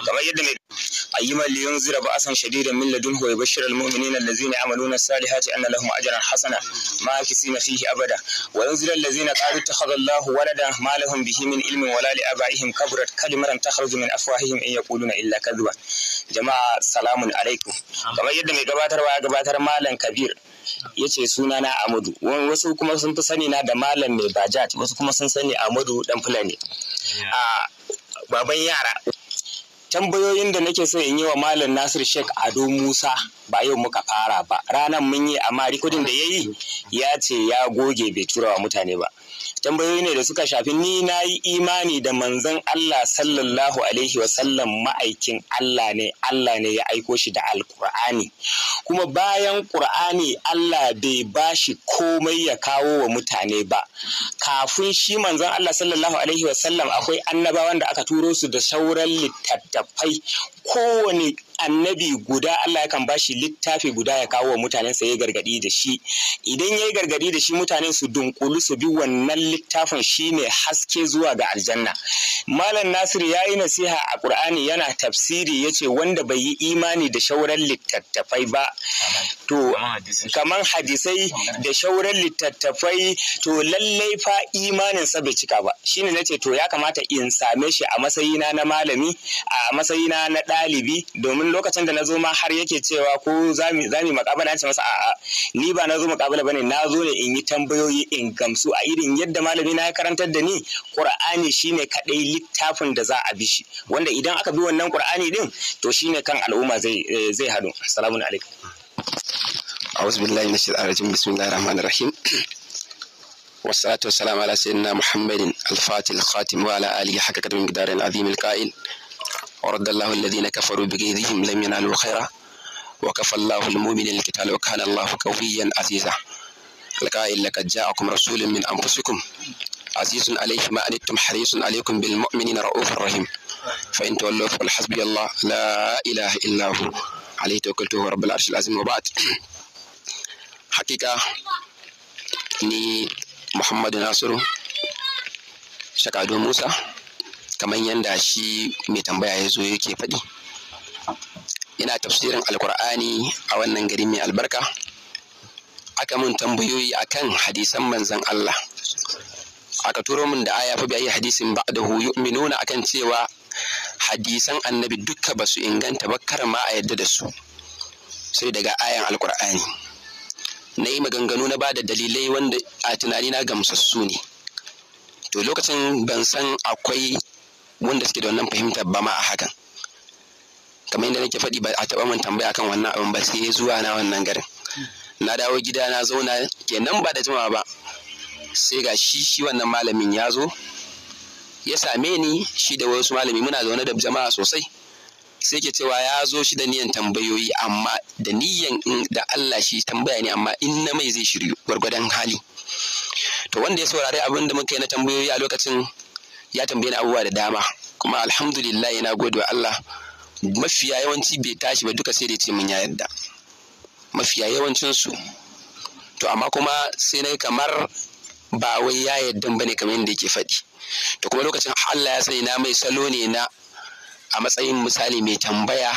kamar yadda mai ayyuma zira ba asan shadidan min ladun wa yubashshira almu'minina allazina ya'maluna as-salihati anna lahum ajran hasana ma kisima fihi abada wa yunzira allazina qalu takhadha Allahu walada ma lahum bihi min ilmin wala li abaihim kabrat kalimatan takhruju min afwahihim in yaquluna illa kadhiba jama'a salamun alaikum kamar yadda mai gabatarwa ya gabatar malam kabir ya ce suna na amadu wasu kuma sun fi sani na da malam mai bajaj wasu kuma sun sani amadu dan fulani ah, baban yara tambayoyin da nake so in yi wa malam nasir sheik ado musa ba yau muka fara ba ranar mun yi amma rikodin da ya yi ya ce ya goge bai tura wa mutane ba tambayoyi ne da suka shafi ni na yi imani da manzon Allah sallallahu alaihi wasallam ma'aikin Allah ne Allah ne ya aiko shi da alkur'ani kuma bayan ƙur'ani Allah bai bashi komai ya kawo wa mutane ba kafin shi manzon Allah sallallahu alaihi wasallam akwai annabawan da aka turo su da sauran littattafai kowane annabi guda Allah yakan bashi littafi guda ya kawo wa mutanen sa ya gargadi da shi idan ya gargadi da shi mutane su dunkulu su bi wannan littafin shine haske zuwa ga aljanna malam Nasiru ya yi nasiha a qur'ani yana tafsiri yace wanda bai yi imani da shauran littattafai ba to kaman hadisai da shauran littattafai to lallai fa imanin sa bai cika ba shine nace to ya kamata in same shi a matsayina na malami a matsayina na ɗalibi domin lokacin da na zo ma har yake cewa ko za mu makabala na ce masa a'a ni ba na zo makabala bane na zo ne in yi tambayoyi in gamsu a irin yadda malami na ya karantar da ni qur'ani shine kadai littafin da za a bi shi wanda idan aka bi wannan qur'ani din to shine kan al'umma zai eh, zai hadu assalamu alaikum أعوذ بالله من الشيطان الرجيم بسم الله الرحمن الرحيم والصلاة والسلام على سيدنا محمد الفاتح الخاتم وعلى آله حق قدار عظيم القائل ورد الله الذين كفروا بكيدهم لم ينالوا خيرا وكفى الله المؤمنين القتال وكان الله قويا عزيزا القائل لقد جاءكم رسول من انفسكم عزيز عليه ما انتم حريص عليكم بالمؤمنين رؤوف رحيم فان تولوا فقل حسبي الله لا اله الا هو عليه توكلت هو رب العرش العظيم وبعد حقيقه ني محمد ناصر شكا موسى kamar yadda shi mai tambaya ya zo yake faɗi ina tafsirin alkur'ani a wannan gari mai albarka aka mun tambayoyi akan hadisan manzan Allah aka turo min da aya fa bi yi hadisin ba'dahu yu'minuna akan cewa hadisan annabi dukka basu inganta ba kar ma a yadda da su sai daga ayan alkur'ani na yi maganganu na bada dalilai wanda a tunani na gamsassu ne to lokacin ban san akwai wanda suke da wannan fahimtar ba ma a hakan kamar yadda nake faɗi ba a taɓa min tambaya kan wannan abin ba sai zuwa na wannan garin hmm. na dawo gida na zauna kenan ba da jimawa ba sai ga shi shi wannan malamin ya zo ya same ni shi da wasu malami muna zaune da jama'a sosai sai ke cewa ya zo shi da niyan tambayoyi amma da niyan da Allah shi tambaya ne amma in na mai zai shiryu gwargwadon hali to wanda ya saurari abin da muka yi na tambayoyi a lokacin ya tambaye ni abubuwa da dama kuma alhamdulillah yana gode wa Allah mafiya yawanci bai tashi ba duka sai da ce mun ya yadda mafiya su to amma kuma sai na kamar ba wai ya yadda ba ne kamar yadda yake faɗi to kuma lokacin Allah ya sani na mai salo ne na a matsayin misali mai tambaya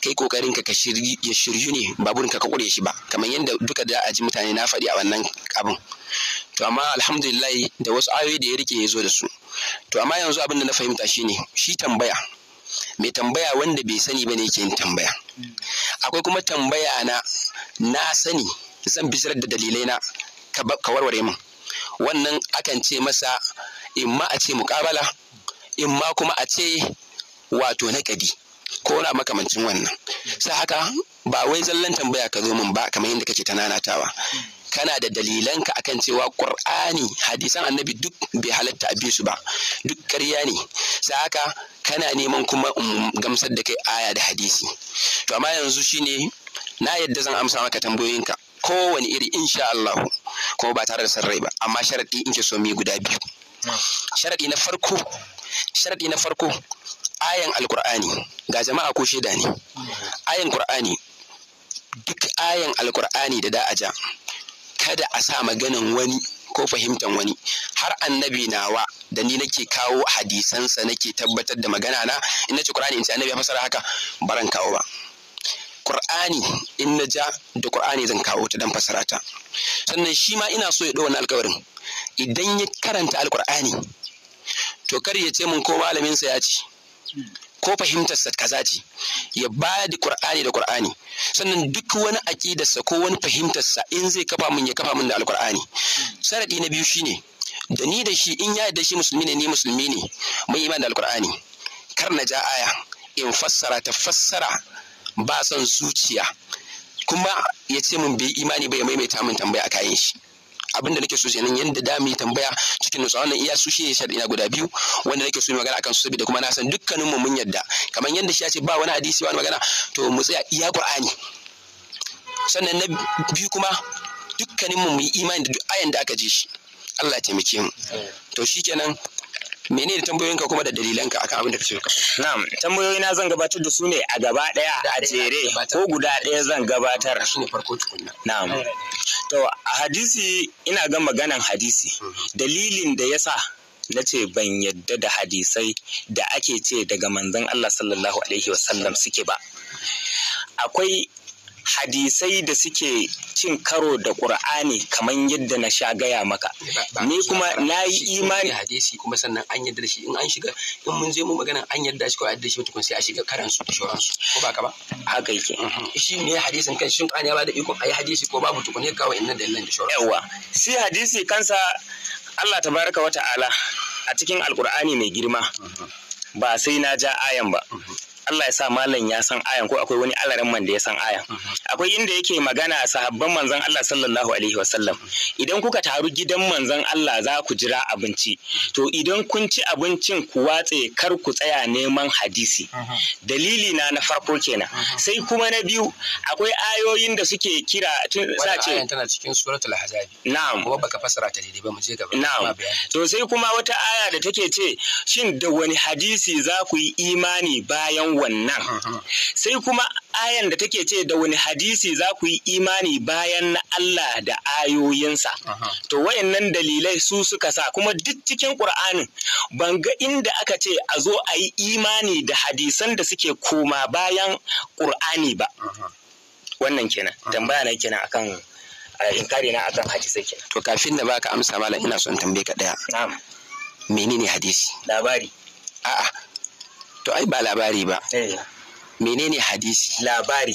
kai kokarin ka ya shiryu ne babun ka kure shi ba kamar yadda duka da aji mutane na faɗi a wannan abin to amma alhamdulillah da wasu ayoyi da ya rike ya zo da su to amma yanzu abin da na fahimta ne, shi tambaya mai tambaya wanda bai sani ba ne yake yin tambaya akwai kuma tambaya na na sani zan bisirar da dalilai na ka warware min wannan akan ce masa imma a ce muƙabala imma kuma a ce wato naƙadi ko na makamancin wannan sai haka ba wai zallan tambaya ka zo min ba kamar yadda kake ta nanatawa kana da dalilanka akan cewa qur'ani hadisan annabi duk bai halatta a su ba duk ƙarya ne sai haka kana neman kuma gamsar da kai aya da hadisi to amma yanzu shine na yadda zan amsa maka tambayoyinka kowane iri insha Allah ko ba tare da sarrai ba amma sharadi in ke so mi guda biyu sharadi na farko sharadi na farko ayan alqur'ani ga jama'a ko shaida ne ayan qur'ani duk ayan alqur'ani da da'aja kada a sa maganin wani ko fahimtan wani har annabi nawa da ni nake kawo hadisansa nake tabbatar da magana na in nace qur'ani in ce annabi ya fasara haka baran kawo ba qur'ani in na ja da qur'ani zan kawo ta dan fasara ta sannan shi ma ina so ya dawo wani alƙawarin idan ya karanta alƙur'ani to kar ya ce mun ko malamin sa ya ci ko fahimtarsa kaza ce ya ba da qur'ani da qur'ani sannan duk wani sa ko wani fahimtarsa in zai kafa mun ya kafa mun da alqur'ani sharadi na biyu shine da ni da shi in ya yarda shi musulmi ne ni musulmi ne mun iman da alqur'ani kar na ja aya in fassara ta fassara ba son zuciya kuma ya ce mun bai imani bai maimaita mun tambaya a kayan shi Abin da nake so kenan yanda da mu tambaya cikin nutsuwa wannan iya su shi ina guda biyu wanda nake so yi magana akan su saboda kuma na san dukkanin mu mun yadda kamar yanda shi ya ce ba wani hadisi wani magana to mu tsaya iya qur'ani sannan na biyu kuma dukkanin mu mu yi imani da duk ayan da aka ji shi Allah ya taimake mu to shikenan mene tambayoyin tambayoyinka kuma da dalilanka akan abin da kace ka na'am na zan gabatar da su ne a gaba daya a jere ko guda daya zan gabatar ne farko tukunna na'am to a hadisi ina ga maganan hadisi mm-hmm. dalilin da yasa na ce ban yadda da hadisai da ake ce daga manzon Allah sallallahu alaihi wasallam suke ba akwai hadisai da suke cin karo da ƙur'ani kamar yadda na sha gaya maka ni kuma na yi imani hadisi kuma sannan an yadda da shi in an shiga in mun je mu magana an yadda shi ko yadda shi mutukun sai a shiga karan su da shauransu ko ba ka ba haka yake mhm. shi ne hadisin kan shin ƙani ya bada ikon yi hadisi ko babu tukun ya kawo inna dalilan da shauransu yawa shi hadisi kansa Allah tabaraka wa ta'ala a cikin alkur'ani mai girma mhm. ba sai na ja ayan ba mhm. Allah ya sa malam ya san ayan ko akwai wani alaran man da ya san ayan akwai inda yake magana a sahabban manzon Allah sallallahu alaihi wasallam idan kuka taru gidan manzon Allah za ku jira abinci to idan kun ci abincin ku watse kar ku tsaya neman hadisi dalili na na farko kenan sai kuma na biyu akwai ayoyin da suke kira tun sa ce tana cikin suratul ahzabi na'am ko baka fasara ta daidai ba mu je gaba na'am to sai kuma wata aya da take ce shin da wani hadisi za ku yi imani bayan wannan sai kuma ayan da take ce da wani hadisi za ku yi imani bayan na Allah da ayoyinsa to nan dalilai su suka sa kuma duk cikin Qur'anin ban ga inda aka ce a zo a yi imani da hadisan da suke koma bayan Kur'ani ba wannan kenan tambaya na kenan akan inkari na akan hadisai kenan to kafin da baka amsa malam ina son tambaye ka daya na'am menene hadisi labari a'a to ai ba labari ba eh. menene hadisi labari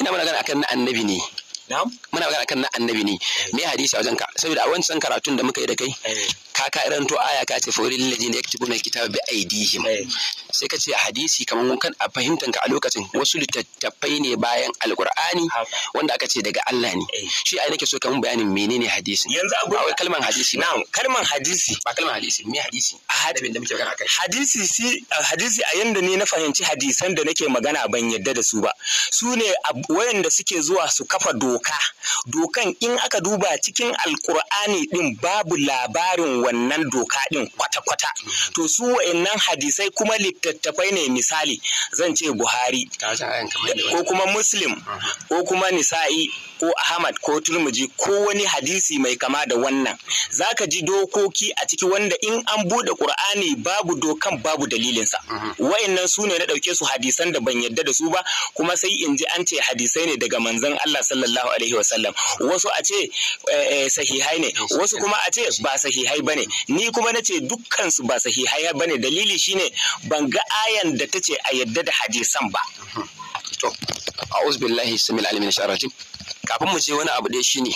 ina magana akan na annabi ne muna magana akan na annabi ne eh. me hadisi a wajenka saboda a wancan karatun da muka yi da kai eh. ka ka irin to aya ka ce ya ladina yaktubuna alkitaba bi aidihim eh. sai ka ce hadisi kamar kan a fahimtan ka a lokacin wasu littattafai ne bayan alqur'ani wanda aka ce daga Allah ne eh. shi ai nake so ka mun bayanin menene hadisi yanzu a gurin kalman hadisi na'am kalman hadisi ba kalman hadisi me hadisi a hadabin da muke magana kai hadisi si hadisi a yanda ne na fahimci hadisan da nake magana ban yadda da su ba su ne wayanda suke zuwa su kafa doka dokan in aka duba cikin alqur'ani din babu labarin wannan doka din kwata-kwata mm. to su wa'annan hadisai kuma littattafai ne misali zan ce buhari ko kuma muslim ko kuma nisa'i ko ahmad ko turmuji ko wani hadisi mai kama da wannan Za ka ji dokoki a ciki wanda in an bude ƙur'ani babu dokan babu dalilinsa wa'annan su ne na ɗauke su hadisan da ban yadda da su ba kuma sai in ji an ce hadisai ne daga manzon Allah sallallahu alaihi wasallam wasu a ce eh, eh, sahihai ne wasu kuma a ce ba sahihai ne. bane ni kuma nace dukkan su ba sahihai bane dalili shine ban ga ayan da tace a yadda da hadisan ba to a'udhu billahi samil min sharati kafin mu je wani abu ɗaya shine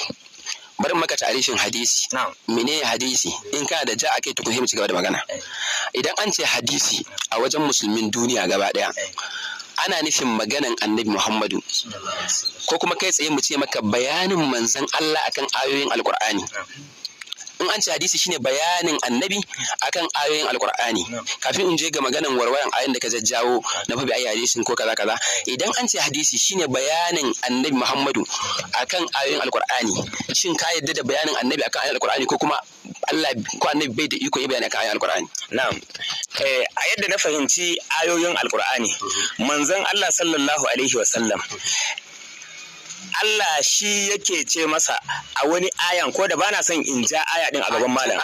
bari maka tarifin hadisi mene hadisi in kana da ja a kai tukun mu ci gaba da magana eh. idan an ce hadisi a wajen musulmin duniya gaba daya eh. ana nufin maganan annabi muhammadu ko kuma kai tsaye mu ce maka bayanin manzon allah akan ayoyin alkur'ani in an ce hadisi shine bayanin annabi akan ayoyin alqur'ani kafin in je ga maganan warwaran ayoyin da ka jajjawo na fa bi ayi hadisin ko kaza kaza idan an ce hadisi shine bayanin annabi Muhammadu akan ayoyin alqur'ani shin ka yadda da bayanin annabi akan ayoyin alqur'ani ko kuma Allah ko annabi bai da iko ya bayani akan ayoyin alqur'ani na'am eh a yadda na fahimci ayoyin alqur'ani mhm. manzon Allah sallallahu alaihi wa sallam Allah shi yake ce masa a wani ayan ko da bana son in ja aya din a gaban malam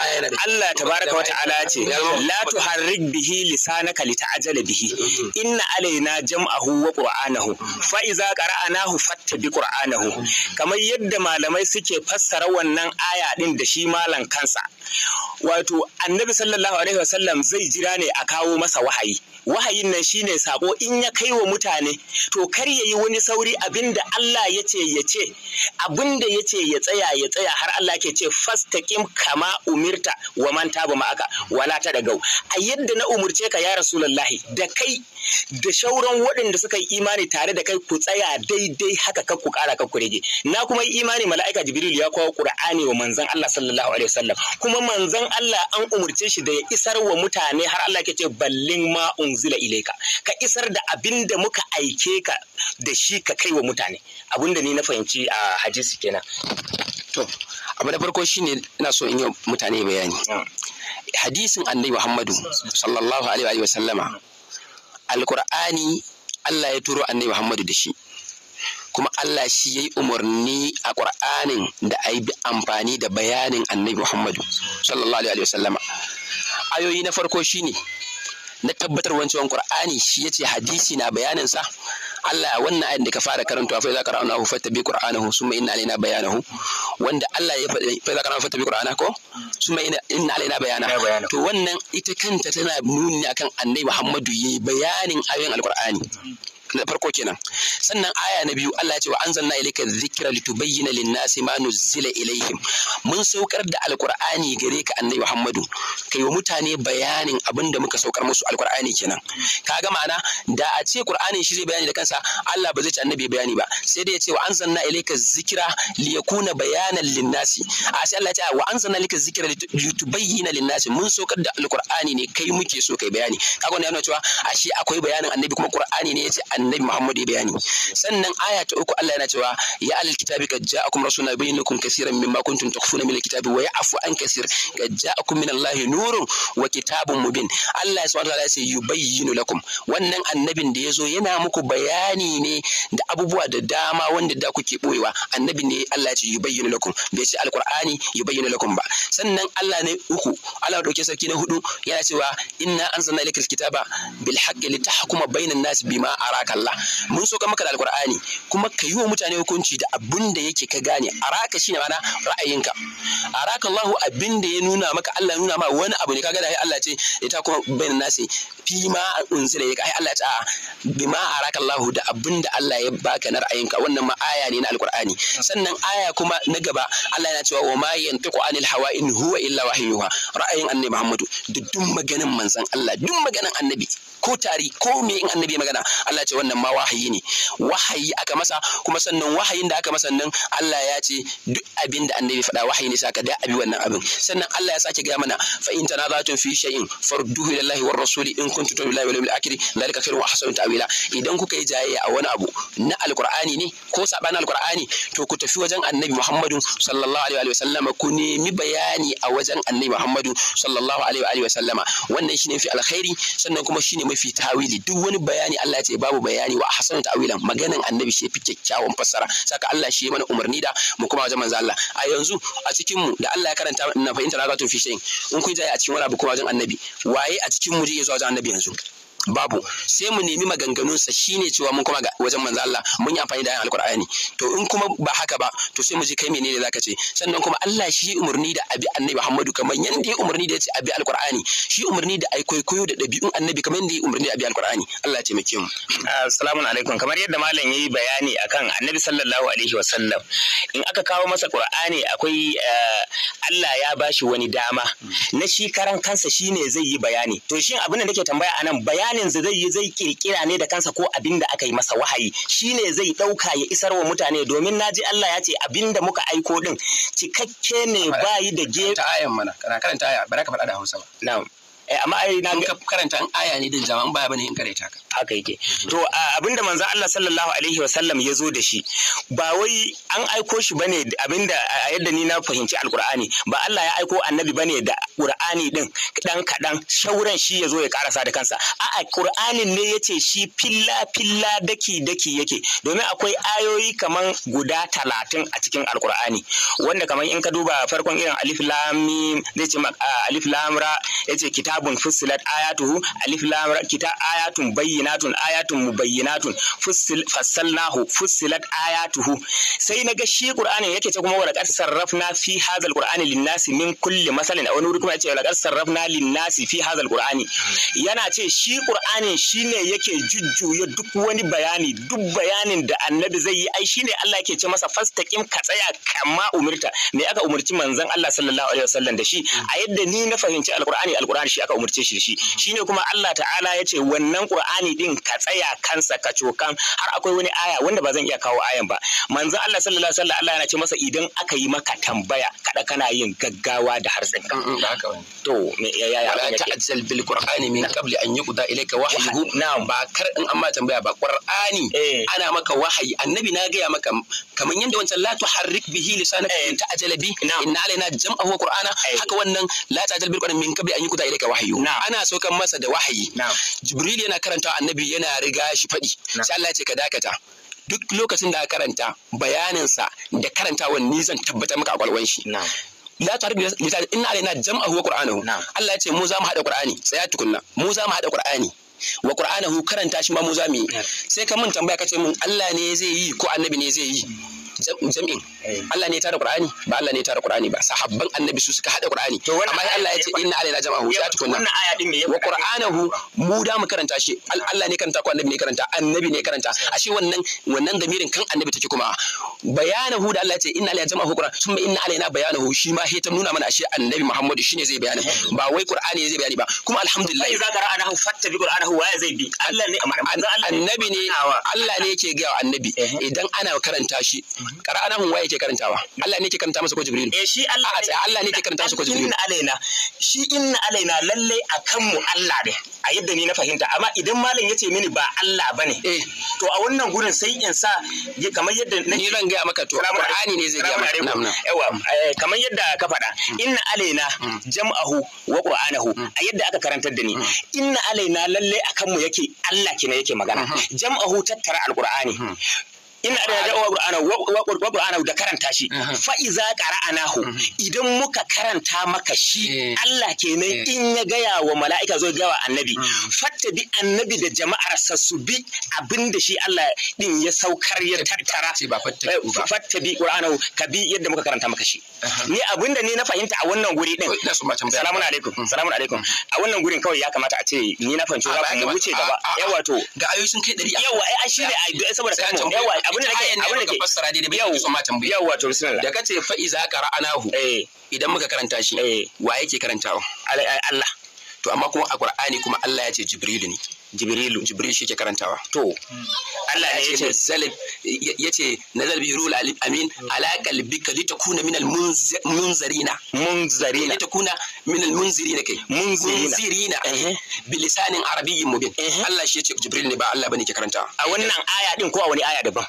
Allah tabaraka wa ta'ala ce la tuharrik bihi lisanaka lita'ajala bihi mm-hmm. inna alaina jam'ahu wa qur'anahu fa iza qara'anahu fattabi qur'anahu mm-hmm. kamar yadda malamai suke fassara wannan aya din da shi malam kansa wato annabi sallallahu alaihi wasallam zai jira ne a kawo masa wahayi wahayin nan shine sako in ya kai wa mutane to kar yayi wani sauri abinda Allah ya ce ce ya ce abinda ya ce ya tsaya ya tsaya har Allah ke ce fastaqim kama umirta wa man tabu ma'aka wala ta dagau a yadda na umurce ka ya rasulullahi da kai da shauran waɗanda suka yi imani tare da kai ku tsaya daidai haka kan ku ƙara kar ku rage na kuma yi imani mala'ika jibril ya kawo qur'ani wa manzon Allah sallallahu alaihi wasallam kuma manzon Allah an umurce shi da ya isar wa mutane har Allah ke ce ballin ma unzila ilaika ka isar da abinda muka aike ka da shi ka kai wa mutane abinda ni na fahimci a hadisi kenan to abu da farko shine ina so in yi mutane bayani hadisin annabi Muhammadu sallallahu alaihi wa alqur'ani Allah ya turo annabi Muhammadu da shi kuma Allah shi ya umarni a Qur'anin da a yi amfani da bayanin annabi Muhammadu sallallahu alaihi wasallama ayoyi na farko shine ne na tabbatar wancan Qur'ani shi yace hadisi na bayanin sa Allah wannan ayin da ka fara karantawa fa idza qara'nahu fattabi qur'anahu summa inna alaina bayanahu wanda Allah ya faɗi fa idza qara'nahu fattabi qur'ana ko summa inna alaina bayana to wannan ita kanta tana nuni akan Annabi Muhammadu yayi bayanin ayoyin Alqur'ani na farko kenan sannan aya na biyu Allah ya ce wa anzalna ilayka dhikra litubayyana lin-nasi ma nuzila ilayhim mun saukar da alqur'ani gare ka annabi Muhammadu kai wa mutane bayanin abinda muka saukar musu alqur'ani kenan kaga ma'ana da a ce qur'ani shi zai bayani da kansa Allah ba zai ce annabi bayani ba sai dai ya ce wa anzalna ilayka dhikra liyakuna bayanan lin-nasi a sai Allah ya ce wa anzalna ilayka dhikra litubayyana lin-nasi mun saukar da alqur'ani ne kai muke so kai bayani kaga wannan yana cewa ashe akwai bayanin annabi kuma qur'ani ne ya ce annabi ya bayani sannan aya ta uku Allah yana cewa ya alal kitabi kad ja'akum rasuluna bainakum kaseeran mimma kuntum takfuna min alkitabi wa ya'fu an kaseer kad ja'akum min Allah nurun wa kitabun mubin Allah subhanahu wa ta'ala ya ce yubayyinu lakum wannan annabin da yazo yana muku bayani ne da abubuwa da dama wanda da kuke boyewa annabi ne Allah ya ce yubayyinu lakum bai ce alqur'ani yubayyinu lakum ba sannan Allah ne uku Allah dauke sarki na hudu yana cewa inna anzalna ilaykal kitaba bil haqqi litahkuma bainan nas bima araka kalla mun so maka da alkur'ani kuma ka yi wa mutane hukunci da abin da yake ka gane araka shine mana ra'ayinka araka Allahu abin da ya nuna maka Allah nuna ma wani abu ne kaga da Allah ce ita kuma bayin nasi fi ma unzila yaka ai Allah ce a bima araka Allahu da abin da Allah ya baka na ra'ayinka wannan ma aya ne na alkur'ani sannan aya kuma na gaba Allah yana cewa wa ma yantiqu anil hawa in huwa illa wahyuha ra'ayin annabi Muhammadu duk maganin manzon Allah duk maganin annabi ko tari ko me in annabi magana Allah ce wannan ma wahayi ne wahayi aka masa kuma sannan wahayin da aka masa nan Allah ya ce duk abin da annabi faɗa wahayi ne saka da abi wannan abin sannan Allah ya sake gaya mana fa in tanazatun fi shay'in farduhu ila Allah war rasuli in kuntum billahi wal yawmil akhir dalika khairun wa ahsanu ta'wila idan kuka yi jayayya a wani abu na alqur'ani ne ko sabana alqur'ani to ku tafi wajen annabi Muhammadu sallallahu alaihi wa sallama ku nemi bayani a wajen annabi Muhammadu sallallahu alaihi wa sallama wannan shine fi alkhairi sannan kuma shine mafi tawili duk wani bayani Allah ya ce babu bayani wa hasanu ta'wilan maganan annabi shi fi kyakkyawan fassara saka Allah shi mana umarni da mu kuma wajen manzo Allah a yanzu a cikin mu da Allah ya karanta na fahimta ragatu fi shay'in in kun ji a cikin wani abu kuma wajen annabi waye a cikin mu je zuwa wajen annabi yanzu babu sai mu nemi maganganunsa shine cewa mun kuma wajen manzo Allah mun yi amfani da ayan alqur'ani to in kuma ba haka ba to sai mu ji kai menene zaka ce sannan kuma Allah shi umurni da abi annabi Muhammadu kamar yanda ya umurni da ya ce abi alqur'ani shi umurni da ai koyo da dabi'un annabi kamar yanda ya umurni da abi alqur'ani Allah ya taimake mu assalamu alaikum kamar yadda malam yayi bayani akan annabi sallallahu alaihi wasallam in aka kawo masa qur'ani akwai eh, Allah ya bashi wani dama na shi karan kansa shine zai yi bayani to shin abin da nake tambaya anan bayani bayanin zai yi zai kirkira ne da kansa ko abin da aka yi masa wahayi shine zai ɗauka ya isar wa mutane domin naji Allah ya ce abin da muka aiko din cikakke ne bayi da ge Ta ayan mana, karanta aya, ka faɗa da Hausa Na'am. Eh, amma ai na ga karanta an aya ne din jama'a baya bane in karanta ka haka yake to abinda manzo Allah sallallahu alaihi wasallam ya zo da shi ba wai an aiko shi bane abinda a yadda ni na fahimci alqur'ani ba Allah ya aiko annabi bane da qur'ani din dan kadan shauran shi ya zo ya karasa da kansa a'a qur'anin ne yace shi filla filla daki daki yake domin akwai ayoyi kaman guda talatin a cikin alqur'ani wanda kaman in ka duba farkon irin alif lam mim zai ce alif lam ra yace kitab kitabun fussilat ayatuhu alif lam ra ayatun bayyinatun ayatun mubayyinatun fussil fassalnahu fussilat ayatuhu sai naga shi qur'ani yake ce kuma wa laqad sarrafna fi qur'ani lin linnasi min kulli masalin a wani wuri kuma yace wa laqad sarrafna linnasi fi hadha qur'ani yana ce shi qur'anin shine yake jujjuya duk wani bayani duk bayanin da annabi zai yi ai shine Allah yake ce masa fastaqim ka tsaya kama umurta, me aka umurci manzon Allah sallallahu alaihi wasallam da shi a yadda ni na fahimci alqur'ani alqur'ani shi aka umarce shi shi shine kuma Allah ta'ala ya ce wannan Qur'ani din ka tsaya kansa ka cokan har akwai wani aya wanda ba zan iya kawo ayan ba manzo Allah sallallahu alaihi wasallam Allah yana ce masa idan aka yi maka tambaya kada kana yin gaggawa da harsin ka to me ya ya ta'ajjal bil Qur'ani min qabli an yuqda ilayka wahyuhu na'am ba kar in amma tambaya ba Qur'ani eh. ana maka wahayi annabi na gaya maka kamar yanda wancan la tuharrik bihi lisanaka eh. in ta'ajjala bi inna alaina jam'ahu wa qur'ana eh. haka wannan la ta'ajjal bil Qur'ani min qabli an yuqda ilayka wahyuhu ana saukan masa da wahayi jibril yana karanta annabi yana riga shi faɗi sai Allah ya ce ka dakata duk lokacin da ka karanta bayanin sa da karantawan ni zan tabbatar maka a kwalwan shi la ta rubi inna alaina jam'ahu wa qur'anahu Allah ya ce mu za mu hada qur'ani tsaya tukunna mu za mu hada qur'ani wa qur'anahu karanta shi ma mu za mu yi sai ka mun tambaya ka ce mun Allah ne zai yi ko annabi ne zai yi jam'in Allah ne ya tara Qur'ani ba Allah ne ya tara Qur'ani ba sahabban annabi su suka hada Qur'ani amma Allah ya ce inna alaina jama'ahu sai tukunna wannan aya din me wa Qur'anahu mu da mu karanta shi Allah ne karanta ko annabi ne karanta annabi ne karanta ashe wannan wannan damirin kan annabi take kuma bayanahu da Allah ya ce inna alaina jama'ahu Qur'an sun ba inna alaina bayanahu shi ma he nuna mana ashe annabi Muhammadu shine zai bayani ba wai Qur'ani zai bayani ba kuma alhamdulillah za ka ra'anahu fattabi Qur'anahu wa zai bi Allah ne annabi ne Allah ne yake ga annabi eh. idan ana karanta shi qara'anahum mhm. waye ke karantawa Allah ne ke karanta masa ko Jibril eh shi Allah a tsaya Allah ne ke karanta masa ko Jibril inna alaina shi inna alaina lalle akan mu Allah ne a yadda ni na fahimta amma idan malam yace mini ba Allah bane eh to a wannan gurin sai in sa kamar yadda ni zan ga maka to Qur'ani ne zai ga maka yawa eh, kamar yadda ka faɗa mm. inna alaina mm. jam'ahu wa qur'anahu mm. a yadda aka karantar da ni inna alaina lalle akan mu yake Allah kina yake magana mm-hmm. jam'ahu tattara alqur'ani mm-hmm. in da ya wa qur'ana da karanta shi fa iza qara'anahu idan muka karanta maka shi eh. Allah kenan eh. in ya gaya wa mala'ika zo gawa annabi fatta bi annabi da jama'ar sa su bi abinda shi Allah din ya saukar ya tattara fatta eh, bi qur'anahu ka bi yadda muka karanta maka shi ni abinda ni na fahimta a wannan guri din salamun alaikum salamun alaikum a wannan gurin kawai ya kamata a ce ni na fahimci ba mu wuce gaba yawa to ga ayoyi sun kai 100 yawa ai shi ne saboda kan yawa abin da nake abin da nake fassara da bai so ma tambaye yawa to bismillah da kace fa iza qara'anahu eh idan muka karanta shi eh. wa yake karantawa Allah to amma kuma a Qur'ani kuma Allah ya ce Jibril ne jibrilu jibril shi ke karantawa to Allah ne yace zalib yace nazal bihi ruhul amin ala qalbika litakuna minal munzirina munzirina litakuna minal munzirina kai munzirina bilisanin arabiyyin mubin Allah shi yace jibril ne ba Allah bane ke karantawa a wannan aya din ko a wani aya daban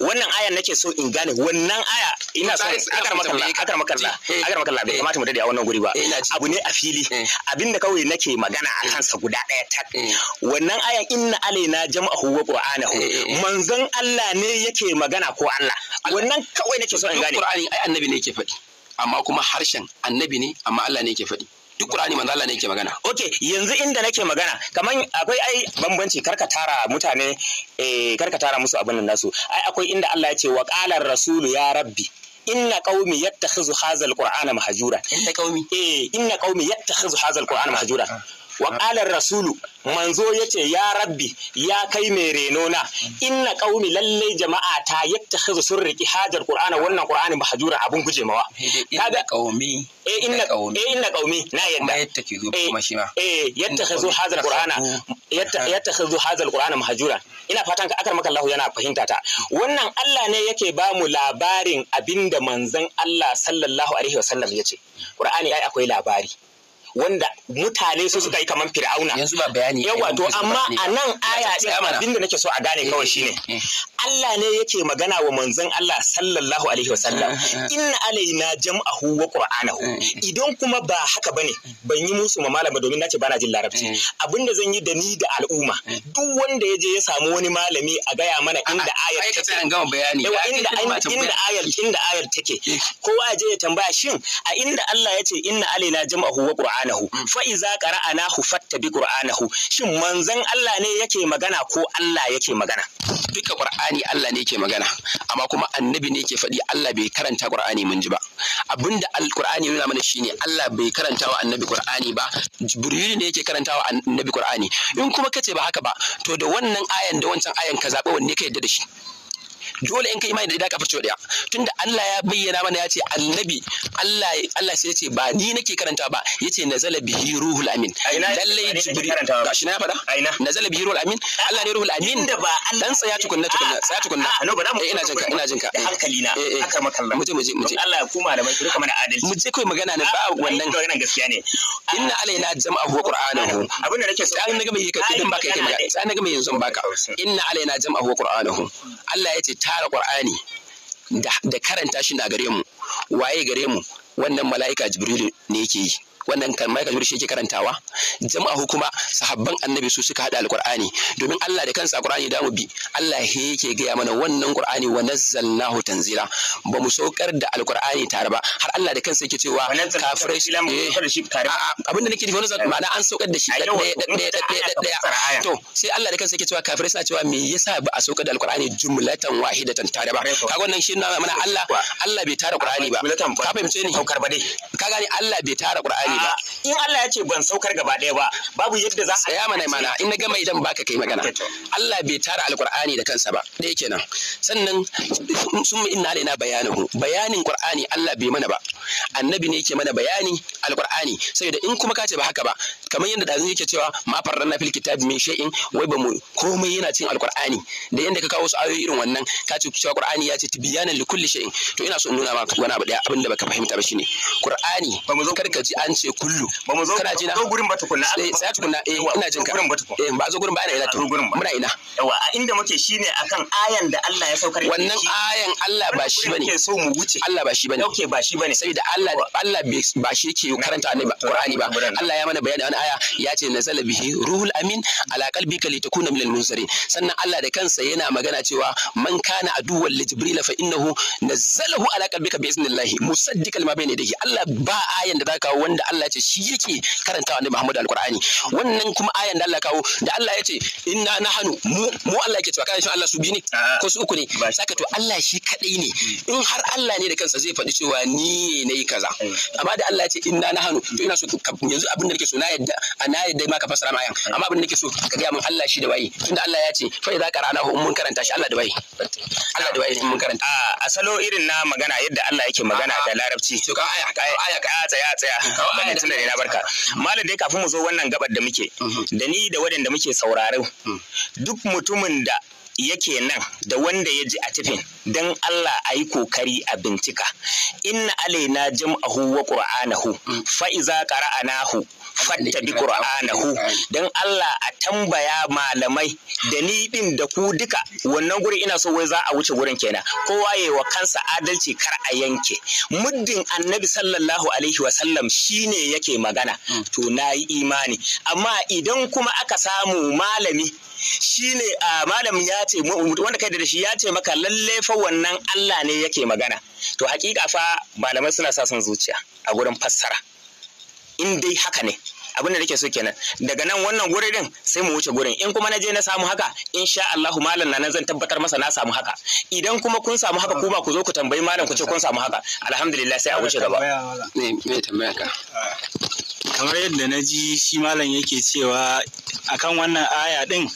wannan aya nake so in gane wannan aya ina so akar makalla akar makalla eh, eh. akar makalla bai eh. kamata mu dade a wannan guri ba abu ne a fili abinda kawai nake magana a kansa guda daya tak wannan aya inna alaina jam'ahu wa qur'anahu manzon Allah ne yake magana ko Allah wannan kawai nake so in gane Qur'ani ai annabi ne yake faɗi amma kuma harshen annabi ne amma Allah ne yake faɗi duk Qur'ani manzo Allah ne yake magana okay yanzu inda nake magana kaman akwai ai bambanci karka tara mutane eh karka tara musu abin nan nasu ai akwai inda Allah ya ce wa qalar rasulu ya rabbi inna qaumi yattakhidhu hadha alqur'ana mahjura inna qaumi eh inna qaumi yattakhidhu hadha alqur'ana mahjura ah. wa rasulu manzo ya ce ya rabbi ya kai mai reno na inna qaumi lalle jama'a ta yattakhidhu sun riki hajar qur'ana wannan qur'anin mahjura abun gujemawa kaga qaumi eh, inna qaumi eh, inna qaumi na yadda yattakhidhu eh, kuma shi ma eh yattakhidhu hajar qur'ana hajar qur'ana mahjura ina fatan ka akar maka Allah yana fahimta ta wannan Allah ne yake ba mu labarin abinda manzon Allah sallallahu alaihi wasallam yace qur'ani ai akwai labari wanda mutane su suka yi kamar fir'auna yanzu ba bayani yawa to amma a nan aya din da nake so a gane kawai eh, shine eh, eh. Allah ne yake magana wa manzon Allah sallallahu alaihi wasallam inna alaina jam'ahu wa qur'anahu idan kuma ba haka bane ban yi musu ma malama domin nace bana jin larabci abinda zan yi da ni da al'umma duk wanda ya je ya samu wani malami a gaya mana inda ayar take gama bayani inda ayar inda ayar take kowa ya je ya tambaya shin a inda Allah yace ce inna alaina jam'ahu wa qur'anahu qur'anahu fa iza qara'anahu fattabi qur'anahu shin manzon Allah ne yake magana ko Allah yake magana duka qur'ani Allah ne yake magana amma kuma annabi ne yake faɗi Allah bai karanta qur'ani mun ji ba abinda alqur'ani yana mana shine Allah bai karanta wa annabi qur'ani ba jibril ne yake karanta wa annabi qur'ani in kuma kace ba haka ba to da wannan ayan da wancan ayan ka zabe wanne ka yadda da shi dole in ka imani da ida ka farce daya tunda Allah ya bayyana mana ya ce annabi Allah Allah sai ya ce ba ni nake karanta ba yace nazala bihi ruhul amin lalle jibril gashi na fada nazala bihi ruhul amin Allah ne ruhul amin da ba Allah dan tsaya tukunna tukunna tsaya tukunna ah, eh, ina jinka ina jinka hankali na eh, eh, aka makalla muje muje muje Allah ya kuma da mai kuma mana adalci muje kai magana ne ba ah, wannan wannan gaskiya ne inna alaina jam'ahu wa qur'anahu abin da nake so an ga mai kai din baka kai magana sai ga mai yanzu baka inna alaina jam'ahu wa qur'anahu Allah yace ta tara ƙwar'ani da karanta shi na gare mu waye gare mu wannan mala'ika jibrilu ne yake yi wannan kan mai Jibril shi yake karantawa jama'a hukuma sahabban annabi su suka hada alqur'ani domin Allah da kansa alqur'ani da mu bi Allah he yake gaya mana wannan qur'ani wa nazzalnahu tanzila ba mu saukar da alqur'ani tare ba har Allah da kansa yake cewa kafirai eh, abinda nake nufi wannan ma'ana an saukar da shi da daya to sai Allah da kansa yake cewa kafirai suna cewa me yasa ba a saukar da alqur'ani jumlatan wahidatan tare ba kaga wannan shi na mana Allah Allah bai tara qur'ani ba ka fahimce ni ka gane Allah bai tara qur'ani ba in Allah ya ce ban saukar gaba ɗaya ba babu yadda za a tsaya mana mana in na gama idan baka kai magana Allah bai tara alqur'ani da kansa ba ɗaya kenan sannan sun inna alaina bayanuhu. bayanin qur'ani Allah bai mana ba annabi ne yake mana bayani alqur'ani saboda in kuma ka ce ba haka ba kamar yadda ɗazu yake cewa ma na fil kitabi min shay'in wai ba mu komai yana cin alqur'ani da yadda ka kawo su ayoyi irin wannan ka ce cewa qur'ani ya ce tibyanan li kulli shay'in to ina so in nuna maka wani abu daya abinda ba baka fahimta ba shine qur'ani kar ka ji an ce kullu kana ji na zo gurin ba tukunna eh, sai tukunna eh ina jin ka eh ba zo gurin ba ina ina to muna ina yawa a inda muke shine akan ayan da Allah ya saukar wannan ayan Allah ba shi bane so mu wuce Allah ba shi bane okay ba shi bane saboda Allah Allah ba shi yake karanta annabi qur'ani ba Allah ya mana bayani aya ya ce nazala bihi ruhul amin ala qalbika litakuna minal munzari. sannan Allah da kansa yana magana cewa man kana aduwwan li jibril fa innahu nazzalahu ala qalbika bi iznillahi musaddiqan ne da yadayhi Allah ba ayan da zaka kawo wanda Allah ya ce shi yake karantawa annabi Muhammad alqur'ani wannan kuma ayan da Allah kawo da Allah ya ce inna na mu mu Allah yake cewa shi Allah su biyu ne ko su uku ne saka to Allah shi kadai ne hmm. in har Allah ne da kansa zai faɗi cewa ni ne nayi kaza hmm. amma da Allah ya ce inna nahanu to ina so yanzu abin da nake so na yadda abinda na dai ma ka fassara ma amma abin da nake so ka ga mun Allah shi da waye tunda Allah ya ce fa idza qara'na hu mun karanta shi Allah da waye Allah da waye mun karanta a asalo irin na magana yadda Allah yake magana da larabci to ka aya ka aya ka tsaya tsaya bane tunda ne na barka malam dai kafin mu zo wannan gabar da muke mhm. da ni da wadanda muke sauraro mhm. duk mutumin da yake nan da wanda ya ji a tafin don Allah a yi kokari a bincika inna alaina jam'ahu wa qur'anahu mhm. fa iza qara'anahu Fatta bi qur'anahu dan Allah a tambaya malamai da ni din da ku duka wannan guri ina so wai za a wuce gurin kenan kowa yayi wa kansa adalci kar a yanke muddin annabi sallallahu alaihi wa sallam shine yake magana mm. to nayi imani amma idan kuma aka samu malami shine a malam ya ce wanda kai da shi ya ce maka lalle fa wannan Allah ne yake magana to hakika fa malamai suna sa son zuciya a gurin fassara in dai haka ne abin da nake so kenan daga nan wannan din sai mu wuce gurin in kuma na je na samu haka insha Allahu malam na nan zan tabbatar masa na samu haka idan kuma kun samu haka ku ba ku zo ku tambayi malam ku ce kun samu haka alhamdulillah sai a wuce gaba ne me tambaya ka ah, kamar yadda na ji shi malam yake cewa akan wannan aya din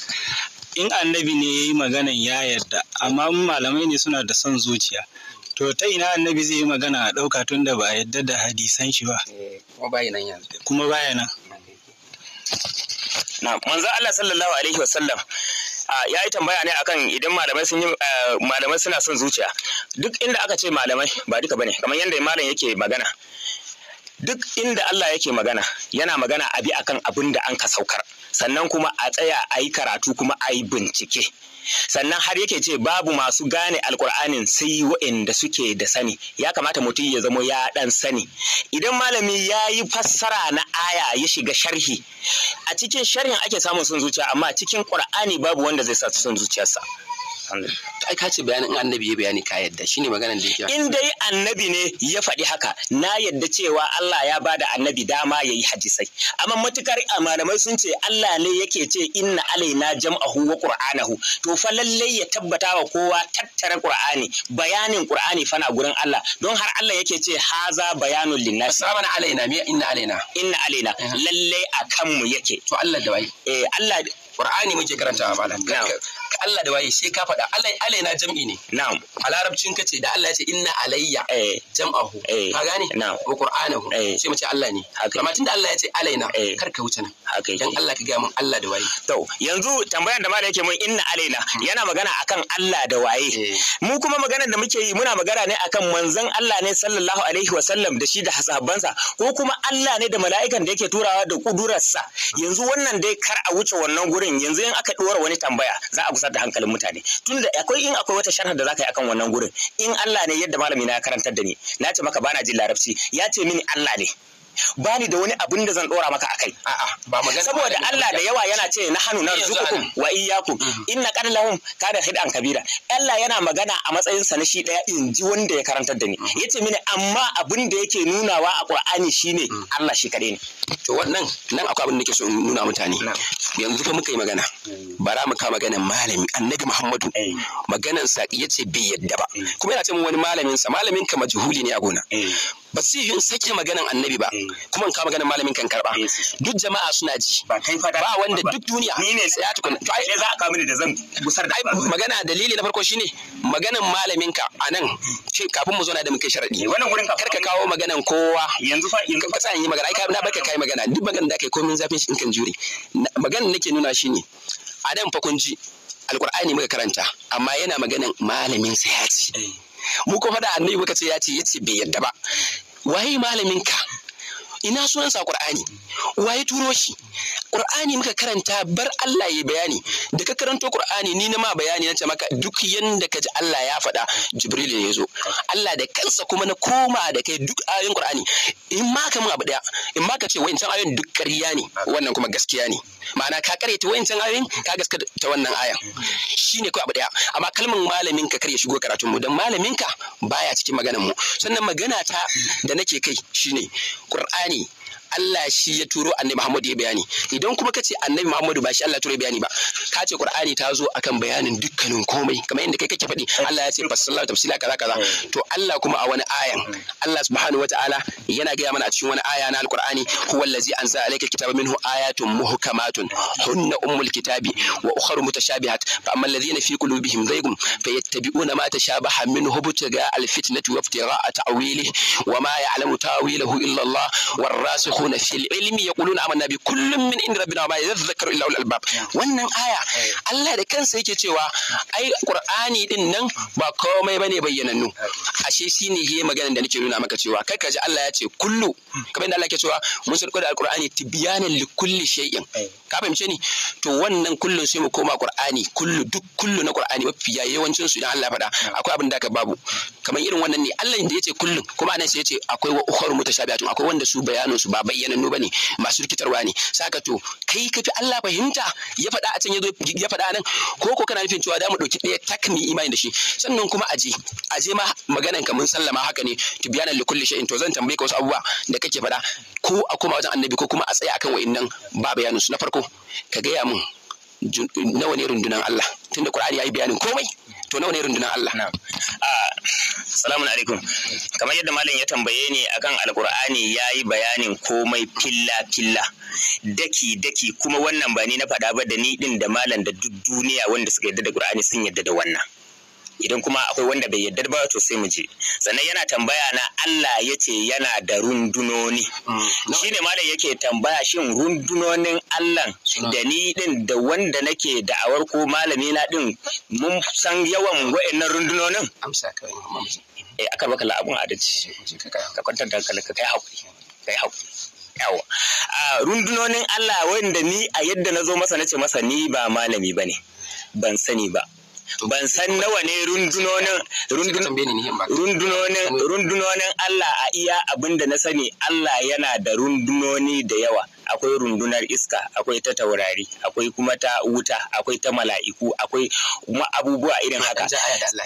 in annabi ne ya yi maganan ya yarda amma malamai ne suna da son zuciya to ta ina annabi zai yi magana a ɗauka tunda ba a yarda da hadisan shi ba eh, kuma bayanan yanzu kuma baya nan na manzo Allah sallallahu alaihi wasallam ya yi tambaya ne akan idan malamai suna son zuciya duk inda aka ce malamai ba duka bane kamar yadda malam yake magana duk inda Allah yake magana yana magana a bi akan abin da an ka saukar sannan kuma a tsaya a yi karatu kuma a yi bincike sannan har yake ce babu masu gane alkur'anin sai waɗanda suke da sani ya kamata mutum ya zamo ya ɗan sani idan malami ya yi fassara na aya ya shiga sharhi a cikin sharhin ake samun son zuciya amma cikin ƙur'ani babu wanda zai sa son zuciyarsa ai ka ce bayanin annabi ya bayani ka yadda shine maganar da yake in dai annabi ne ya faɗi haka na yadda cewa Allah ya ba da annabi dama ya yi hadisai amma matukar malamai sun ce Allah ne yake ce inna alaina jam'ahu wa qur'anahu to fa lallai ya tabbata wa kowa tattara qur'ani bayanin qur'ani fana gurin Allah don har Allah yake ce haza bayanul linnas sabana alaina me inna alaina inna alaina lallai akan mu yake to Allah da wai eh Allah Qur'ani muke karantawa malam ka Allah da waye sai ka faɗa Allah alaina jam'i ne na'am a larabcin ka ce da Allah ya ce inna alayya eh. jam'ahu eh. ka gane na'am wa qur'anahu eh. sai mu ce Allah ne amma tunda Allah ya ce alayna kar ka wuce nan dan Allah ka ga mun Allah da waye to yanzu tambayar da ma da yake mun inna Alayna hmm. yana magana akan Allah da waye mu kuma maganar da muke yi muna magana ne akan manzon Allah ne sallallahu alaihi wa sallam da shi da hasabansa? ko kuma Allah ne da mala'ikan da yake turawa da kudurarsa yanzu wannan dai kar a wuce wannan gurin yanzu in aka dora wani tambaya za a kusa watsar da hankalin mutane tunda akwai in akwai wata sharhar da zaka yi akan wannan gurin in Allah ne yadda malami na karantar da ni na ce maka bana jin larabci ya ce mini Allah ne ba ni da wani abin da zan dora maka akai a'a ba magana saboda Allah da yawa yana ce na hanu narzuqukum wa iyyakum mm-hmm. inna qad lahum kada hidan kabira Allah yana magana a matsayin sa na shi daya in ji wanda ya karantar da ni mm-hmm. yace mini amma abin da yake nunawa a Qur'ani shine mm-hmm. Allah shi kadai ne to wannan nan akwai abin da nake so nuna mutane yanzu fa muka yi magana mm. bara mu ka maganar malami annabi Muhammadu mm. maganar sa yace bai yadda ba mm. kuma yana ce wani malamin sa malamin ka majhuli ne a gona ba zai yi sake maganan annabi ba eh. kuma in ka maganan malamin kan karba eh, duk jama'a suna ji ba wanda duk duniya ni ne ya tukun to ai za a kawo mini da zan gusar da magana dalili na farko shine maganan malamin ka anan kafin mu zo na da muke sharadi eh, wannan gurin kar ka kawo maganan kowa yanzu fa in ka tsaya yi magana ai na barka kai magana duk maganan da kai komin zafin shi in kan jure maganan nake nuna shine a nan fa kunji alqur'ani muka karanta amma yana maganan malamin sa ya ce mu kuma da annabi muka ce ya ce yace bai yadda ba waye malamin ka ina sunansa qur'ani waye turo shi qur'ani muka karanta bar Allah ya bayani da ka karanto qur'ani ni na ma bayani nace maka duk yanda ji Allah ya faɗa jibril ya zo Allah da kansa kuma na koma da kai duk ayoyin qur'ani in ma ka mun abu daya in ma ka ce wayancan ayoyin duk ƙarya ne wannan kuma gaskiya ne ma'ana ka karyata wayancan ayoyin ka gaskata ta wannan ayan shine kawai abu daya amma kalmar malamin ka karya shigo karatun mu dan malamin ka baya cikin maganar mu sannan magana ta da nake kai shine qur'ani Allah shi ya turo annabi Muhammadu ya bayani idan kuma kace annabi Muhammadu ba shi Allah turo bayani ba ka ce Qur'ani ta zo akan bayanin dukkanin komai kamar inda kai kake faɗi Allah ya ce fassala tafsila kaza kaza mm. to Allah kuma a wani ayan mm. Allah subhanahu wataala yana gaya mana a cikin wani aya na alqur'ani huwallazi anzala alayka kitaba minhu ayatun muhkamatun hunna ummul kitabi wa ukhra mutashabihat fa amma alladhina fi qulubihim zaygun fayattabi'una ma tashabaha minhu butiga alfitnati wa iftira'a ta'wilihi wa ma ya'lamu ta'wilahu illa Allah والراسخون yufqihuna shi ilmi yaquluna amanna bi kullum min inda rabbina ma yadhakkaru illa ulul albab wannan aya Allah da kansa yake cewa ai qur'ani din nan ba komai bane bayyanannu ashe shine yake magana da nake nuna maka cewa kai kaji Allah ya ce kullu hmm. kamar da Allah ke cewa mun sarko da alqur'ani tibyanan li kulli shay'in eh. ka fahimce ni to wannan kullun sai mu koma qur'ani kullu duk kullu na qur'ani mafi yawancin su idan Allah ya faɗa akwai abin da ka babu hmm. kamar irin wannan ne Allah da yace kullum kuma anan sai yace akwai wa ukhur mutashabihatun akwai wanda su bayanin su ba nu bane masu rikitarwa ne saka to kai kafi Allah fahimta ya faɗa a can yazo ya faɗa nan ko ko kana nufin cewa da mu dauki ɗaya takmi imani da shi sannan kuma aje aje ma maganan ka mun sallama haka ne tibyana li kulli shay'in to zan tambaye ka wasu abubuwa da kake faɗa ko a koma wajen annabi ko kuma a tsaya akan wa'annan ba bayanin su na farko ka gaya mun nawa ne rundunan Allah tunda Qur'ani yayi bayanin komai to nawa ne rundunar Allah na? assalamu ah, alaikum kamar yadda malam ya tambaye ni akan ya yi bayanin komai filla filla daki daki kuma wannan ba ni na faɗa ba da ni din da malam da duk duniya wanda suka yadda da qur'ani sun yadda da wannan idan kuma akwai wanda bai yadda ba to sai mu je sannan yana tambaya na Allah ya ce yana da rundunoni mm. Shi ne malam yake tambaya shin rundunonin Allah da ni din da wanda nake da'awar ko malami na din mun san yawan wa'annan rundunonin amsa kai eh aka baka labun adalci ka kwantar da hankalinka kai hakuri kai hakuri yawa a ah, rundunonin Allah wanda ni a yadda na zo masa nace masa ni ba malami bane ban sani ba ban san nawa ne rundunonin Allah a iya abin da na sani Allah yana da rundunoni da yawa akwai rundunar iska akwai ta taurari akwai kuma ta wuta akwai ta mala'iku akwai kuma abubuwa irin haka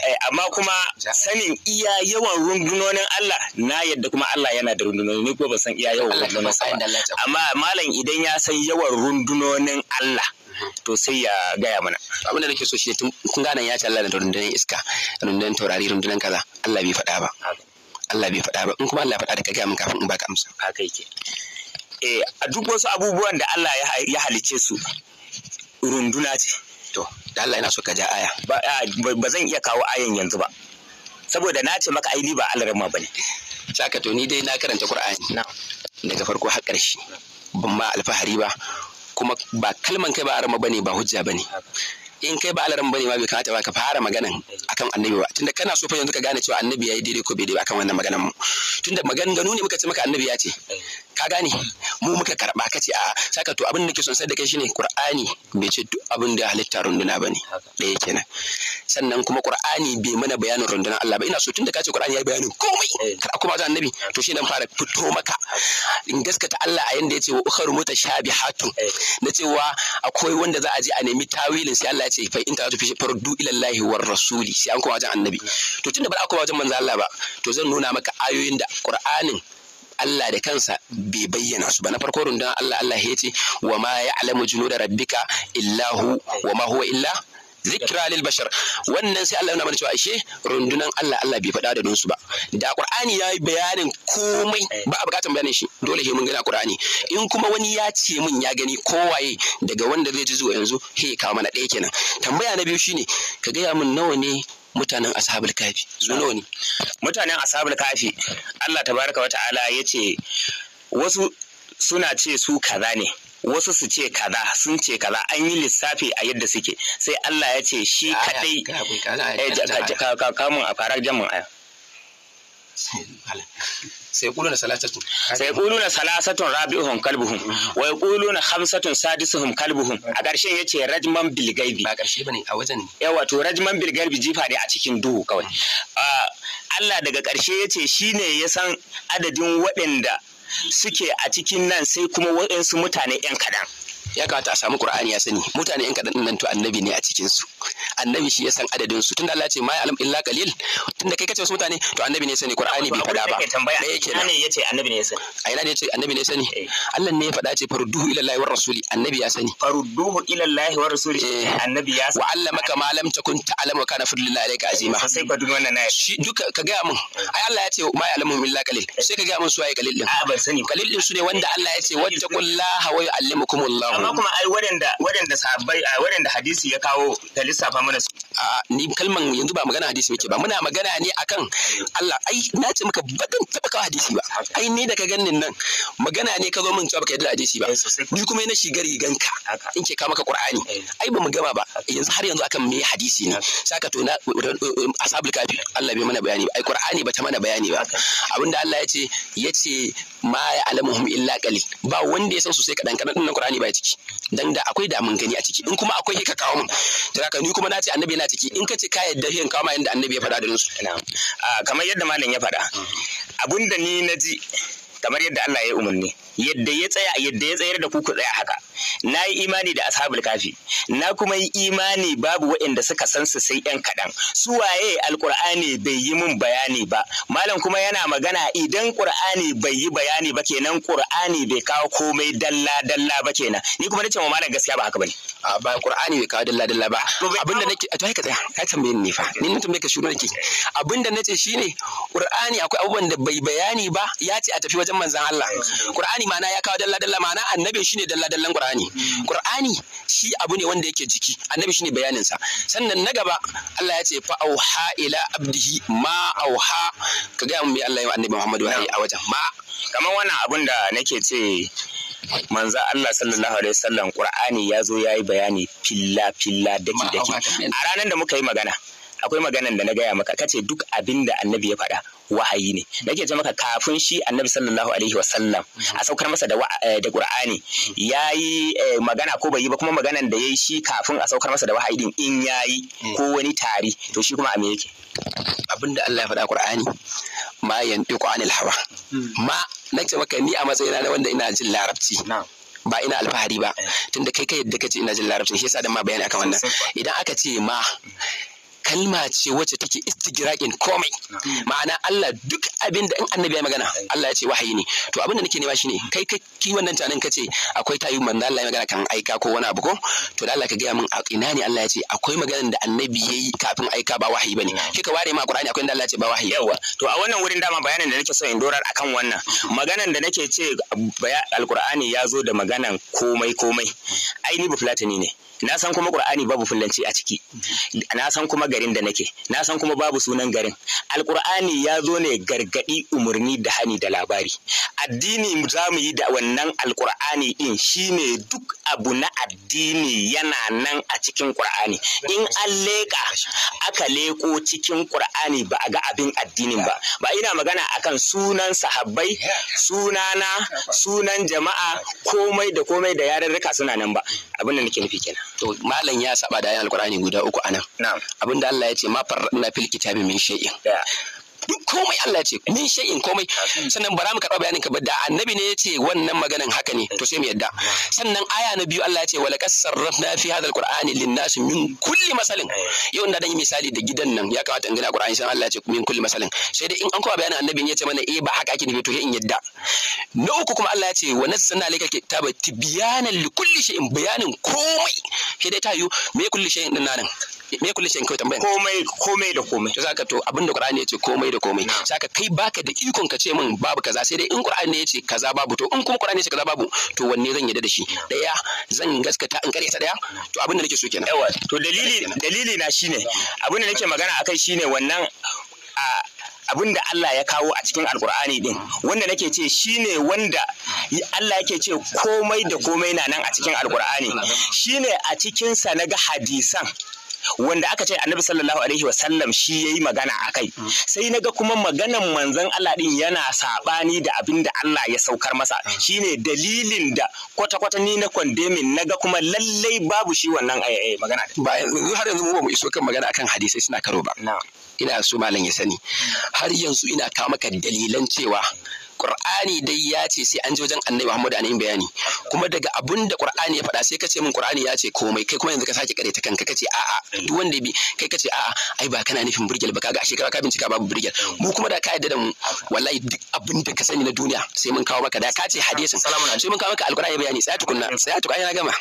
eh, amma kuma sanin iya yawan rundunonin Allah na yadda kuma Allah yana da rundunoni ne ko ban san iya yawan rundunonin Allah amma malam idan ya san yawan rundunonin Allah to sai ya gaya mana abin da nake so shi ne kun gane ya ce Allah da rundunar iska rundunar taurari rundunar kaza Allah bai faɗa ba Allah bai faɗa ba in kuma Allah ya faɗa da ka gaya min kafin in baka amsa haka yake eh a duk wasu abubuwan da Allah ya halice su runduna ce to da Allah yana so ka ja aya ba zan iya kawo ayan yanzu ba saboda na ce maka ai ni ba alarma bane saka to ni dai na karanta Qur'ani daga farko har ƙarshe ban ma alfahari ba kuma ba kalman kai ba arama bane ba hujja bane in kai ba alaran bane ma bai kamata ba ka fara maganan akan annabi ba tunda kana so fa yanzu ka gane cewa annabi yayi daidai ko bai daidai akan wannan maganan mu tunda maganganu ne muka ce maka annabi ya ce ka gane mu muka karba ka ce a saka to abin da ke son sai da kai shine qur'ani bai ce duk abin da halitta runduna bane ɗaya kenan sannan kuma qur'ani bai mana bayanin rundunar Allah ba ina so tunda ka ce qur'ani yayi bayanin komai eh. kar kuma ga annabi to shi nan fara fito maka in gaskata Allah a yanda yace wa ukhru mutashabihatu eh. na cewa akwai wanda za a je a nemi tawilin sai Allah ya ce fa in ta fi fardu ila Allah wa rasuli sai an kuma ga annabi to tunda ba a kuma wajen manzo Allah ba to zan nuna maka ayoyin da qur'anin Allah da kansa bai bayyana su ba na farko rundunar Allah Allah ya ce wa ma ya'lamu junuda rabbika illahu wa ma huwa illa zikra lil bashar wannan sai Allah ya mana cewa ashe Rundunar Allah Allah bai faɗa da dunsu ba da Qur'ani yi bayanin komai ba a bukatan bayanin shi dole he mun gina Qur'ani in kuma wani ya ce mun ya gani kowaye daga wanda zai ji zuwa yanzu he kawo mana ɗaya kenan tambaya na biyu shine ka gaya mun nawa ne mutanen ashabul kafi su nawa ne mutanen ashabul kafi Allah tabaraka wata'ala ya ce wasu suna ce su kaza ne wasu su ce kaza sun ce kaza an yi lissafi a yadda suke sai Allah ya ce shi kadai kamun eh, a farar jamin aya سيقولون سلاستون سيقولون سلاستون رابعهم كلبهم ويقولون خمسة سادسهم كلبهم شيء يتي رجما بالغيب ما شيء بني أوزن يوا تو رجما بالغيب جيفا دي أتكين دوه كوي Allah daga ƙarshe ya ce shi ne ya san adadin waɗanda suke a cikin nan sai kuma waɗansu mutane 'yan kaɗan. ya kamata a samu qur'ani ya sani mutane yan kadan nan to annabi ne a cikin su annabi shi ya san adadin su tunda Allah ce ma alam illa qalil tunda kai kace wasu mutane to annabi ne ya sani qur'ani bai fada ba da yake nan ne yace annabi ne ya sani a ina ne yace annabi ne ya sani eh. Allah ne ya fada ce farudduhu ila Allah wa rasuli annabi ya sani farudduhu ila Allah wa rasuli eh. annabi ya sani wa allamaka ma lam takun ta'lam wa kana fadlullahi alayka azima sai ba duk wannan shi duka ka ga mun ai Allah ya ce ma ya'lamu illa qalil sai ka ga mun su ai qalil din a ban sani qalil din su ne wanda Allah ya ce wattaqullaha wa yu'allimukumullahu amma kuma ai waɗanda waɗanda sahabbai waɗanda hadisi ya kawo ta lissafa mana su ni kalman yanzu ba magana hadisi muke ba muna magana ne akan Allah ai na ce maka ba zan taba kawo hadisi ba ai ni da ka ganin nan magana ne ka zo min cewa baka yadda hadisi ba eh, ni kuma na shigar riganka in ke ka maka Qur'ani eh. ai ba mu gama ba yanzu har yanzu akan me hadisi ne saka to na ashabul kafi Allah bai mana bayani ba ai Qur'ani ba ta mana bayani ba abinda Allah ya ce yace ma ya alamuhum illa qalil ba wanda ya san su sai kadan kadan din Qur'ani ba ciki dan da akwai da mun gani a ciki in kuma akwai ka kawo mun to haka ni kuma na ce annabi yana ciki in ka ce ka yadda hin kawo ma yanda annabi ya faɗa da su ah, kamar yadda malam ya faɗa abinda ni na kamar yadda Allah ya yi umarni yadda ya tsaya yadda ya tsayar da ku ku tsaya haka na yi imani da ashabul kafi na kuma yi imani babu waɗanda suka san su sai yan kaɗan su waye alkur'ani bai yi mun bayani ba malam kuma yana magana idan qur'ani bai yi bayani ba kenan qur'ani bai kawo komai dalla dalla ba kenan ni kuma nace ma malam gaskiya ba haka bane a ba qur'ani bai kawo dalla dalla ba abinda nake to haka tsaya ka tambaye ni fa ni mutum bai ka shiru nake abinda nace shine qur'ani akwai abubuwan da bai bayani ba ya ce a tafi wajen manzon Allah qur'ani ma'ana ya kawo dalla dalla ma'ana annabi shine dalla dallan qur'ani Qur'ani Qur'ani shi abu ne wanda yake jiki annabi shine bayanin sa sannan na gaba Allah ya ce fa auha ila abdihi ma auha ka ga mu Allah ya annabi Muhammad wahayi a wajen ma kamar wannan abun da nake ce manzo Allah sallallahu alaihi wasallam Qur'ani ya zo yayi bayani filla filla daki daki a ranar da muka yi magana akwai maganan da na gaya maka kace duk abin da annabi ya faɗa wahayi ne nake ce maka kafin shi annabi sallallahu alaihi wa sallam, a saukar masa da eh, da qur'ani yayi eh, magana ko bai yi ba kuma maganan da yayi shi kafin a saukar masa da wahayi din in yayi ko wani tari to shi kuma a me yake abinda Allah ya faɗa qur'ani ma yantiqu anil hawa ma nace maka ni a matsayina na wanda ina jin larabci ba ina alfahari ba eh. tunda kai kai yadda kace ina jin larabci shi yasa dan ma bayani akan wannan idan aka ce ma kalma ce wacce take istigraqin komai ma'ana Allah duk abin da in annabi ya magana Allah ya ce wahayi ne to abin da nake nema shine kai kai ki wannan tanin kace akwai tayi manzo Allah ya magana kan aika ko wani abu ko to da Allah ka gaya min ina ne Allah ya ce akwai maganar da annabi yayi kafin aika ba wahayi bane kika ware ma Qur'ani akwai inda Allah ya ce ba wahayi yawa to a wannan wurin dama bayanin da nake so in dorar akan wannan maganar da nake ce Al-Qur'ani ya zo da maganan komai komai ai ni ba fulatani ne na san kuma qur'ani babu fulanci a ciki na san kuma garin da nake na san kuma babu sunan garin alqur'ani ya zo ne gargadi umurni da hani da labari addini za mu yi da wannan alqur'ani din shine duk abu na addini yana nan a cikin qur'ani in an leka aka leko cikin qur'ani ba a ga abin addinin ba ba ina magana akan sunan sahabbai sunana sunan jama'a komai da komai da yarurruka suna nan ba abin da nake nufi kenan to malam ya saba da ayan alqur'ani guda uku a anan abinda Allah ya ce ma farradna fil kitabi min shay'in duk komai Allah ce min shay'in komai sannan bara mu karɓa bayanin ka ba da annabi ne ya ce wannan maganan haka ne to sai mu yadda sannan aya na biyu Allah ya ce wala kasarrafna fi hadha alqur'ani linnas min kulli masalin yau inda dan yi misali da gidan nan ya kamata in gina qur'ani sai Allah ya ce min kulli masalin sai dai in an kuma bayanin annabi ya ce mana eh ba haka ake nufi to sai in yadda na uku kuma Allah ya ce wa nazzalna alayka kitaba tibyanan li kulli shay'in bayanin komai sai dai ta yi me kulli shay'in din nan me shi shin kai tambayan komai komai da komai to zaka to abinda Qur'ani yace komai da komai saka kai baka da ikon ka ce min babu kaza sai dai in Qur'ani yace kaza babu to in kuma Qur'ani yace kaza babu to wanne zan yadda da shi daya zan gaskata in karyata daya to abinda nake so kenan yawa to dalili dalili na shine abinda nake magana akai shine wannan abin da Allah ya kawo a cikin alkur'ani din wanda nake ce shine wanda Allah yake ce komai da komai na nan a cikin alkur'ani shine a cikin sa naga hadisan wanda aka ce annabi sallallahu alaihi wa sallam shi yayi magana akai hmm. sai naga kuma maganan manzon Allah din yana sabani da abin da Allah ya saukar masa hmm. shine dalilin da kwata kwata ni na kondemin naga kuma lallai babu shi wannan eh, eh, magana ba yanzu har yanzu mu ba mu iso kan magana akan hadisai suna karo ba ina so malam ya sani hmm. har yanzu ina kawo maka dalilan cewa Qur'ani dai ya ce sai an je wajen Annabi Muhammad an yi bayani kuma daga abun da Qur'ani ya faɗa sai ka ce min Qur'ani ya ce komai kai kuma yanzu ka sake kare ta kanka kace a'a duk wanda bi kai kace a'a ai ba kana nufin burgel ba kaga a shekara ka bincika babu burgel mu kuma da ka yadda da mu wallahi duk abin da ka sani na duniya sai mun kawo maka da ka ce hadisin sai mun kawo maka alqur'ani bayani sai tukunna sai tukunna na gama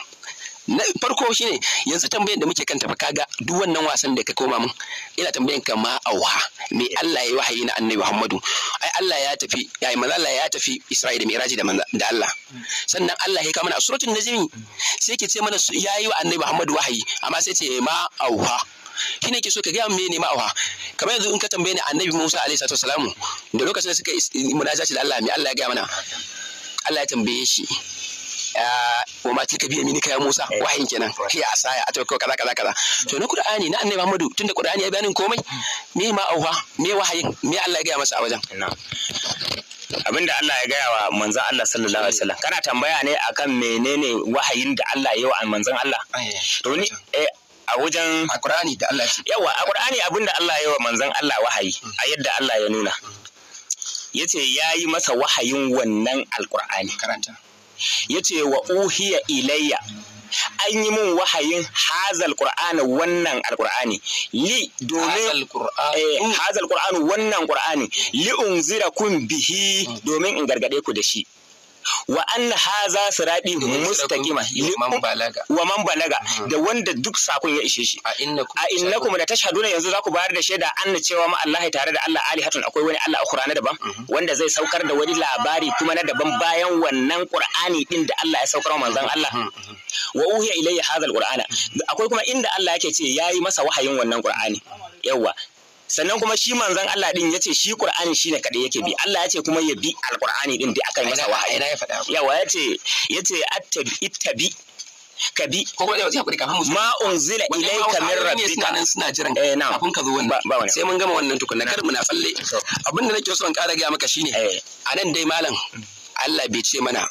na farko shine yanzu tambayar da muke kanta tafi kaga duk wannan wasan da ka koma min ina tambayan ka ma auha me Allah ya wahayi na annabi Muhammadu ai Allah ya tafi ya manzo Allah ya tafi Isra'ila miraji da manzo da Allah sannan Allah ya kama na suratul najm sai ke ce mana yayi wa annabi Muhammadu wahayi amma sai ce ma auha shi ne ke so ka gaya mene ma auha kamar yanzu in ka tambaye ni annabi Musa alaihi salatu wasalamu da lokacin da suka munajaci da Allah me Allah ya gaya mana Allah ya tambaye shi Eh, wa ma ka biya mini kaya Musa eh. wahayin kenan hiya asaya a tawakka kaza kaza kaza to na Qur'ani na Annabi Muhammadu tunda Qur'ani ya bayanin komai me ma auha me wahayin me Allah ya gaya masa a wajen abinda Allah ya gaya wa manzon Allah sallallahu alaihi wasallam kana tambaya ne akan menene wahayin da Allah ya yi wa manzon Allah to ni eh, a wajen a Qur'ani da Allah ya yawa a Qur'ani abinda Allah ya yi wa manzon Allah wahayi mm. a yadda Allah ya nuna mm. yace ya yi masa wahayin wannan alqur'ani karanta yace wa uhiya ilayya an yi min wahayin hazal qur'ani wannan alqur'ani li domin hazal qur'ani eh, wannan qur'ani li unzira kun bihi domin in gargade ku da shi wa an haza siradi mustaqima liman wa man balaga mm. da wanda duk sakon ya ishe shi a innakum da tashhaduna yanzu zaku bayar da shaida na cewa ma Allah tare da Allah alihatun akwai wani Allah ukhra na daban mm-hmm. wanda zai saukar da wani labari kuma na daban bayan wannan Qur'ani din da Allah ya saukar wa manzon Allah mm-hmm. Mm-hmm. wa uhiya ilayya hadha alqur'ana akwai kuma inda Allah yake ce ya yi masa wahayin wannan Qur'ani yawa sannan kuma shi manzon Allah din yace shi Qur'ani shine kadai yake bi Allah yace kuma ya bi Al-Qur'ani din da yi masa wahayi yawa yace yace attabi ittabi ka bi ma unzila ilayka min rabbika nan suna jiran eh, kafin ka zo wannan sai mun gama wannan tukunna kar muna falle. abinda da nake so in ƙara gaya maka shine eh. a nan dai malam Allah bai ce mana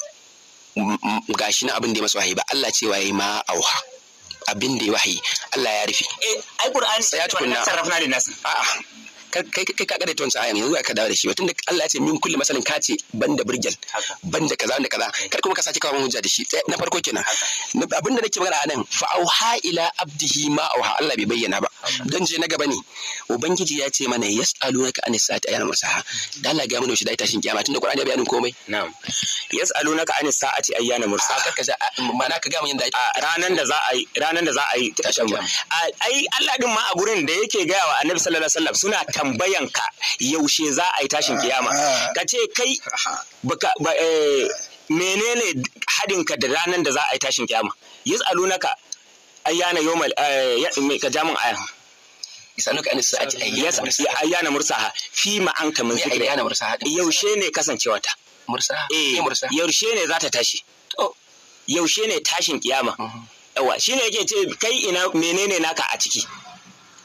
gashi na abin da ya masa wahayi ba Allah ce waye ma auha abin da ya wahayi Allah ya rufe eh ai qur'ani sai ya tukunna sarrafna lin nas a'a kai ka kare tuwan ayan yanzu ka dawo da shi ba tunda Allah ya ce min kulli masalin ka ce banda burgel banda kaza banda kaza kar kuma ka sake kawo hujja da shi na farko kenan abinda nake magana anan fa auha ila abdihi ma auha Allah bai bayyana ba dan je na gaba ne ubangiji ya ce mana yas'alunaka an sa'ati ayyana masaha dan Allah ga mana shi da tashin kiyama tunda Qur'ani ya bayyana komai na'am yas'alunaka an sa'ati ayyana mursa kar ka mana ka ga mun yanda ranan da za a yi ranan da za a yi tashin ai Allah din ma a gurin da yake ga wa Annabi sallallahu alaihi wasallam suna tambayan ka yaushe za a yi tashin kiyama ah. ka ce kai eh, menene hadinka da ranar da za a yi tashin kiyama yas'alunaka ayyana Yomal, eh, ka jamin aya yasaluka an sa'ati ayyana mursaha fi ma min zikri ayyana mursaha yaushe ne kasancewa ta mursaha eh yaushe ne za ta tashi yaushe ne tashin kiyama mm-hmm. yawa shine yake ce kai ina menene naka a ciki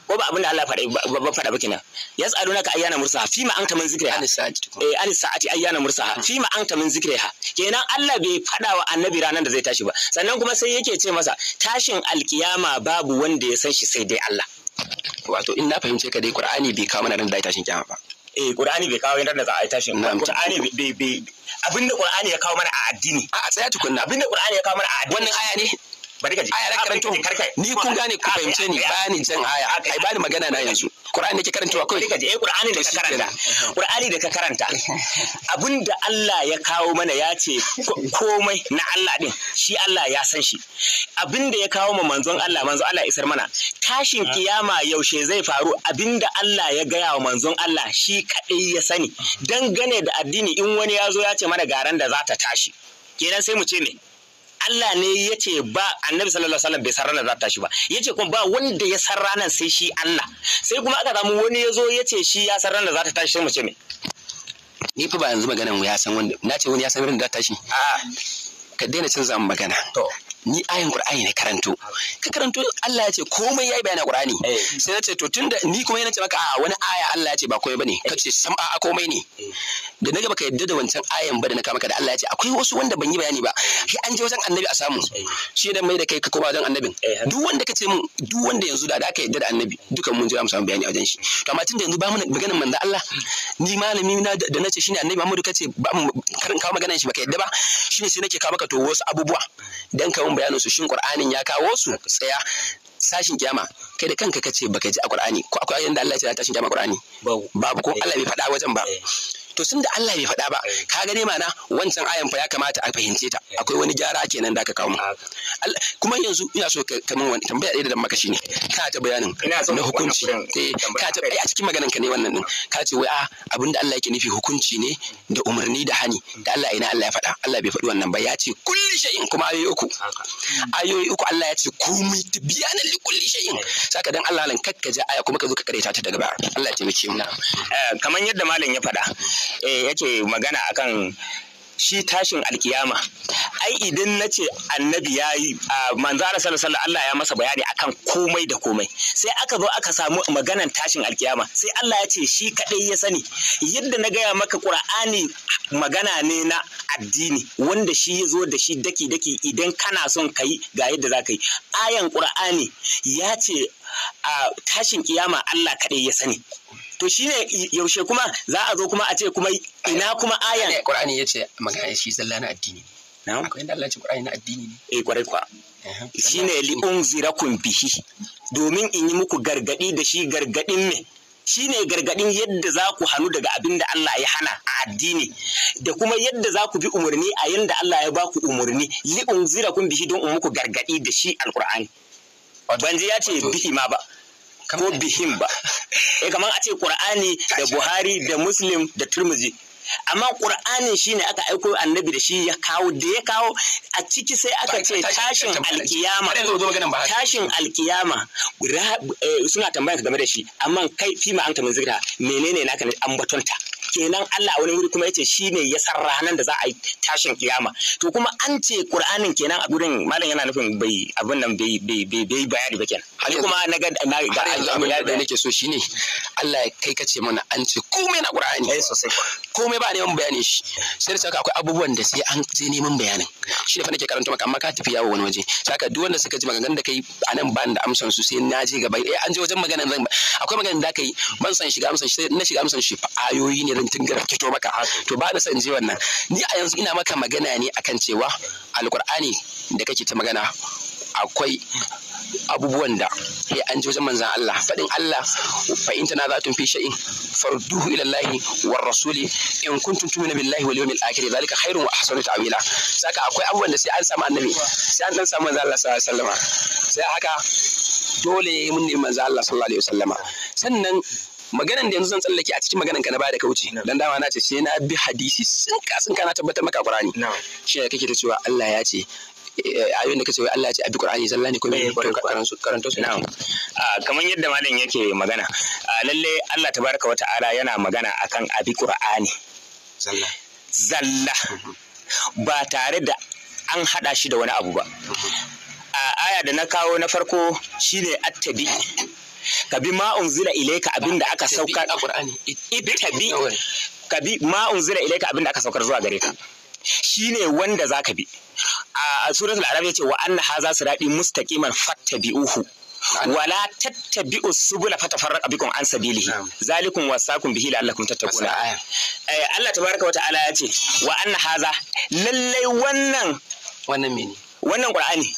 ko ba abin da Allah ba faɗa ba kenan yas'alunaka ayyana mursaha fima anta min zikriha eh an sa'ati ayyana mursaha hmm. fima anta min zikriha kenan Allah bai fada wa annabi ranan da zai tashi ba sannan kuma sai yake ce masa tashin alkiyama babu wanda ya san shi sai dai Allah wato in na fahimce ka dai Qur'ani bai kawo mana ran da tashin kiyama ba eh Qur'ani bai kawo ran da za a yi tashin Qur'ani bai abinda Qur'ani ya kawo mana a addini a tsaya tukunna abinda Qur'ani ya kawo mana a addini wannan aya ne Aya ka ji karanto ni kun gane ku fahimce ni bani jan aya ai bani magana na yanzu Qur'ani nake karantawa kai ka ji eh Qur'ani da ka karanta Qur'ani da ka karanta abinda Allah ya kawo mana ya ce komai na Allah din shi Allah ya san shi abinda ya kawo ma manzon Allah manzon Allah isar mana tashin kiyama yaushe zai faru abinda Allah ya gaya wa manzon Allah shi kadai ya sani dangane da addini in wani ya zo ya ce mana garan da za ta tashi kenan sai mu ce ne. Allah ne ya ce ba annabi sallallahu alaihi wasallam bai san ranar za ta shi ba ya ce kuma ba wanda ya san ranar sai shi Allah sai kuma aka samu wani ya zo ya ce shi ya san ranar za ta tashi sai mu ce me ni fa ba yanzu maganan ya san wanda na ce wani ya san ranar za ta tashi a ka daina cin zan magana to ni ayan qur'ani na karanto ka karanto Allah ya ce komai yayi bayani qur'ani eh. sai na ce to tunda ni kuma yana ce maka a wani aya Allah ya ce ba komai bane ce sam a komai ne eh. da naga baka yadda da wancan ayan ba da na kama ka da Allah ya ce akwai wasu wanda ban yi bayani ba sai an je wajen annabi a samu eh. shi da mai da kai ka koma wajen annabin duk wanda ka ce mun duk wanda yanzu da aka yadda da annabi dukan mun jira mu samu bayani a wajen shi to amma tunda yanzu ba mu maganar manzo Allah ni malami na da nace shine annabi Muhammadu ce ba mu karin kawo maganar shi baka yadda ba shine sai nake kawo maka to wasu abubuwa dan ka kan bayanin su shin Qur'anin ya kawo su tsaya sashin kiyama kai da kanka kace baka ji a Qur'ani ko akwai ayoyin da Allah ya ce tashin kiyama Qur'ani babu ko Allah bai faɗa wajen ba eh. to sun da Allah bai faɗa ba eh. ka gane mana wancan ayan fa ya kamata a fahimce ta eh. akwai wani gyara kenan da aka kawo mu kuma yanzu ina so kamar wani tambaya da da makashi ne ka ta bayanin na hukunci eh ka ta a cikin maganan ka ne wannan din ka ce wai a ah, abinda Allah yake nufi hukunci ne da umarni da hani da Allah ina Allah ya faɗa Allah bai faɗi wannan ba ya ce kulli shay'in kuma ayoyi uku ayoyi uku Allah ya ce komai tibyana li kulli shay'in eh. saka dan Allah lan kakkaje aya kuma ka zo ka kareta ta daga ba Allah ya taimake mu kamar yadda malam ya faɗa Eh, yake magana akan shi tashin alkiyama ai idan na ce annabi ya yi a manzara sallallahu Allah ya masa bayani akan komai da komai sai aka zo aka samu maganan tashin alkiyama sai Allah ya ce shi kadai ya sani yadda na gaya maka Qur'ani magana ne na addini wanda shi ya zo da shi daki daki idan kana son kai ga yadda za ka yi ayan Qur'ani ya ce tashin kiyama Allah kadai ya sani to shine yaushe kuma za a zo kuma a ce kuma ina kuma ayan Qur'ani yace magana shi zalla na addini na akwai inda Allah ce Qur'ani na addini ne eh kwarai kwa shine li unzirakum bihi domin in yi muku gargadi da shi gargadin me shine gargadin yadda za ku hannu daga abin da Allah ya hana a addini da kuma yadda za ku bi umarni a yadda Allah ya baku umarni li unzirakum bihi don in muku gargadi da shi alqur'ani banji ya ce bihi ma ba ko bihim ba eh kamar a ce qur'ani da buhari da muslim da turmuzi amma shi shine aka aiko annabi da shi ya kawo da ya kawo a ciki sai aka ce tashin alkiyama tashin alkiyama eh, suna tambaya game da shi amma kai fima anta mun zikra menene naka ambatonta kenan Allah wani wuri kuma yace shine ya san ranan da za a yi tashin kiyama to kuma an ce Qur'anin kenan a gurin malam yana nufin bai abin nan bai bai bai bayani ba kenan ni kuma na ga na ga abin da nake so shine Allah ya kai kace mana an ce komai na Qur'ani eh sosai komai ba ne mun bayani shi sai da akwai abubuwan da sai an je neman bayanin shi da fa nake karanta maka amma ka tafi yawo wani waje saka duk wanda suka ji maganar da kai a nan ban da amsan su sai na je gaba eh an je wajen maganar zan akwai maganar da kai ban san shiga amsan shi na shiga amsan shi ayoyi ne guntun garaf fito maka to ba da san je wannan ni a yanzu ina maka magana ne akan cewa alkur'ani da kake ta magana akwai abubuwan da sai an ji wajen manzan Allah faɗin Allah fa in tana za tun fi shay'in farduhu ila Allah war rasuli in kuntum tu'minu billahi wal yawmil akhir zalika khairun wa ahsanu ta'wila saka akwai abubuwan da sai an samu annabi sai an dan samu manzan Allah sallallahu alaihi wasallama sai haka dole mun ne manzan Allah sallallahu alaihi wasallama sannan maganan da yanzu zan tsallake a cikin maganan ka na baya da kauce dan dama na ce sai na bi hadisi sun ka sun kana tabbatar maka Qur'ani shi ne kake ta cewa Allah ya ce eh, ayoyin da kace wai Allah ya ce a bi Qur'ani zalla ne ko me eh, karanto karanto su na'am ah, kamar yadda malam yake magana ah, lalle Allah tabaraka wata ta'ala yana magana akan a bi Qur'ani zalla zalla mm-hmm. ba tare da an hada shi da wani abu ba mm-hmm. a ah, aya da na kawo na farko shine attabi ka bi ma unzila ilaika abinda aka saukar ittabi ka bi ma unzila ilaika aka saukar zuwa gare ka shine wanda zaka bi a suratul arab yace wa anna haza sirati mustaqiman fattabi'uhu wala tattabi'u subula fatafarraqa bikum an sabilihi zalikum wasakum bihi la'allakum tattaquna eh, Allah tabaraka wa ta'ala yace wa anna haza lallai wannan wannan mene wannan qur'ani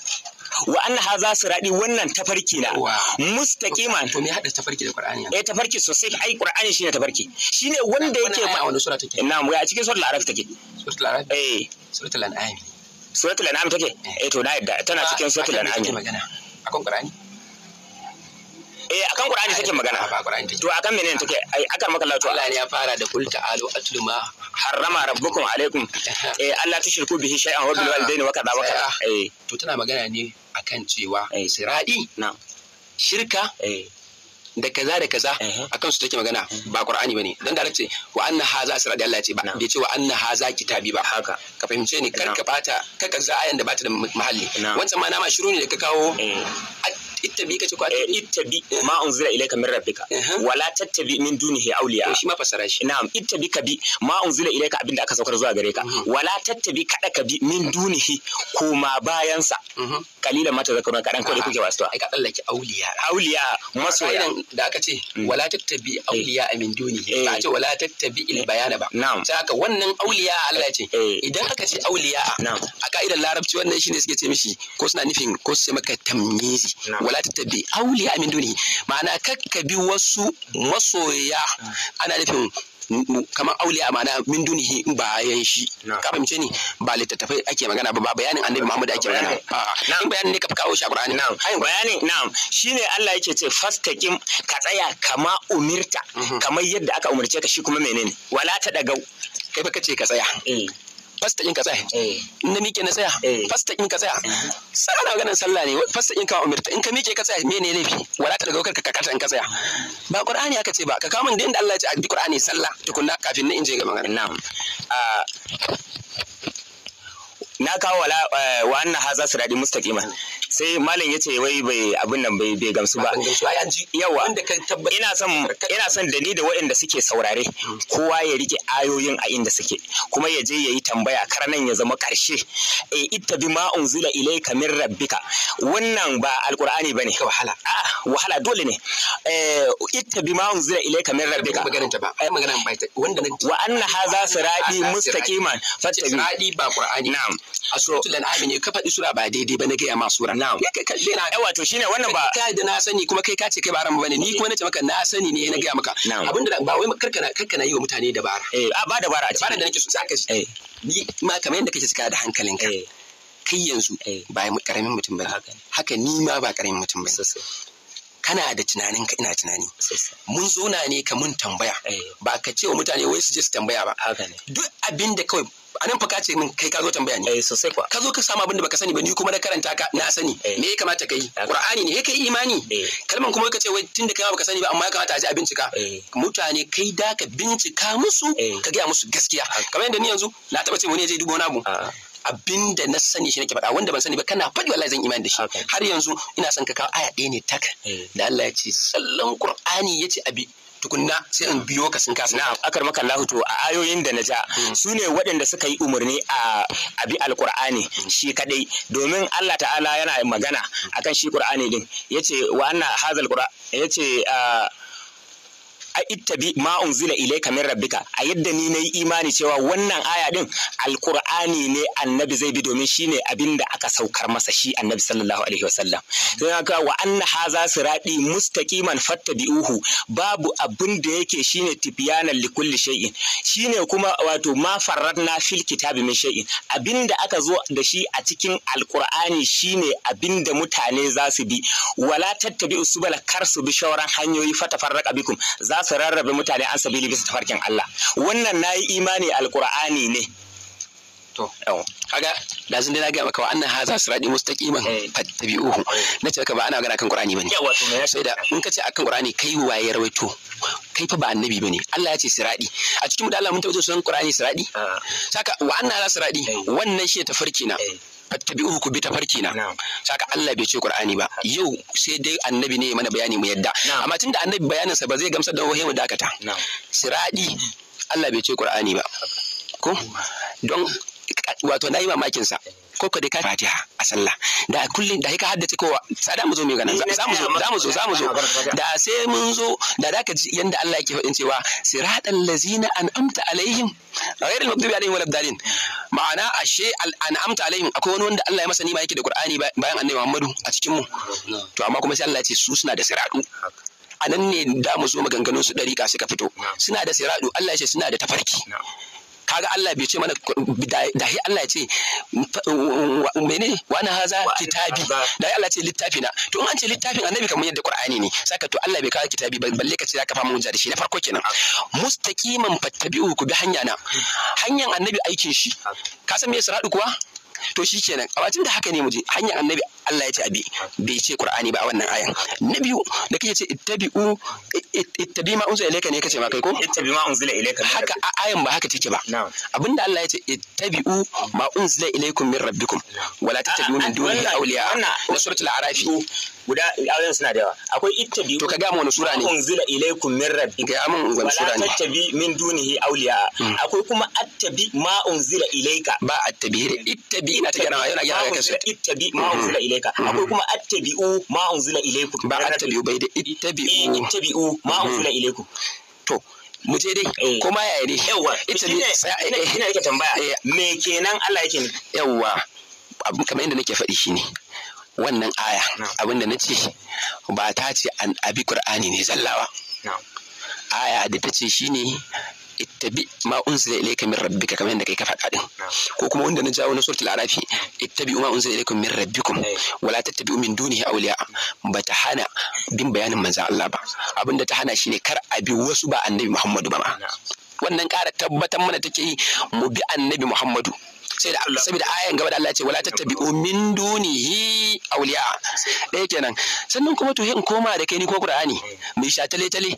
wa za su raɗi wannan tafarki na mustaqiman to me haɗa tafarki da qur'ani eh tafarki sosai ai qur'ani shine tafarki shine wanda yake ma wannan sura take na'am ya cikin suratul araf take suratul araf eh suratul an'am suratul an'am take eh, eh to na yadda tana ah, cikin suratul an'am magana akan qur'ani eh akan qur'ani take ah, magana ba qur'ani take to akan menene take ai akan maka Allah to Allah ne ya fara da kul ta'alu atlu ma harrama rabbukum alaikum eh Allah tushriku bihi shay'an wa bil walidayni wa kaza wa kaza ah. eh to tana magana ne akan cewa eh. siradi shirka eh. da kaza da kaza eh. kan su take magana ba qur'ani bane dan da ce wa anna haza siradi Allah ce ba bai ce wa anna haza kitabi ba haka ka fahimce ni kar ka bata ka kaza ayan da bata da mahalli wancan ma na ma shiru ne da ka kawo ittabi ka ce ko atibi eh, ittabi ma unzila ilayka min rabbika wala tattabi min dunihi awliya shi ma fasara shi na'am ittabi ka bi ma unzila ilayka abinda aka saukar zuwa gare ka mhm. wala tattabi kada ka bi min dunihi kuma bayan sa mhm. kalila mata zakarun kadan kawai kuke wasuwa ai ka tsallake auliya auliya masoya da aka ce mm. wala tattabi eh. auliya min dunihi ba ce wala tattabi il bayana ba na'am sai aka wannan auliya Allah ce eh. idan aka ce auliya a ka'idar larabci wannan shine suke ce mishi ko suna nufin ko su ce maka tamyizi wala wala tattabi a min duni ma'ana kakka bi wasu masoya ana nufin kamar auli a ma'ana min dunihi bayan shi ka fahimce ni ba littattafai ake magana ba bayanin bayanin annabi Muhammad ake magana in bayanin ne ka kawo shi a Qur'ani na'am bayanin na'am shine Allah yake ce fastaqim ka tsaya kama umirta mhm. kamar yadda aka umarce ka shi kuma menene wala ta dagau kai ba ce ka tsaya eh. fasta in ka tsaya eh. in na miƙe na tsaya eh. fasta in ka tsaya eh. sai ana ganin sallah ne fasta in ka umurta in ka miƙe ka tsaya mene laifi wala ta daga kar ka kakata in ka tsaya ba qur'ani aka ce ba ka kama da inda Allah ya ce a bi qur'ani sallah tukunna kafin na inje ga magana na'am ah, na kawo wala eh, wa haza su daɗi mustaqima sai malam ya ce wai bai abin nan bai bai gamsu ba yawa ina son ina son da ni da waɗanda suke saurare hmm. kowa ya rike ayoyin a inda suke kuma ya je ya yi tambaya kar nan ya zama karshe e eh, ittabi ma unzila ilayka min rabbika wannan ba alqur'ani bane wahala a'a wahala dole ne eh ittabi ma unzila ilayka min rabbika maganar ta ba ai maganar ba wanda wa anna haza fattabi ba qur'ani na'am a suratul an'am ne ka faɗi sura ba daidai ba na gaya ma sura na'am ya kai na yawa shine wannan ba kai da na sani kuma kai ka ce kai ba rama bane ni kuma nace maka na sani ne na gaya maka abinda ba wai karkana na yi wa mutane dabara eh ba dabara a ce ba da nake so saka shi eh. ni ma kamar yadda kake cika da ka. Eh. kai yanzu eh. ba karamin mutum ba haka ni ma ba karamin mutum ba kana da tunanin ka ina tunani mun zo na ne ka mun tambaya ba ka ce wa mutane wai su je su tambaya ba duk abin da kawai anan fa ka ce min kai ka zo tambaya ne eh sosai kuwa ka zo ka samu abin da baka sani ba ni kuma na karanta ka na sani eh. me ya kamata kai eh. qur'ani ne kai imani eh. kalman kuma kace wai tunda kai baka sani ba amma ya kamata a ji a bincika mutane kai da ka bincika musu ka gaya musu gaskiya kamar yadda ni yanzu na taba ce wani ya je dubo wani abu ah. abin da na sani shi nake faɗa wanda ban sani ba kana faɗi wallahi zan imani da shi har yanzu ina son ka kawo aya ɗaya ne tak da Allah ya ce sallan Qur'ani ya abi tukunna sai in biyo ka sun kasa akar maka Allah to a ayoyin da na ja hmm. su ne waɗanda suka yi umarni a abi alqur'ani hmm. shi kadai domin Allah ta'ala yana magana hmm. akan shi qur'ani din yace wa anna hadha alqur'an yace ah, a ittabi ma unzila ilayka min rabbika a yadda ni nayi imani cewa wannan aya din alqur'ani ne annabi zai bi domin shine abin da aka saukar masa shi annabi sallallahu alaihi wasallam sai aka wa anna haza siradi mustaqiman fattabi'uhu babu abinda da yake shine tibyanan likulli shay'in shine kuma wato ma farradna fil kitabi min shay'in abinda aka zo da shi a cikin alqur'ani shine abinda mutane za su bi wala tattabi'u subala kar su bi shauran hanyoyi fatafarraqa bikum za su rarrabe mutane an sabili bisa tafarkin Allah wannan nayi imani alqur'ani ne to kaga da zan dai ga maka wa annan haza sirati mustaqiman eh. fattabi'uhu eh. nace ka ba ana magana kan qur'ani bane yawa to me sai da in kace akan qur'ani kai waye rawaito kai fa ba annabi bane Allah ya ce siradi a cikin mu da Allah mun tabbata sunan qur'ani siradi ah. saka wa annan haza sirati eh. wannan shi tafarki na fattabi'uhu ku bi tafarki na saka Allah bai ce Qur'ani ba yau sai dai annabi ne ya mana bayani mu yadda amma tunda annabi bayaninsa ba zai gamsar da wahayi mu dakata siradi Allah bai ce Qur'ani ba ko don wato na yi sa. ko ka dai ka fatiha a sallah da kullum da ka haddace kowa sada mu zo mu gana za mu zo za mu zo za mu zo da sai mun zo da da ka ji yanda Allah yake faɗin cewa siratal lazina an'amta alaihim al maghdubi alaihim walad dalin ma'ana ashe an'amta alaihim akwai wani wanda Allah ya masa nima yake da Qur'ani bayan annabi Muhammadu a cikin mu to amma kuma sai Allah ya ce su suna da siratu a nan ne da mu zo maganganun su ɗariƙa suka fito suna da siratu Allah ya ce suna da tafarki kaga Allah bai ce mana da Allah ya ce mene wani haza kitabi da Allah ce littafi na to in an ce littafin annabi kamar yadda Qur'ani ne saka to Allah bai kawo kitabi balle ka ce zaka fama hujja da shi na farko kenan mustaqiman fattabi'u ku bi hanya na hmm. hanyar annabi aikin shi ka san me radu kuwa to shikenan abacin da haka ne muje hanyar annabi Allah ya ce abi bai ce Qur'ani ba a wannan ayan na biyu da kake ce ittabi'u ittabi ma unzila ilayka ne kace ma kai ko ittabi ma unzila ilayka haka ayan ba haka take ba abinda Allah ya ce ittabi'u ma unzila ilaykum min rabbikum wala tattabi'u min dunihi awliya na suratul arafi guda ayoyin suna da yawa akwai ittabi to ka ga mu wani sura ne unzila ilaykum min rabbi ga mun wani sura ne wala tattabi min dunihi awliya hmm. akwai kuma attabi ma unzila ilayka ba attabi ittabi ina ta gana yana gana kai sai ittabi ma hmm. unzila ilayka hmm. akwai kuma attabi'u ma unzila ilaykum ba attabi'u bai da ittabi'u eh, ittabi'u ma unzila ilaykum to mu je dai eh. kuma yaya ne yawa ita ne ina yake tambaya eh. me kenan Allah yake ne yawa kamar yadda nake faɗi ne wannan aya abinda na ce ba ta ce an abi qur'ani ne Zallawa. ba aya da ta ce shine ittabi ma unzila ilayka min rabbika kamar yadda kai ka faɗa din ko kuma wanda na jawo na suratul arafi ittabi ma unzila ilaykum min rabbikum wala tattabi'u min dunihi awliya ta hana bin bayanin manzon Allah ba abinda ta hana shine kar a bi wasu ba annabi Muhammadu ba ma wannan ƙara tabbatar mana take yi mu bi annabi Muhammadu sai da saboda ayan gaba da Allah ya ce wala tattabi'u min dunihi awliya kenan sannan kuma to in koma da kai ni ko Qur'ani mai sha tale tale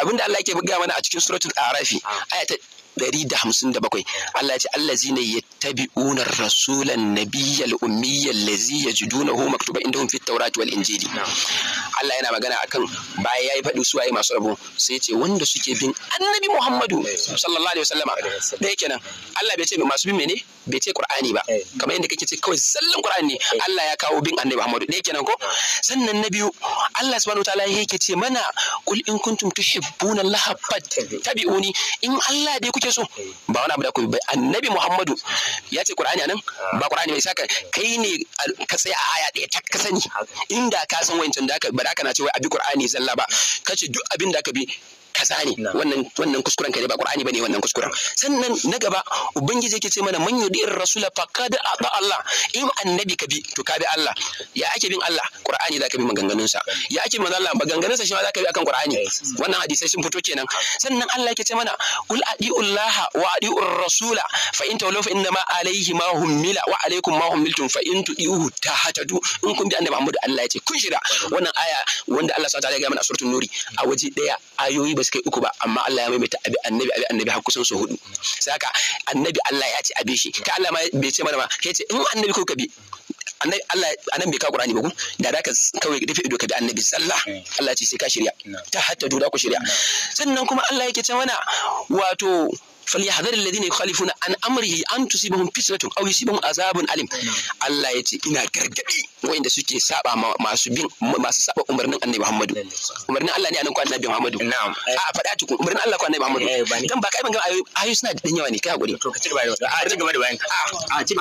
abinda Allah yake buga mana a cikin suratul arafi aya ta 157 Allah ya ce ya. yattabi'una rasulan nabiyyal ummiyyal ladzi yajidunahu maktuba indahum fit tawrati wal injili Allah yana magana akan bayan yayi faɗi su waye masu rabo sai ce wanda suke bin annabi Muhammadu sallallahu alaihi wasallama da yake nan Allah bai ce masu bin mene bai ce Qur'ani ba kamar yadda kake ce kawai sallan Qur'ani ne Allah ya kawo bin annabi Muhammadu da yake nan ko sannan na biyu Allah subhanahu wataala ce mana qul in kuntum tuhibbuna Allah in Allah dai kuke so ba wani abu da annabi Muhammadu ya ce qur'ani anan ah. ba qur'ani mai saka kai ne ka tsaya a aya ɗaya ta ka sani inda ka san wancan da aka ba da aka na ce wai abi qur'ani zalla ba ah. kace duk abin da aka bi kaza ne wannan wannan kuskuren ka ne ba qur'ani bane wannan kuskuren sannan na gaba ubangiji yake ce mana man yudir rasula faqad ata Allah in annabi ka bi to ka bi Allah ya ake bin Allah qur'ani zaka bi maganganun sa ya ake manzo Allah maganganun sa shi ma zaka bi akan qur'ani wannan hadisai sun fito kenan sannan Allah yake ce mana ul adiullaha wa adiur rasula fa in tawlaw fa inna ma alayhi ma hummila wa alaykum ma hummiltum fa in tudihu tahtadu in kun bi annabi Muhammad Allah yace kun shira wannan aya wanda Allah subhanahu wa ta'ala ya ga mana suratul nuri a waje daya ayoyi ba su kai uku ba amma Allah ya maimaita abi annabi abi annabi har kusan su hudu saka annabi Allah ya ce abi shi ka Allah ma bai ce mana ba, ke ce in annabi ko ka bi annabi Allah anan bai ka Qur'ani ba ku da da ka kawai dafi ido ka bi annabi sallah eh. Allah ya ce sai ka shirya ta hatta dura ku shirya sannan kuma Allah yake ce mana wato فليحذر الذين يخالفون عن امره ان تصيبهم فتنه او يصيبهم عذاب اليم الله يتي ina gargadi wanda suke saba masu bin masu saba umarnin Annabi Muhammadu umarnin Allah ne anan ko Annabi Muhammadu na'am a faɗa cikin umarnin Allah ko Annabi Muhammadu dan ba kai ban ga ayoyi suna da yawa ne kai hakuri to ka ci gaba da a ci gaba da bayan ka a ci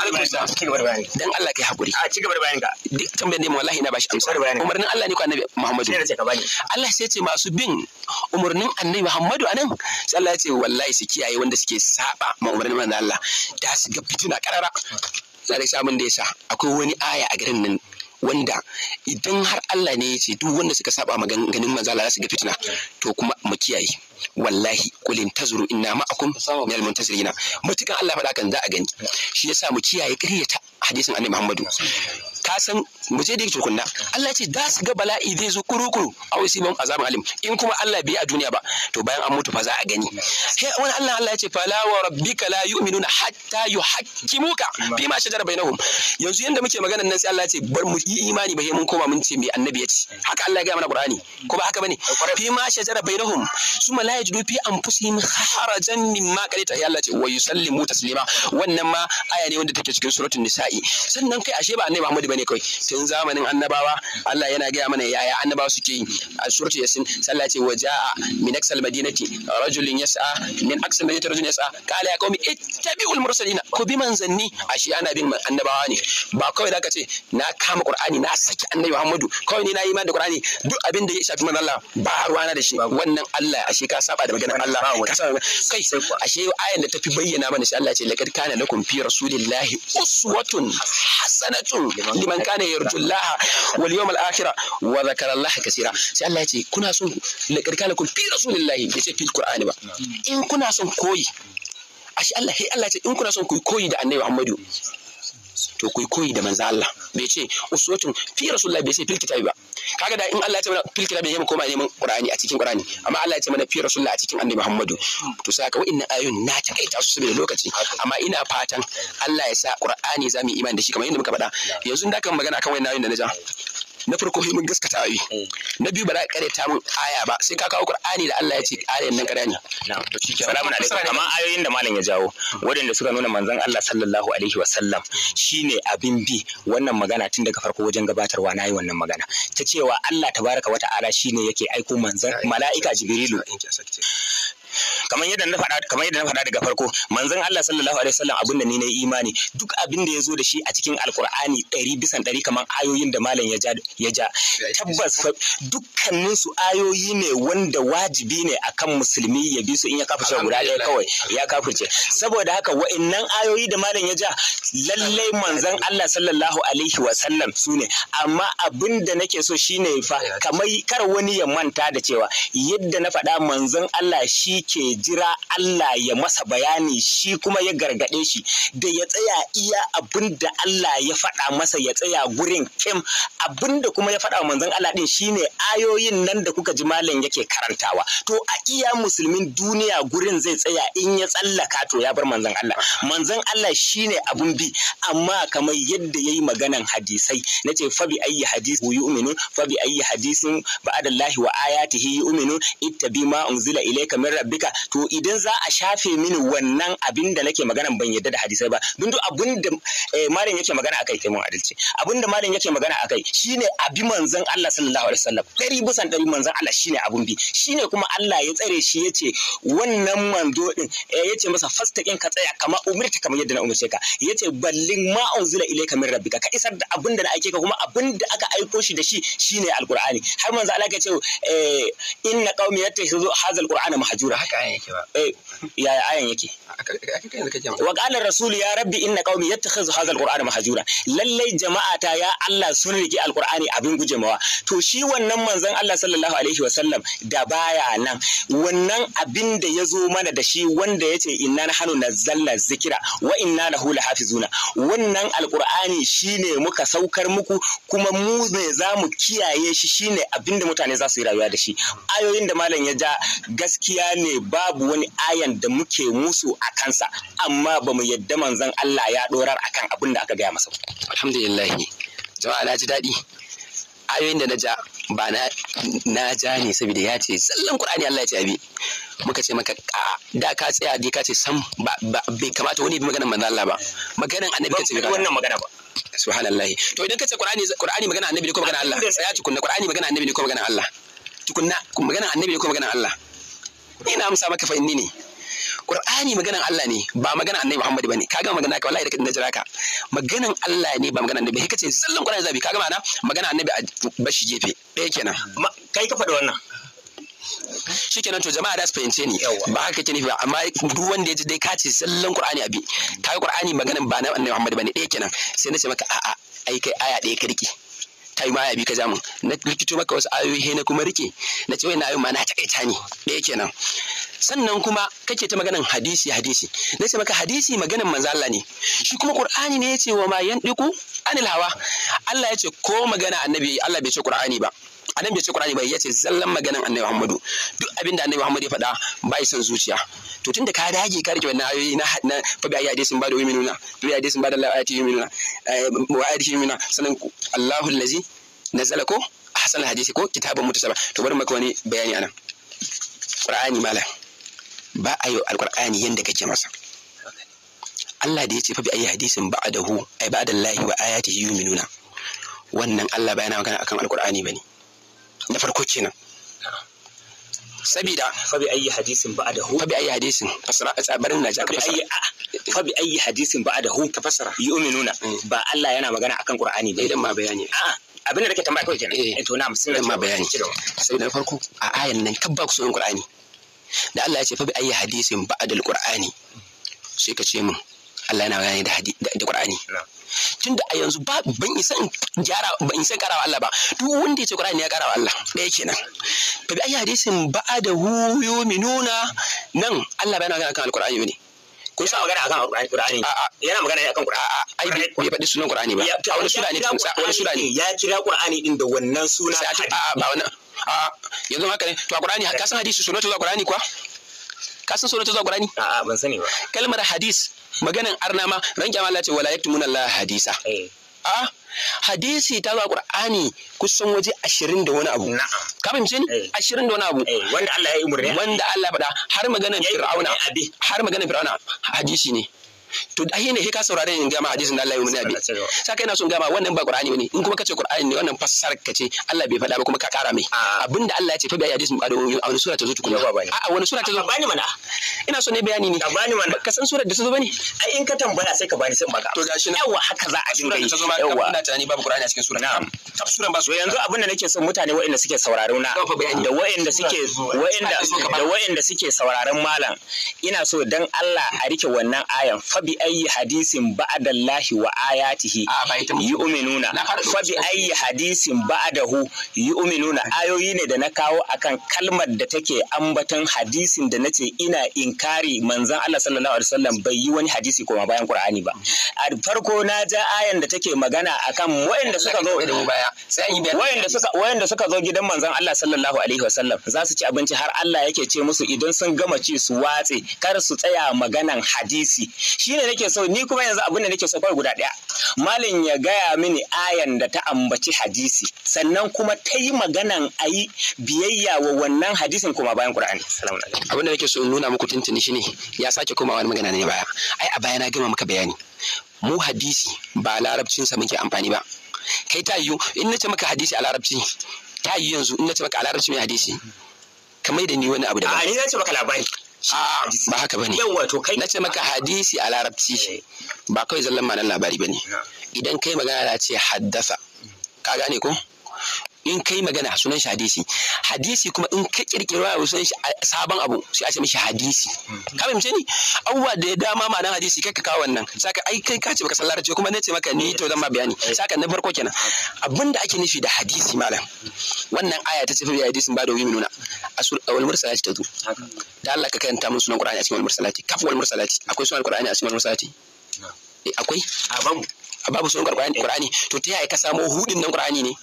gaba da bayan dan Allah kai hakuri a ci gaba da bayan ka duk tambayar ne wallahi ina bashi amsa umarnin Allah ne ko Annabi Muhammadu Allah sai ya ce masu bin umarnin Annabi Muhammadu anan sai ce wallahi su kiyaye wanda suke saba ma umarnin manzo Allah da su ga fitina karara za da samun da yasa akwai wani aya a garin nan wanda idan har Allah ne ya ce duk wanda suka saba maganganun maza Allah za su ga fitina to kuma mu kiyaye wallahi kulin tazuru inna ma'akum min al na, mutukan Allah faɗa kan za a gani shi yasa mu kiyaye ƙaryata hadisin Annabi Muhammadu ka san mu je da yake tukunna Allah ce da su ga bala'i zai zo kurukuru a wasu ban azabin alim in kuma Allah bai a duniya ba to bayan an mutu fa za a gani he wani Allah Allah ya ce fala wa rabbika la yu'minuna hatta yuhaqqimuka ma shajara bainahum yanzu yanda muke maganar nan sai Allah ya ce bar mu yi imani ba mun koma mun ce mai annabi ya ce haka Allah ya ga mana Qur'ani ko ba haka bane ma shajara bainahum suma la yajidu fi anfusihim harajan mimma qalita ya Allah ce wa yusallimu taslima wannan ma aya ne wanda take cikin suratul nisa'i sannan kai ashe ba annabi Muhammad bane kawai tun zamanin annabawa Allah yana gaya mana yaya annabawa suke yi a suratu yasin sallah ce wa jaa min aksal madinati rajulin yas'a min aksal madinati rajulin yas'a qala ya qaumi ittabi'ul mursalin ku bi manzanni ashe ana bin annabawa ne ba kawai zaka ce na kama qur'ani na saki annabi Muhammadu kawai ne na yi da qur'ani duk abin da ya shafi manzon Allah ba ruwana da shi wannan Allah ashe ka saba da maganar Allah kai ashe ayan da tafi bayyana mana shi Allah ce laqad kana lakum fi rasulillahi uswatun hasanatun liman kana yarjullaha wal yawmal akhir wa dhakara Allah kaseera sai Allah ya kuna son kun fi rasulillahi bai fil qur'ani ba in kuna son koyi ashe Allah Allah in kuna son koyi da annabi Muhammadu to ku koyi da manzo Allah bai ce uswatun fi rasulullahi bai ce fil kitabi ba kaga da in Allah ya ce mana fil kitabi yayin koma neman qur'ani a cikin qur'ani amma Allah ya ce mana fi rasulullahi a cikin annabi Muhammadu to saka wa'annan ayoyin na ta kai ta su saboda lokaci amma ina fatan Allah ya sa qur'ani zamu imani da shi kamar yadda muka faɗa yanzu da kan magana akan wannan ayoyin da na ja na farko sai mun gaskata ayoyi mm. na biyu ba za ka karyata mun aya ba sai ka kawo qur'ani da Allah ya ce ayan nan ƙarya ne to shike Salamun alaikum amma ayoyin da malam ya jawo waɗanda suka nuna manzon Allah sallallahu alaihi sallam shine abin bi wannan magana tun daga farko wajen gabatarwa nayi wannan magana ta cewa Allah tabaraka wa ta'ala shine yake aiko manzon mala'ika jibrilu kamar yadda na faɗa kamar yadda na faɗa daga farko manzon Allah sallallahu alaihi wasallam abin da ni na imani duk abin da ya zo da shi a cikin alkur'ani 100 bisan ɗari kamar ayoyin da malam ya ja ya ja tabbas dukkanin su ayoyi ne wanda wajibi ne akan musulmi ya bi su in ya kafirce guda ɗaya kawai ya kafirce saboda haka wa'annan ayoyi da malam ya ja lallai manzon Allah sallallahu alaihi wasallam su ne amma abin da nake so shine fa kamar kar wani ya manta da cewa yadda na faɗa manzon Allah shi yake jira Allah ya masa bayani shi kuma ya gargaɗe shi da ya tsaya iya abin da Allah ya faɗa masa ya tsaya gurin kim abin da kuma ya faɗa wa manzon Allah ɗin shine ayoyin nan da kuka ji malam yake karantawa to a iya musulmin duniya gurin zai tsaya in ya tsallaka to ya bar manzon Allah manzon Allah shine abun bi amma kamar yadda ya yi maganan hadisai nace fa bi ayyi hadisi yu'minu uminu fabi ayi hadisin ba'adallahi wa ayatihi uminu ittabi ma unzila ilai min rabbi duka to idan za a shafe mini wannan abin da nake magana ban yadda da hadisai ba dun duk abin da eh, malam yake magana akai kai mun adalci abin da malam yake magana akai shine abi manzon Allah sallallahu alaihi wasallam dari bisan dari manzon Allah shine abun bi shine kuma Allah ya tsare shi yace wannan manzo din eh, yace masa fastaqin ka tsaya kama umirta kamar yadda na umurce ka yace ballin ma unzila ilayka min rabbika ka isar da abin da na aike ka kuma abin da aka aiko shi da shi shine alqur'ani har manzo Allah ya ce eh, inna qaumi yattakhidhu hazal qur'ana mahjura haka ayan yake ba eh yaya ayan yake wa qala rasul ya rabbi inna qaumi yattakhidhu hadha alqur'ana mahjura lallai jama'ata ya Allah sun rike alqur'ani abin gujemawa to shi wannan manzon Allah sallallahu alaihi wasallam da baya nan wannan abin da ya zo mana da shi wanda ya ce inna nahnu nazzalna zikira wa inna lahu lahafizuna wannan alqur'ani shine muka saukar muku kuma mu ne za mu kiyaye shi shine abin da mutane za su yi rayuwa da shi ayoyin da malam ya ja gaskiya ne ne babu wani ayan da muke musu a kansa amma ba mu yadda manzon Allah ya dorar akan abin da aka gaya masa alhamdulillah jama'a na ji daɗi ayoyin da na ja ba na ja ne saboda ya ce sallan qur'ani Allah ya ce abi muka ce maka da ka tsaya dai ka ce sam ba bai kamata wani bi maganar manzo Allah ba maganar annabi ka ce ba wannan magana ba subhanallahi to idan ka ce qur'ani qur'ani magana annabi ne ko magana Allah tsaya kunna qur'ani magana annabi ne ko magana Allah tukunna magana annabi ne ko magana Allah ina amsa maka fa inni ne Qur'ani maganan Allah ne ba maganan Annabi Muhammad bane kaga magana ka wallahi da kin jira ka maganan Allah ne ba maganan Annabi kace sallan Qur'ani zabi kaga ma'ana magana Annabi bashi gefe ɗaya kenan kai ka faɗa wannan shikenan to jama'a da su fahimce ni ba haka ke nufi ba amma duk wanda ya ji dai kace sallan qur'ani abi kaga qur'ani maganan ba na annabi Muhammad bane ɗaya kenan sai na ce maka a'a ai kai aya ɗaya ka rike kai ma ya bi ka jamu na likito maka wasu ayoyi na kuma rike na ce wannan ayoyi ma na takaita ne ɗaya kenan sannan kuma kake ta maganan hadisi hadisi na ce maka hadisi maganan manzo ne shi kuma Qur'ani ne ya ce wa ma yandiku anil hawa Allah ya ce ko magana annabi Allah bai ce Qur'ani ba anan bai ce Qur'ani ba yace zallan maganan Annabi Muhammadu duk abin da Annabi Muhammadu ya faɗa bai son zuciya to tunda ka dage ka rike wannan ayoyi na na fa bi ayi sun ba da yuminuna bi ayi hadisin ba da la ayati yuminuna eh, wa ayati yuminuna sanan Allahu allazi nazala ko ahsan hadisi ko kitabun mutasaba to bari maka wani bayani anan Qur'ani malam ba ayo alqur'ani yanda kake masa Allah da ya ce fa bi ayi hadisin ba'dahu ay ba'dallahi wa ayatihi yuminuna wannan Allah bayana magana akan alqur'ani bane na farko kenan sabida fabi ayi hadisin ba da hu fabi ayi hadisin fasara a tsabarin naja ka fasara fabi ayi hadisin ba da hu ka fasara yu'minuna eh. ba Allah yana magana akan Qur'ani ba idan eh, ma bayani a'a abin da nake tambaya kai kenan eh. eh to na musin ma bayani Sabida na farko a ayan nan kabba ku so in Qur'ani da Allah ya ce fabi ayi hadisin ba da Qur'ani sai ka ce min Allah yana bayani da hadisi da Qur'ani tunda a yanzu ba ban isa in jara ban isa karawa Allah ba duk wanda yace Qur'ani ya karawa Allah ɗaya kenan fa bi ayi hadisin ba'da hu yu'minuna nan Allah bayana magana kan Qur'ani ne kun sai magana akan qur'ani? yana magana akan qur'ani ai bai faɗi sunan qur'ani ba a wani sura ne wani sura ne ya kira qur'ani din da wannan suna a ba wannan a yanzu haka ne to qur'ani ka san hadisi sunan qur'ani kwa ka san sunan ta zuwa Qur'ani a'a ban sani ba kalmar hadis maganan arna ma ran kiyama Allah ce wala yaktumuna Allah hadisa eh. a hadisi ta zuwa Qur'ani kusan waje ashirin da wani abu ka fahimce ni eh. ashirin da wani abu eh, wanda Allah ya yi umurni wanda Allah ya faɗa har maganar Fir'auna har maganar Fir'auna hadisi ne to ai ne ka sauraren in gama hadisin da Allah ya muna bi saka ina son gama wannan ba qur'ani wani. in kuma kace qur'ani ne wannan fassarar kace Allah bai faɗa ba kuma ka kara mai ah. abinda Allah ya ce fa bi hadisin a wani sura ta zo tukuna a wani sura ta zo bani mana ina so ne bayani ne bani mana ka san surar da ta zo bane ai in ka tambaya sai ka bani sai maka to gashi yawa haka za a dinga yi yawa ina tunani babu qur'ani a cikin sura na'am tafsiran ba so yanzu abinda nake son mutane waɗanda suke sauraro na da waɗanda suke waɗanda da waɗanda suke sauraron malam ina so dan Allah a rike wannan ayan fa fabi ayi hadisin ba'dallahi wa ayatihi yu'minuna fabi ayi hadisin ba'dahu yu'minuna ayoyi ne da na kawo akan kalmar da take ambaton hadisin da nace ina inkari manzon Allah sallallahu alaihi wasallam bai yi wani hadisi kuma bayan Qur'ani ba a farko na ja ayan da take magana akan wayanda suka zo wayanda suka wayanda suka zo gidan manzon Allah sallallahu alaihi wasallam za su ci abinci har Allah yake ce musu idan sun gama ci su watse kar su tsaya maganan hadisi shi shine nake so ni kuma yanzu abin da nake so kawai guda daya malin ya gaya mini ayan da ta ambaci hadisi sannan kuma ta yi maganan a yi biyayya wa wannan hadisin kuma bayan qur'ani abin da nake so in nuna muku tuntuni shine ya sake koma wani magana ne baya ai a baya na gama maka bayani mu hadisi ba larabcin sa muke amfani ba kai ta yiwu in nace maka hadisi a larabci ta yiwu yanzu in nace maka a larabci mai hadisi kamar da ni wani abu da ba a ni nace maka labari ba haka bane na ce maka hadisi a larabci eh. ba kai zallan ma'anar labari bane idan kai magana ce haddasa ka gane ko in kai magana sunan shi hadisi hadisi kuma in ka kirkiro abu sunan shi sabon abu sai a ce mishi hadisi ka fahimce ni abubuwa da ya dama nan hadisi kai ka kawo wannan saka ai kai ka ce baka san ce kuma ce maka ni to zan ma bayani saka na farko kenan abinda ake nufi da hadisi malam wannan aya ta ce fi hadisi ba da wimi nuna awal mursalati ta zu da Allah ka kanta mun sunan Qur'ani a cikin mursalati kaf wal mursalati akwai sunan Qur'ani a cikin wal mursalati eh, akwai a babu a babu sunan Qur'ani to ta yaya ka samu hudin nan Qur'ani ne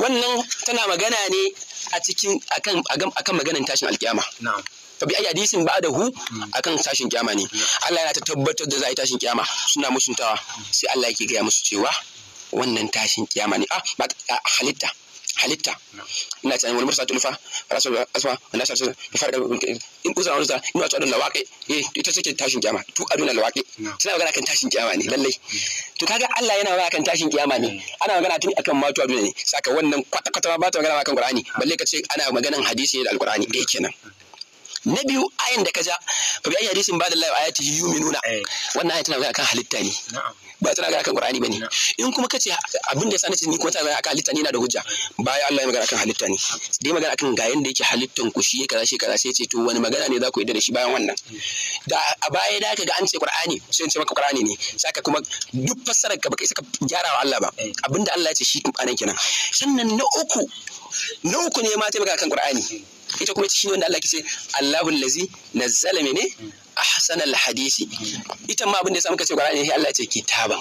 wannan tana magana ne a cikin akan akan maganan tashin alkiyama na'am fa bi ayi ba da hu hmm. akan tashin kiyama ne hmm. Allah yana ta tabbatar da za a yi tashin kiyama suna musuntawa hmm. sai Allah yake gaya musu cewa wannan tashin kiyama ne ah, ah halitta halitta ina ta wal mursal tulfa rasul asma wala shar farda in kusa wani ta ina ta dalla waƙe eh ita take tashin kiyama tu aduna lawaqi suna magana kan tashin kiyama ne lallai to kaga Allah yana magana kan tashin kiyama ne ana magana tun akan matu aduna ne saka wannan kwata kwata ba ta magana akan Qur'ani balle ka ce ana maganan hadisi da alqur'ani eh kenan na biyu ayin da ka ja ba bi hadisin ba da yati ayati nuna, eh. wannan ayin tana magana akan halitta ne ba tana magana akan qur'ani bane in kuma kace abin da ya nace ni kuma tana magana akan halitta ne yana da hujja eh. ba ya Allah ya magana akan halitta ne dai magana akan ga yanda yake halittan ku shi kaza shi kaza sai ce to wani magana ne za ku yadda da shi bayan wannan eh. da a baya da ka ga an ce qur'ani sai ce maka qur'ani ne saka kuma duk fassarar ka baka isa ka gyara wa Allah ba abinda Allah ya ce shi anan kenan sannan na uku na uku ne ma taimaka akan qur'ani ita kuma shi ne wanda Allah ke ce Allahul lazi nazzala mene ahsan hadisi ita ma abin da ya samu kace qur'ani sai Allah ya ce kitaban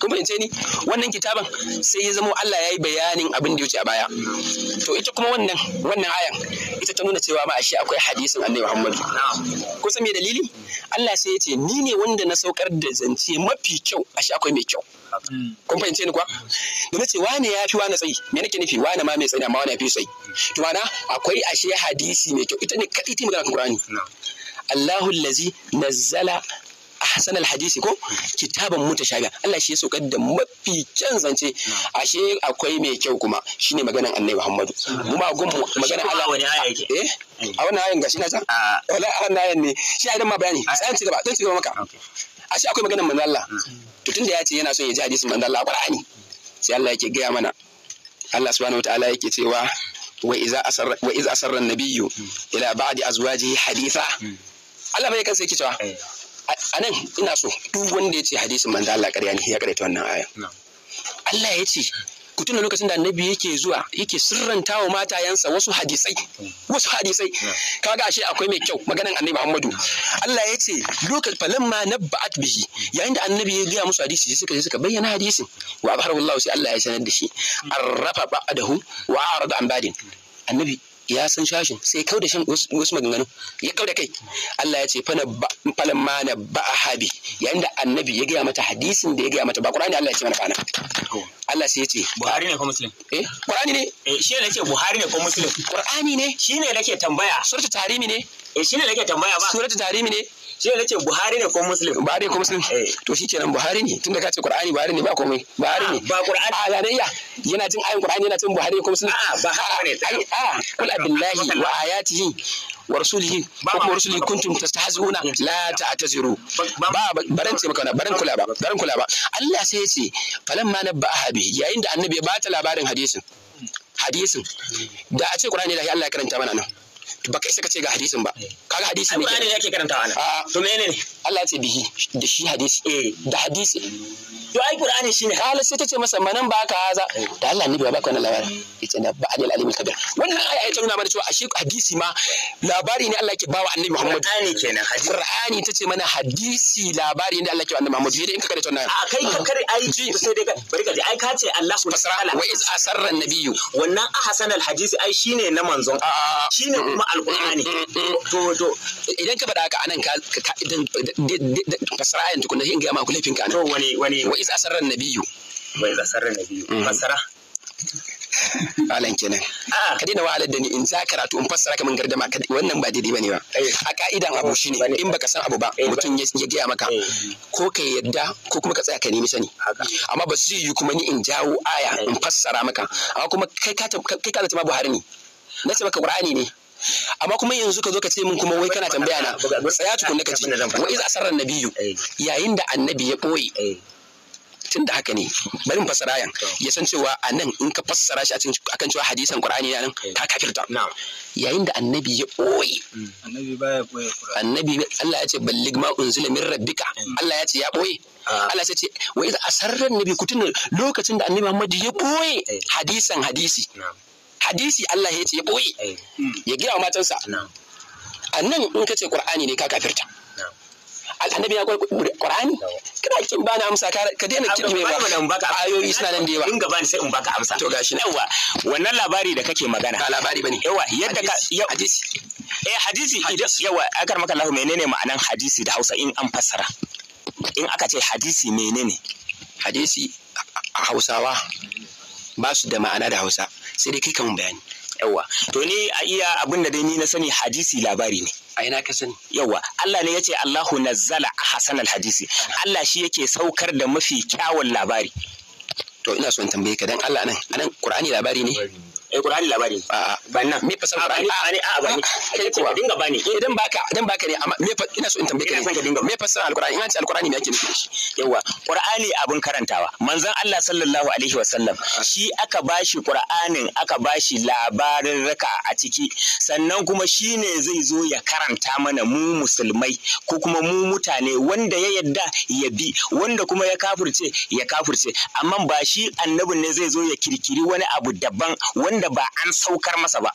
kun fahimce ni wannan kitaban sai ya zama Allah ya yi bayanin abin da yake a baya to ita kuma wannan wannan ayan ita ta nuna cewa ma ashe akwai hadisin Annabi Muhammad ko sai me dalili Allah sai ya ce ni ne wanda na saukar da zance mafi kyau ashe akwai mai kyau kun fahimce ni kuwa da ce wane ya fi wane tsayi me nake nufi wane ma mai tsayi amma wane ya fi tsayi to mana akwai ashe hadisi mai kyau ita ne kadai ta magana Qur'ani Allahu allazi nazzala ahsan alhadisi ko kitaban Shaga, Allah shi ya saukar da mafi kyan zance ashe akwai mai kyau kuma shine maganan Annabi Muhammadu kuma gun maganan Allah wani aya yake eh a wannan ayan gashi na san ah. wala a wannan ayan ne shi a ma bayani sai ci gaba don ci gaba maka ashe akwai maganan Mandala? Allah hmm. to tunda ya ce yana son ya ji hadisin manzo Allah Qur'ani sai Allah yake gaya mana Allah subhanahu wataala yake cewa wa iza asarra wa iza asarra an-nabiyyu hmm. ila ba'di azwajihi haditha hmm. Allah bai kansa yake cewa eh. a nan ina so duk wanda ya ce hadisin manzo Allah ƙarya ne ya ƙareta wannan aya Allah ya ce ku tuna lokacin da annabi yake zuwa yake sirranta wa matayansa wasu hadisai wasu hadisai kaga ashe akwai mai kyau maganan annabi Muhammadu Allah ya ce lokacin falamma nabba'at bihi yayin da annabi ya gaya musu hadisi sai suka suka bayyana hadisin wa abharahu Allah sai Allah ya sanar da shi arrafa ba'dahu wa arada an badin annabi ya san shashin sai kau da shan wasu maganganu ya kau da kai Allah ya ce falan ma na ba habi yayin da annabi ya gaya mata hadisin da ya gaya mata ba qur'ani Allah ya ce mana fana Allah sai ya ce buhari ne ko muslim eh qur'ani ne eh shi ne ce buhari ne ko muslim qur'ani ne shi ne nake tambaya suratul tarihi ne eh shi ne nake tambaya ba suratul tarihi ne shi ne nace Buhari ne ko Muslim Buhari ko Muslim eh. to shi nan Buhari ne tunda ka ce Qur'ani Buhari ne ba komai Buhari ne ba Qur'ani a zanayya yana cin ayin Qur'ani yana cin Buhari ko Muslim a ba haka ne a kul billahi wa ayatihi wa rasulihi ko kuma rasulihi kuntum tastahzuna la ta'taziru ba baran ce maka baran kula ba baran kula ba Allah sai ya ce ma nabba bi yayin da annabi ya bata labarin hadisin hadisin da a ce Qur'ani da Allah ya karanta mana nan baka isa ce ga hadisin ba eh. kaga hadisi ne Qur'ani yake karantawa nan to menene Allah ya ce bihi da shi hadisi eh da hadisi to ai Qur'ani shine kala sai ce masa manan ba ka haza eh. da Allah ne bai baka wannan labarin yace na ba hadil alimul kabir wannan aya ta nuna mana cewa ashe hadisi ma labari ne Allah yake bawa annabi Muhammad Qur'ani kenan hadisi Qur'ani ce mana hadisi labari ne Allah yake wa annabi Muhammad yayin dai in ka karanta wannan a kai ka kare ai sai dai bari ka ji ai ka ce Allah subhanahu wa ta'ala wa iz asarra an-nabiyyu wannan ahsanal hadisi ai shine na manzon shine kuma alkur'ani to to idan ka faɗa haka anan ka idan fasara ayan tukunna hin ga ma ku laifin ka to wani wani wa iz asarran nabiyyu wa iz asarran nabiyyu mm. fasara Alan kenan. Ah. Ka dina wahalar da ni in za karatu in fassara kamar gardama wannan ba daidai bane ba. Eh. A ka'idan abu ne, in baka san abu ba eh, mutum ya gaya maka eh. ko ka yadda ko kuma ka tsaya ka nemi sani. Amma ba zai yi kuma ni in jawo aya in fassara maka amma kuma kai ka ta ma Buhari ne. Na ce maka Qur'ani ne. amma kuma yanzu ka zo ka ce min kuma wai kana tambaya na tsaya tukun ka ce wa iz asarran Nabiyu. Eh. yayin da annabi ya boye eh. tun da haka ne bari mu fassara yan ya san cewa a nan in ka fassara shi akan cewa hadisan qur'ani nan eh. ka kafirta yayin da annabi ya boye mm. annabi baya boye annabi Allah ya ce ballig ma unzila min rabbika Allah ya ce ya boye ah. Allah ya ce wa iz asarran nabi kutun lokacin da annabi Muhammad ya boye hadisan hadisi hadisi Allah ya ce ya boye eh. ya gina wa matansa a nan in ka ce ƙur'ani ne ka kafirta annabi ya kwaikwai ƙur'ani? kina kin ba na amsa ka daina kin mai ba madan baka ayoyi suna nan da yawa in gaba sai in baka amsa to gashi yawa wannan labari da kake magana ba labari bane yawa yadda ka hadisi eh hadisi yawa akar maka Allah menene ma'anan hadisi da Hausa in an fassara in aka ce hadisi menene hadisi a Hausawa ba su da ma'ana da Hausa sai dai kai ka bayani yawa to ni a iya abin da dai ni na sani hadisi labari ne a ina ka sani yawa Allah ne ya yace Allahu nazzala hasan hadisi Allah shi yake saukar da mafi kyawun labari to ina son tambaye ka dan Allah nan anan Qur'ani labari ne eh qur'ani labari a ban nan me fasan qur'ani a ne a bani kai ce dinga bani idan eh, baka idan baka ne amma me ina so in tambaye ka ne me fasan alqur'ani in an ce alqur'ani me ake nufi shi yawa qur'ani abun karantawa manzon Allah sallallahu alaihi wasallam shi aka bashi qur'anin aka bashi labarin raka a ciki sannan kuma shine zai zo ya karanta mana mu musulmai ko kuma mu mutane wanda ya yadda ya bi wanda kuma ya kafurce ya kafurce amma ba shi annabin ne zai zo ya kirkiri wani abu daban wanda wanda ba an saukar masa ba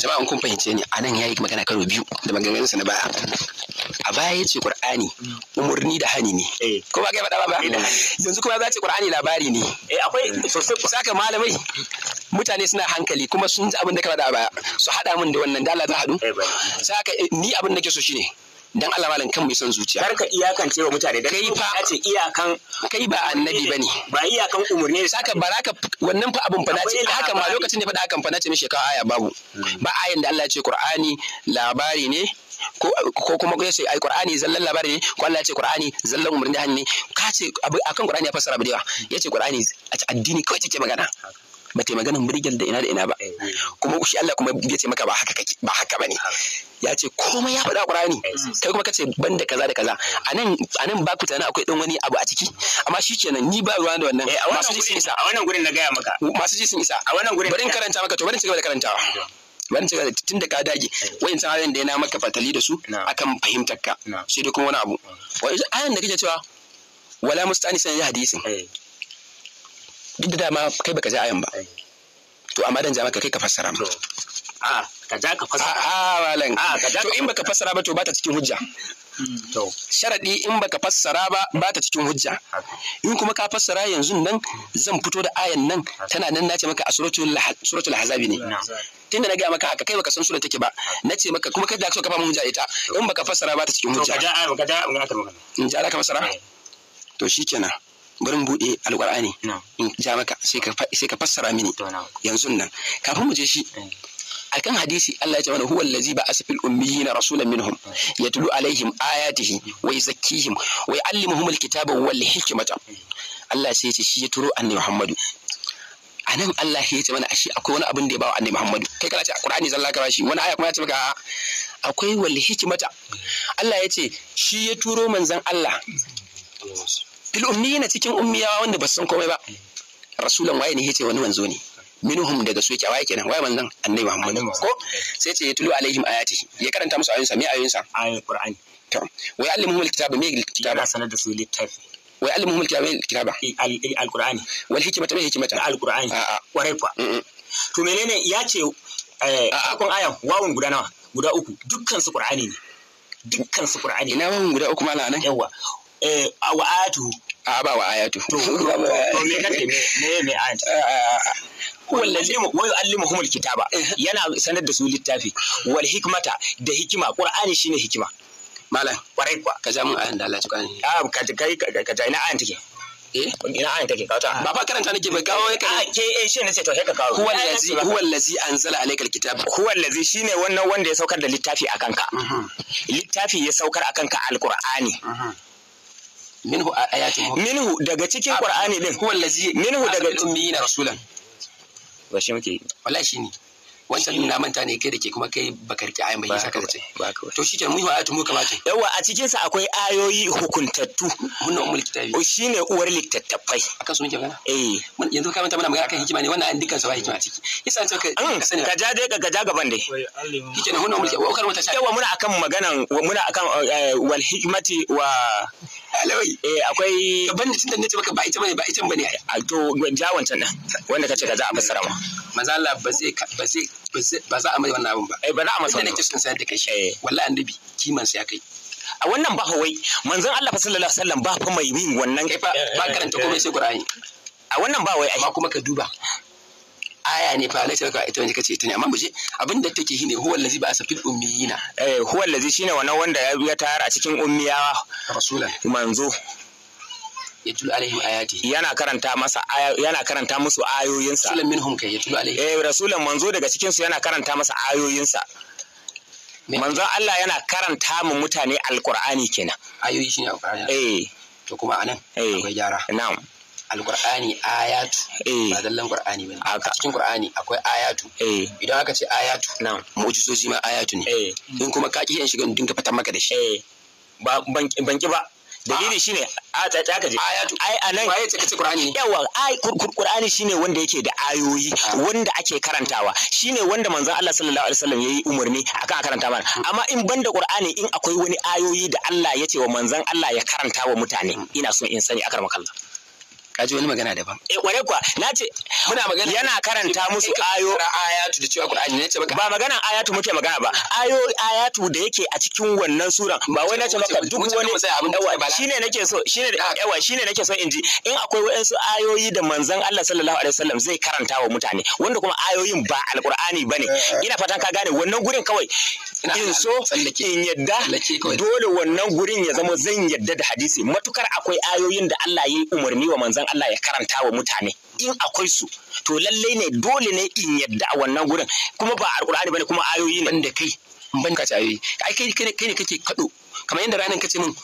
jama'a kun fahimce ni anan yayi magana karo biyu da maganganun sa na baya a baya ce qur'ani umurni da hani ne eh. ko ba ga faɗa ba eh, yanzu kuma za ce qur'ani labari ne eh akwai sosai saka malamai mutane suna hankali kuma sun ji abin da ka faɗa baya su haɗa min da wannan da Allah za haɗu eh, saka ni abin da ke so shine dan Allah malam kan mai son zuciya har ka iyakance wa mutane da kai fa ace iyakan kai ba annabi bane ba iyakan umurni ne saka baraka wannan fa abun fa ce haka ma lokacin da faɗa hakan fa ce mishi kawo aya babu hmm. ba ayin da Allah ya ce Qur'ani labari ne ko kuma ya ce ai qur'ani zallan labari ne ko Allah ya ce qur'ani zallan umarni hannu ne ka ce akan qur'ani ya fassara bidewa ya ce qur'ani addini kawai take magana ba ta maganar murgel da ina da ina ba eh. kuma shi Allah kuma bai ce maka ba haka kake ba haka bane ya ce komai ya faɗa Qur'ani eh, kai kuma kace banda kaza da kaza anan anan ba ku tana akwai dan wani abu a ciki amma shi kenan ni ba ruwa da wannan eh, masu ji sun isa a wannan gurin na gaya maka masu ji sun isa a wannan gurin bari karanta maka to bari ci gaba da karantawa bari ci gaba tun da ka dage wayan san ayoyin da yana maka fatali da su akan fahimtar ka sai dai kuma wani abu wayan ayoyin da kake cewa wala mustani ya hadisin duk da dama kai baka ji ayan ba to amma dan jama'a kai ka fassara ma a ka ja ka fassara a malam to in baka fassara ba to ba ta cikin hujja to sharadi in baka fassara ba ba ta cikin hujja in kuma ka fassara yanzu nan zan fito da ayan nan tana nan nace maka a suratul hazabi ne tunda na ga maka haka kai baka san sura take ba nace maka kuma kai da ka kafa mun hujja ita in baka fassara ba ta cikin hujja to ka ja ayan ka ja in ka fassara to shikenan bari mu bude alqur'ani in ja maka sai ka sai ka fassara mini yanzu nan kafin mu je shi eh. akan hadisi Allah ya ce mana huwal ladzi ba'asa fil ummiyina rasulan minhum yatlu alaihim ayatihi wa yuzakkihim wa yuallimuhum alkitaba wal hikmata Allah sai ya ce shi ya turo annabi Muhammadu a nan Allah ya ce mana ashe akwai wani abin da ya bawa annabi Muhammadu kai kana ce a Qur'ani zalla ka bashi wani aya kuma ya ce maka akwai wal hikmata Allah ya ce shi ya turo manzon Allah fil ummiyina cikin ummiyawa wanda ba san komai ba rasulan waye ne yace wani manzo ne minhum daga su yake waye kenan waye manzon annabi Muhammad ko sai ce yatlu alaihim ayati ya karanta musu ayoyinsa me ayoyinsa ayoyin qur'ani to wa ya'allimuhum alkitaba me alkitaba yana sanar da su littafi wa ya'allimuhum alkitaba alqur'ani wal hikmata me hikmata alqur'ani warai fa to menene ya ce eh, akon ayan wawun guda nawa guda uku dukkan su qur'ani ne dukkan su qur'ani ina wawun guda uku malana yawa eh wa ayatu a ba wa ayatu to me kake me me me ayatu eh, eh, eh, wallazi wa yu'allimuhum alkitaba yana sanar da su littafi wal hikmata da hikima qur'ani shine hikima malam kwarai kwa ka ja ayan da Allah ci kwani a ah, ka kai ka ta ina ayan take eh ina ayan take ka ta ba fa karanta nake bai kawo ka ah, ke eh shine sai to sai ka kawo huwa allazi huwa allazi anzala alaykal kitab huwa allazi shine wannan wanda ya saukar da littafi akan ka mhm. littafi ya saukar akan ka alqur'ani mhm. minhu ayatin minhu daga cikin qur'ani din huwa allazi minhu daga ummiyina rasulan ba shi muke wallahi shi ne wancan na manta ne kai da ke kuma kai bakar ki ayan bayyana saka ce to shi ke muhimmin ayatu mu kamata yawa a cikin sa akwai ayoyi hukuntattu mun ummul kitabi o shine uwar littattafai akan su muke gana eh yanzu ka manta muna magana akan hikima ne wannan an dukkan sa ba hikima ciki yasa an ce ka mm, ka sani ka ja dai ka ja gaban dai kike ne mun ummul kitabi yawa muna akan maganan muna akan eh, wal hikmati wa alawai eh akwai bandit da nace maka ba ita bane ba ita bane a to ja wancan nan wanda kace ka za a fassara ma manzo Allah ba zai ba zai ba za a mai wannan abun ba eh ba za a masa wannan kisan sai da kai eh. wallahi annabi kiman sa ya kai a wannan ba hawai manzon Allah fa sallallahu alaihi wasallam ba fa mai yin wannan ba karanta komai sai Qur'ani a wannan ba wai amma kuma ka duba aya ne fa laisa ka ita wanda kace ita ne amma muje abin da take shine huwa ladzi ba asafil ummiyina eh huwal ladzi shine wannan wanda ya biya tayar a cikin ummiyawa rasulan manzo yatlu alaihim ayati yana karanta masa yana karanta musu ayoyinsa rasulan minhum kai yatlu alaihim eh rasulan manzo daga cikin su yana karanta masa ayoyinsa manzon Allah yana karanta mu mutane alqur'ani kenan ayoyi shine alqur'ani eh to kuma anan eh. akwai gyara na'am Alkur'ani ayatu eh. ba zallan qur'ani ba. A cikin qur'ani akwai ayatu eh. idan aka ce ayatu na'am mu'jizoji ma ayatu ne eh. in kuma ka ki yan shiga dinka fatan maka da shi ba banki ba dalili ah. shine a ta ta kaje ai anan waye ta kace qur'ani yawa ai qur'ani shine wanda yake da ayoyi ah. wanda ake karantawa shine wanda manzon Allah sallallahu alaihi wasallam yayi umarni akan karanta mana hmm. amma in banda qur'ani in akwai wani ayoyi da Allah ya ce wa manzon Allah ya karanta wa mutane hmm. ina so in sani akar makalla kaji wani magana daban eh kware kwa nace muna magana yana karanta musu ayo ayatu da cewa qur'ani ce maka ba magana ayatu muke magana ba ayo ayatu da yake a cikin wannan suran ba wai nace maka duk wani shine nake so shine ah. yawa shine nake so inji in akwai wayansu ayoyi da manzon Allah sallallahu alaihi wasallam zai karanta wa mutane wanda kuma ayoyin ba alqur'ani bane eh, eh. ina fatan ka gane wannan gurin kawai in so in yadda dole wannan gurin ya zama zan yadda da hadisi matukar akwai ayoyin da Allah ya yi umarni wa manzon manzon Allah ya karanta wa mutane in akwai su to lallai ne dole ne in yadda a wannan gurin kuma ba alkur'ani bane kuma ayoyi ne da kai ban ka ayoyi ai kai kai ne kake kado kamar yadda ranan kace min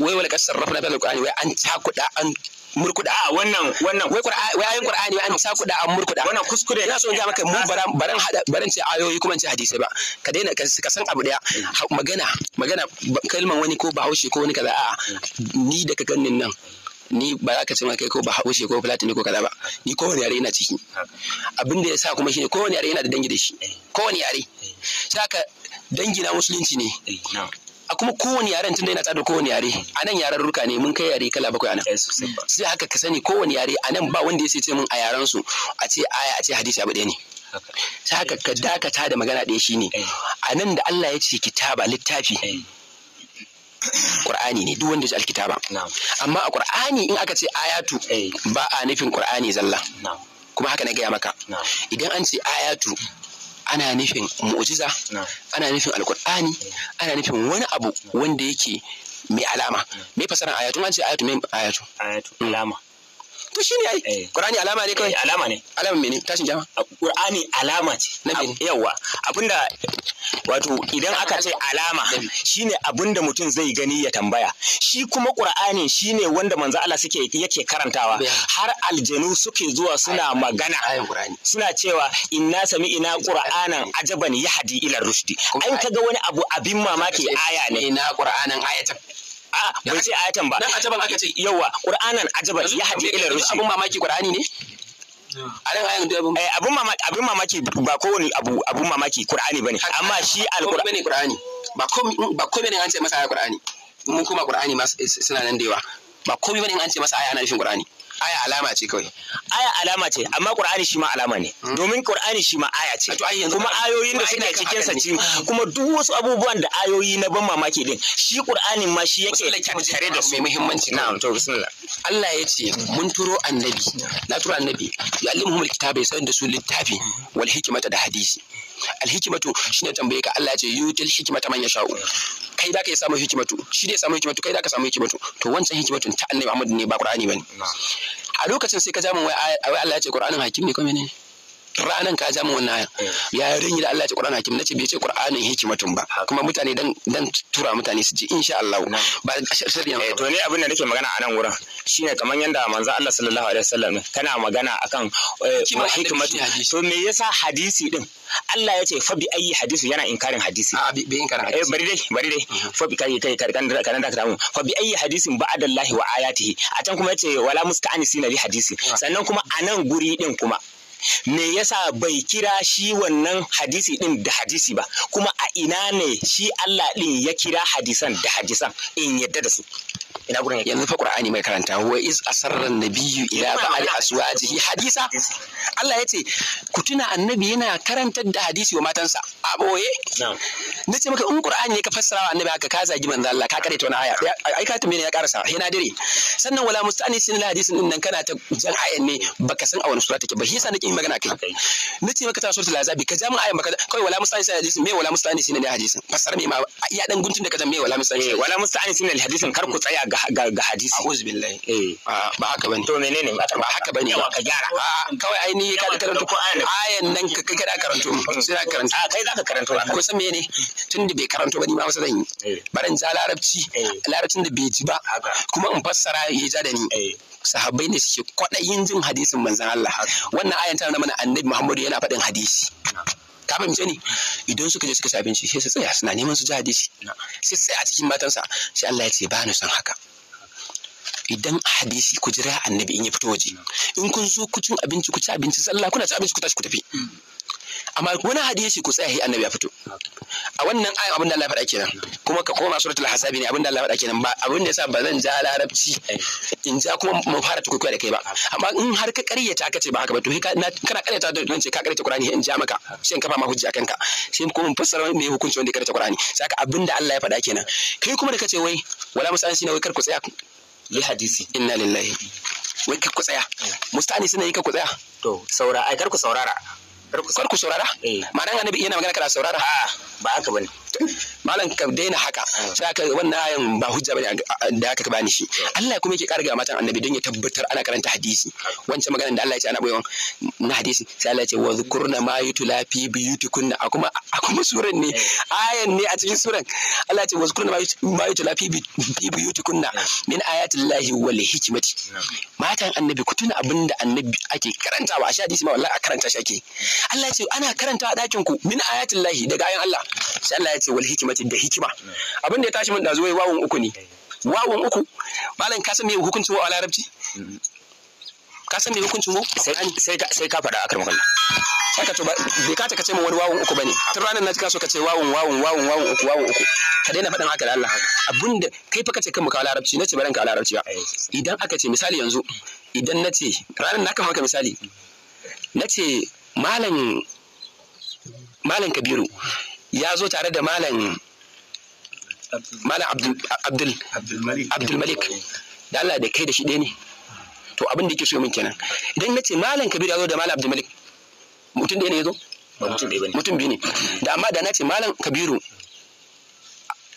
wai wala kasar rafna bil qur'ani wai an cakuda an murkuda a wannan wannan wai qur'ani wai ayoyin qur'ani an cakuda an murkuda wannan kuskure ina so in ga maka mu baran baran hada baran ce ayoyi kuma ce hadisi ba ka daina ka san abu daya magana magana kalman wani ko bahaushe ko wani kaza a'a ni da ka ganin nan ni ba za ka ce kai ko bahaushe ko fulatani ko kaza ba ni kowane yare yana ciki abin da ya sa kuma shine kowane yare yana da dangi da shi kowane yare saka dangi na musulunci ne a kuma kowane yaren tunda yana tsada kowane yare a nan yaren ruka ne mun kai yare kala bakwai anan sai haka ka sani kowane yare a nan ba wanda ya ce mun a yaren su a ce aya a ce hadisi abu ɗaya ne sai haka ka dakata da magana ɗaya ne. a nan da Allah ya ce kitaba littafi Qur'ani ne duk wanda ya ji alkitaba amma a Qur'ani in aka ce ayatu eh. ba a nufin Qur'ani zalla kuma haka na gaya maka idan an ce ayatu ana nufin mu'jiza ana nufin alkur'ani ana nufin wani abu wanda yake mai alama me fasaran ayatu an ce ayatu mai ayatu ayatu mm. alama to shine ai eh. qur'ani alama ne kai eh, alama ne alama mene tashin jama qur'ani alama ce na mene yawa abinda wato idan aka ce alama shine abinda mutum zai gani ya tambaya shi kuma qur'ani shine wanda manzo Allah suke yake karantawa har aljanu suke zuwa suna magana suna cewa inna ina qur'anan ajaban yahdi ila rushdi an kaga wani abu abin mamaki aya ne ina qur'anan ayatan bai ce ayatan ba dan ajaban aka ce yawa qur'anan ajaban ya haɗi ila rushi abun mamaki qur'ani ne abun mamaki abun mamaki ba kowani abu abun mamaki qur'ani bane amma shi alqur'ani qur'ani ba komai ba komai ne an ce masa qur'ani mun kuma qur'ani ma eh, suna nan da yawa ba komai bane an ce masa aya ana nufin qur'ani aya alama ce kawai aya alama ce amma qur'ani shi ma alama ne hmm. domin qur'ani shi ma aya ce kuma ayoyin da suke cikin sa ci kuma duk wasu abubuwan da ayoyi na ban mamaki din shi qur'ani ma shi yake tare da su muhimmanci na to bismillah Allah ya ce mun turo annabi na turo annabi ya alimu kitaba ya san da su littafi hmm. wal hikmata da hadisi alhikimatu shine tambaye ka Allah ya ce yutil hikimata man yasha'u kai da kai samu hikimatu shi da ya samu hikimatu kai da ka samu hikimatu to wancan hikimatu ta Annabi Muhammad ne ba Qur'ani bane a lokacin sai ka ja mun wai Allah ya ce Qur'anin hakim ne ko menene ranan ka ja min wannan ayan ya hmm. yarin da Allah ya ce Qur'an hakim nace bai ce Qur'anin hikimatun ba kuma mutane dan dan tura mutane su ji insha Allah ba shirya eh to ne abin da nake magana a nan wurin shine kamar yanda manzo Allah sallallahu alaihi wasallam kana magana akan eh, hikimatu to me yasa hadisi din Allah ya ce fa bi ayi hadisi yana inkarin hadisi a bi inkarin eh, hadisi bari dai bari dai hmm. fa bi kai kai kan kan da kamu fa bi ayi hadisin ba'adallahi wa ayatihi a can kuma yace wala na bi hadisi sannan kuma a nan guri din kuma me yasa bai kira shi wannan hadisi din da hadisi ba kuma a ina ne shi Allah din ya kira hadisan da hadisan in yadda da su ina gurin yanzu fa qur'ani mai karanta wa iz asarra nabiyyu ila ba'd aswajihi hadisa Allah yace ku tuna annabi yana karantar da hadisi wa matansa a boye ce maka in qur'ani ne ka fassara wa annabi haka ka zagi manzo Allah ka kare ta wani aya ai ka tambaye ya karasa yana dire sannan wala musta'anisin la hadisin din nan kana ta jan ayan ne baka san a wani sura take ba shi yasa nake yin magana kai ce maka ta suratul azabi ka ja mun ayan baka kai wala sin hadisin me wala musta'anisin ne hadisin fassara me ma iya dan guntun da ka jan me wala musta'anisin eh, wala sin hadisin kar ku tsaya ga ga hadisi a'udhu billahi eh ba haka bane to menene ba haka bane yawa ka gyara kawai ai ni ka karanta ko ayan nan ka mm. kai da karanto sai ka karanta a kai zaka karanto ko san mene tunda bai karanto ba ni ma masa zan yi eh. barin ja larabci eh. larabcin da bai ji ba kuma in fassara ya ja da ni eh. sahabbai ne suke kwadayin jin hadisin manzon Allah wannan ayan tana mana annabi Muhammadu yana faɗin hadisi ka fahimce ni idan suka je suka ci abinci sai su tsaya suna neman su ji hadisi sai su tsaya a cikin matansa sai Allah ya ce ba ni son haka idan hadisi ku jira annabi in ya fito waje in kun zo ku cin abinci ku ci abinci sallah kuna ci abinci ku tashi ku tafi amma wani hadisi ku tsaya annabi ya fito a wannan ayan abin da Allah ya faɗa kenan kuma ka koma suratul hasabi ne abin da Allah ya faɗa kenan ba abin da yasa ba zan ja larabci in ja kuma mu fara tukukuwa da kai ba amma in har ka ƙaryata ka ce ba haka ba to kana ƙaryata da ce ka ta Qur'ani in ja maka shi in kafa ma hujja kanka shi kuma mun fassara me hukunci wanda ya ta Qur'ani saka abin da Allah ya faɗa kenan kai kuma da kace wai wala shi ne wai kar ku tsaya li hadisi inna lillahi wai kar ku tsaya eh. mustani suna yi kar ku tsaya to saura ai kar ku saurara kar ku saurara eh. ma'anar annabi yana magana kana saurara a ah, ba haka bane malam ka daina haka sai aka wannan ayan ba hujja bane da aka bani shi Allah kuma yake karga matan annabi don ya tabbatar ana karanta hadisi wancan maganar da Allah ya ce ana boyewan na hadisi sai Allah ya ce wa zukurna ma yutula fi biyutikunna akuma akuma a suran ne ayan ne a cikin suran Allah ya ce wa zukurna ma yutula fi biyutikunna min ayatillahi wal hikmati matan annabi ku tuna abinda annabi ake karantawa a shi hadisi ma wallahi a karanta shi ake Allah ya ce ana karanta a dakin ku min ayatillahi daga ayan Allah sai Allah ya ce wal hikimati da hikima abin da ya tashi min da wai wawun uku ne eh. wawun uku malam ka san me hukuncin wa a larabci ka san me hukuncin mu sai sai ka fada akan wannan sai ka to bai ka ta ce min wani wawun uku bane tun ranar na ka so ka ce wawun wawun wawun wawun uku wawun uku ka daina faɗin haka da Allah abin da kai fa ka ce kanmu ka larabci nace baran ka larabci ba eh, idan aka ce misali yanzu idan nace ranar na ka maka misali mm-hmm. nace malam malam Kabiru ya zo tare da malam malam abdul abdul malik da Allah da kai da shi ɗaya ne to abin da yake so min kenan idan na ce malam kabir ya zo da malam abdul malik mutum ɗaya ne ya zo mutum biyu ne da amma da na ce malam kabiru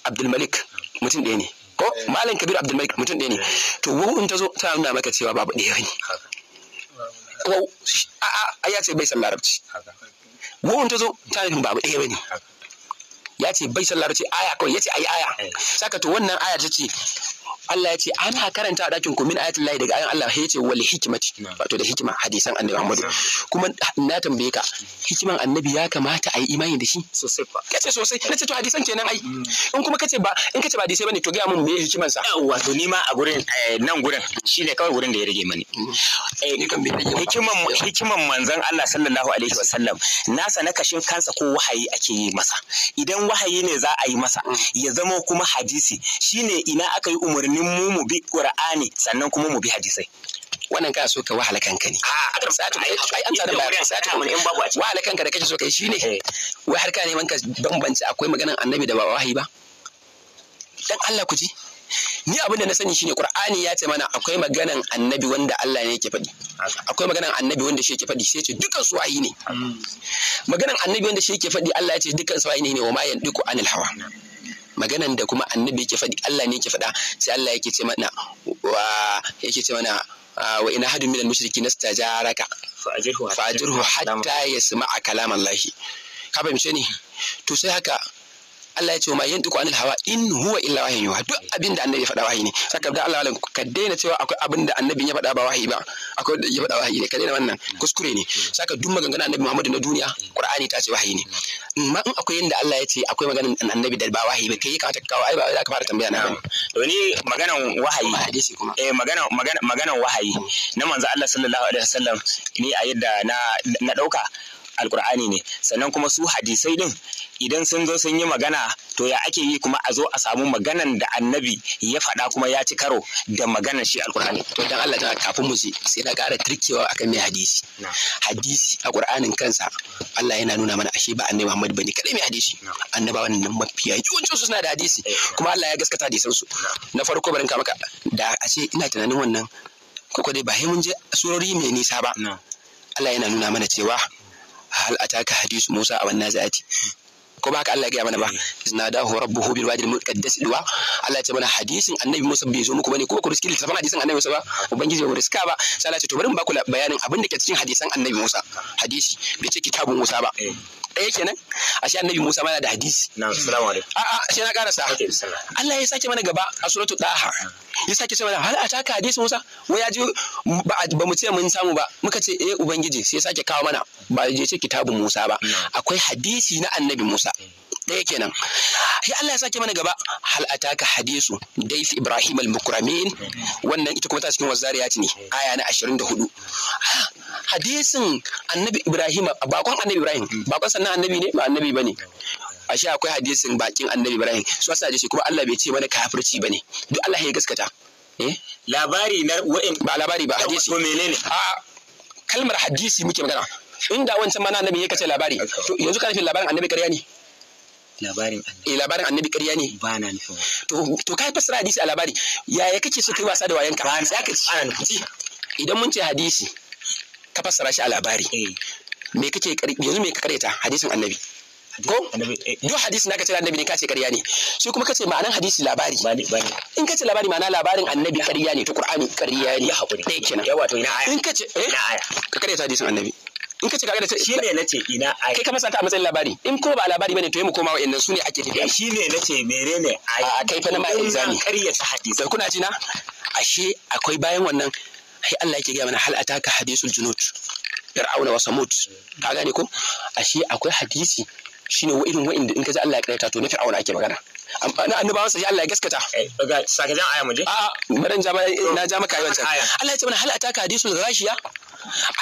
abdul malik mutum ɗaya ne ko eh. malam kabir abdul malik mutum ɗaya ne to wahu in ta zo ta nuna maka cewa babu ɗaya ne ko a'a ya ce bai san larabci wahu in ta zo ta nuna babu ɗaya ne ya ce bai sallah ce aya kawai ya ce ai aya eh. saka to wannan aya ta ce Allah ya ce ana karanta dakin ku min ayatul lahi daga ayan Allah ya ce wal hikmati wato da hikima hadisan annabi Muhammad kuma na tambaye ka hikiman annabi ya kamata a yi imani da shi sosai ba kace sosai na ce to hadisan kenan ai mm. in kuma kace ba in kace ba hadisai bane to ga mun me hikiman sa wato ni ma a gurin eh, nan gurin shine kawai gurin da ya rage mani mm. eh, hikiman hikiman manzon Allah sallallahu alaihi wasallam nasa na kashin kansa ko wahayi ake yi masa idan wahayi ne za a yi masa mm. ya zama kuma hadisi shine ina aka yi umarni domin mu mu bi Qur'ani sannan kuma mu bi hadisai wannan kana so ka wahala kanka ne ah, ai an tsara bayan sai ta in babu wahala kanka da kake so kai shine eh. wai har ka neman ka bambance akwai maganar annabi da ba wahayi ba dan Allah ku ji ni abin da na sani shine qur'ani ya ce mana akwai maganar annabi wanda Allah ne yake faɗi akwai maganar annabi wanda shi yake faɗi sai ce dukan su wahayi ne mm. maganan annabi wanda shi yake faɗi Allah ya ce dukan su wahayi ne wa ma yandiku anil hawa maganan da kuma annabi yake faɗi Allah ne yake faɗa sai Allah yake ce mana wa yake ce mana wa ina hadu minal mushriki nastajaraka fa'ajirhu hatta yasma'a kalam Allah ka fahimce ni to sai haka Allah ya ce ma yantiku anil hawa in huwa illa wahyin yuha duk abin da annabi ya faɗa wahayi ne saka da Allah alam ka daina cewa akwai abin da annabi ya faɗa ba wahayi ba akwai ya faɗa wahayi ne ka daina wannan kuskure ne saka duk maganganun annabi Muhammad na duniya Qur'ani ta ce wahayi ne amma in akwai yanda Allah ya ce akwai maganan annabi da ba wahayi ba kai ka ta kawo ai ba za ka fara tambaya na to ni maganan wahayi hadisi kuma eh magana magana maganan wahayi na manzo Allah sallallahu alaihi wasallam ni a yadda na na dauka alkur'ani ne sannan kuma su hadisai din idan sun zo sun yi magana to ya ake yi kuma a zo a samu maganan da annabi ya faɗa kuma ya ci karo da maganan shi alkur'ani to dan Allah ta kafin mu sai na ƙara tirkewa akan mai hadisi hadisi a qur'anin kansa Allah yana nuna mana ashe ba annabi Muhammad bane kadai mai hadisi annabawan nan mafiya yawancin su suna da hadisi eh. kuma Allah ya gaskata hadisan su na farko barin ka maka da ashe ina tunanin wannan ko dai ba sai mun je surori mai nisa ba Allah yana nuna mana cewa hal ataka hadisu musa a wannan zati ko ba ka Allah ya gaya mana ba hmm. iznadahu rabbuhu bil wadi al muqaddas duwa Allah ya ce mana hadisin annabi Musa bai zo muku bane ko ku riski littafin hadisin annabi Musa ba ubangiji bai riska ba sai Allah ya ce to bari mu ba ku bayanin abin da ke cikin hadisan annabi Musa hadisi bai ce kitabun Musa ba eh. ɗaya kenan ashe annabi Musa mana da hadisi assalamu alaikum a'a sai na karasa Allah ya sake mana gaba a suratul daha ya sake ce mana hal taka hadisi Musa wai ya ji ba mu ce mun samu ba muka ce eh ubangiji sai ya sake kawo mana ba ya ce kitabun Musa ba akwai hadisi na annabi Musa ɗaya kenan Ya Allah ya sake mana gaba hal taka hadisu dais Ibrahim al-Mukramin wannan ita kuma ta cikin wazariyat ne aya na 24 ah, hadisin annabi Ibrahim bakon annabi Ibrahim bakon na annabi ne ba annabi bane ashe akwai hadisin bakin annabi Ibrahim su asa shi kuma Allah bai ce mana kafirci bane duk Allah ya gaskata eh labari na wa'in ba labari ba hadisi to menene a kalmar hadisi muke magana inda wancan mana annabi ya kace labari to yanzu kana fi labarin annabi ƙarya ne labarin annabi eh, labarin annabi ƙarya ne ba na to to kai fasara hadisi a labari yaya kake so kai wasa da wayanka sai ka ci idan mun ce hadisi ka fassara shi a labari eh. me kake yanzu me ka kareta hadisin annabi ko eh. duk hadisi na kace annabi ne kace kariya ne shi kuma kace ma'anan hadisi labari in kace labari ma'ana labarin annabi Kariya ne to qur'ani kariya ne hakuri ne kenan yawa to ina aya in kace eh ka ta hadisin annabi in kace ka kareta shi ne nace ina aya kai ka ta a matsayin labari in ko ba labari bane to yi mu koma wa'annan su ne ake tafiya eh, shi ne nace menene aya a kai fa na ma exami ƙaryata hadisi kuna ji na ashe akwai bayan wannan sai Allah yake gaya mana hal ataka hadisul junud fir'auna wa samud ka gane ko ashe akwai hadisi shine wa irin wa'inda in ka ji Allah ya karanta to na fir'auna ake magana na annabawan sa Allah ya gaskata eh, saka jan aya mu je a baran jama na ja maka yawan Allah ya ce mana hal ataka hadisul ghashiya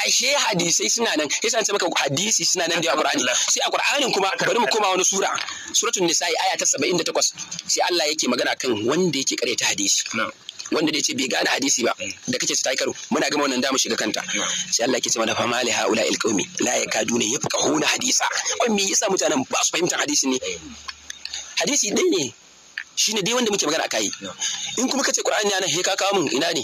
ashe hadisai suna nan yasa ce maka hadisi suna nan da alqur'ani sai a kuma bari mu koma wani sura suratul nisa aya ta 78 sai Allah yake magana kan wanda yake karanta hadisi na'am wanda dai ce bai gane hadisi ba da kake ci ta karo muna gama wannan damu shiga kanta sai Allah ke cewa mana fama mali haula il qaumi la yakaduna yafqahuna hadisa wai me yasa mutanen ba su fahimtar hadisi ne hadisi dai ne shine dai wanda muke magana akai in kuma kace qur'ani yana he ka kawo mun ina ne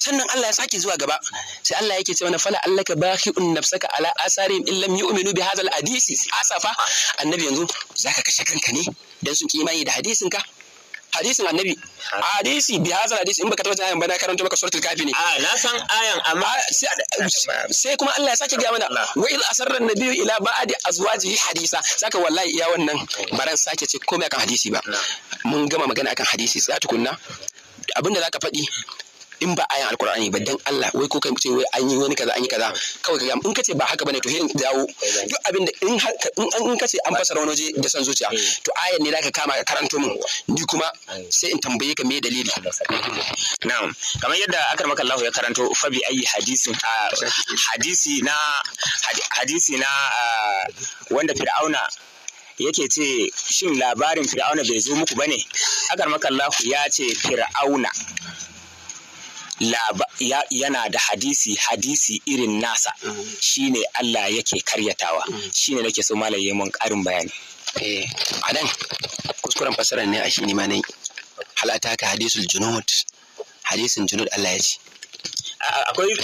sannan Allah ya sake zuwa gaba sai Allah yake ce na fala allaka bakhi'un nafsaka ala asarin in lam yu'minu bi hadha al-hadisi asafa annabi yanzu zaka kashe kanka ne dan sun kimani da hadisin ka hadisin annabi hadisi bi hazal hadisi in baka tabbata ayan ba na karanto maka suratul kafi ne a na san ayan amma sai kuma Allah ya sake ga mana wa il asarra nabiyyu ila ba'di azwajihi hadisa saka wallahi iya wannan baran sake ce komai kan hadisi ba mun gama magana akan hadisi tsaya tukunna abinda zaka faɗi in ba ayan alkur'ani ba dan Allah wai ko kai mutum wai an yi wani kaza an yi kaza kawai kaga in kace ba haka bane to hirin dawo duk abin da in in kace an fasara wani waje da san zuciya to ayan ne zaka kama ka karanto mu ni kuma sai in tambaye ka me dalili na'am kamar yadda akar maka Allah ya karanto fa bi ayi hadisin hadisi na hadisi na wanda fir'auna yake ce shin labarin fir'auna bai zo muku bane akar Allah ya ce fir'auna yana da hadisi hadisi irin nasa shine Allah yake karyatawa Shi shine nake so malaye mun karin bayani eh adan kuskuren fasara ne a shi ne ma nan hal hadisul junud hadisin junud Allah ya ce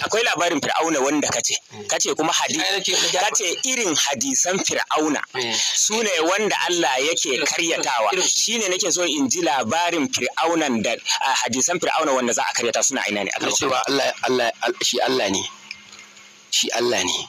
akwai labarin fir'auna wanda kace mm. kace kuma kace irin hadisan fir'auna mm. su ne wanda Allah yake karyatawa shine nake so in ji labarin fir'aunan da hadisan fir'auna wanda za a karyata suna aina ne a cewa Allah Allah shi Allah ne shi Allah ne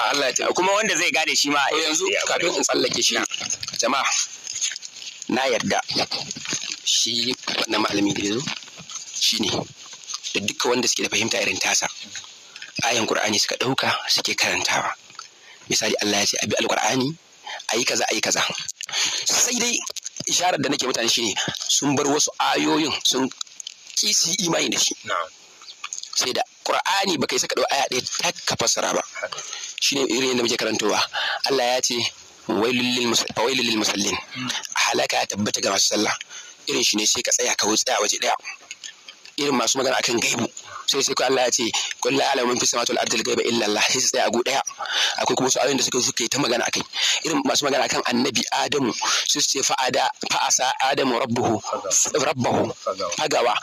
Allah ya kuma wanda zai gane shi ma yanzu kafin in tsallake shi jama'a na yarda shi wannan malami da yazo shine da duka wanda suke da fahimta irin tasa ayan qur'ani suka dauka suke karantawa misali Allah ya ce abi alqur'ani ayi kaza ayi kaza sai dai isharar da nake mutane shine sun bar wasu ayoyin sun kisi imani da shi na'am sai da qur'ani baka isa ka dau aya ɗaya ta ka fassara ba shine irin yadda muke karantowa Allah ya ce wailul lil musallin halaka hmm. ya tabbata ga masu sallah irin shi ne sai ka tsaya ka wuce tsaya waje ɗaya irin masu magana akan gaibu sai sai ko Allah ya ce qul la a'lamu fi samawati wal ardi al ghaiba illa Allah sai tsaya a gu daya akwai kuma su ayoyin da suka suke ta magana akai irin masu magana akan annabi Adamu su ce fa ada fa asa Adamu rabbuhu rabbuhu fagawa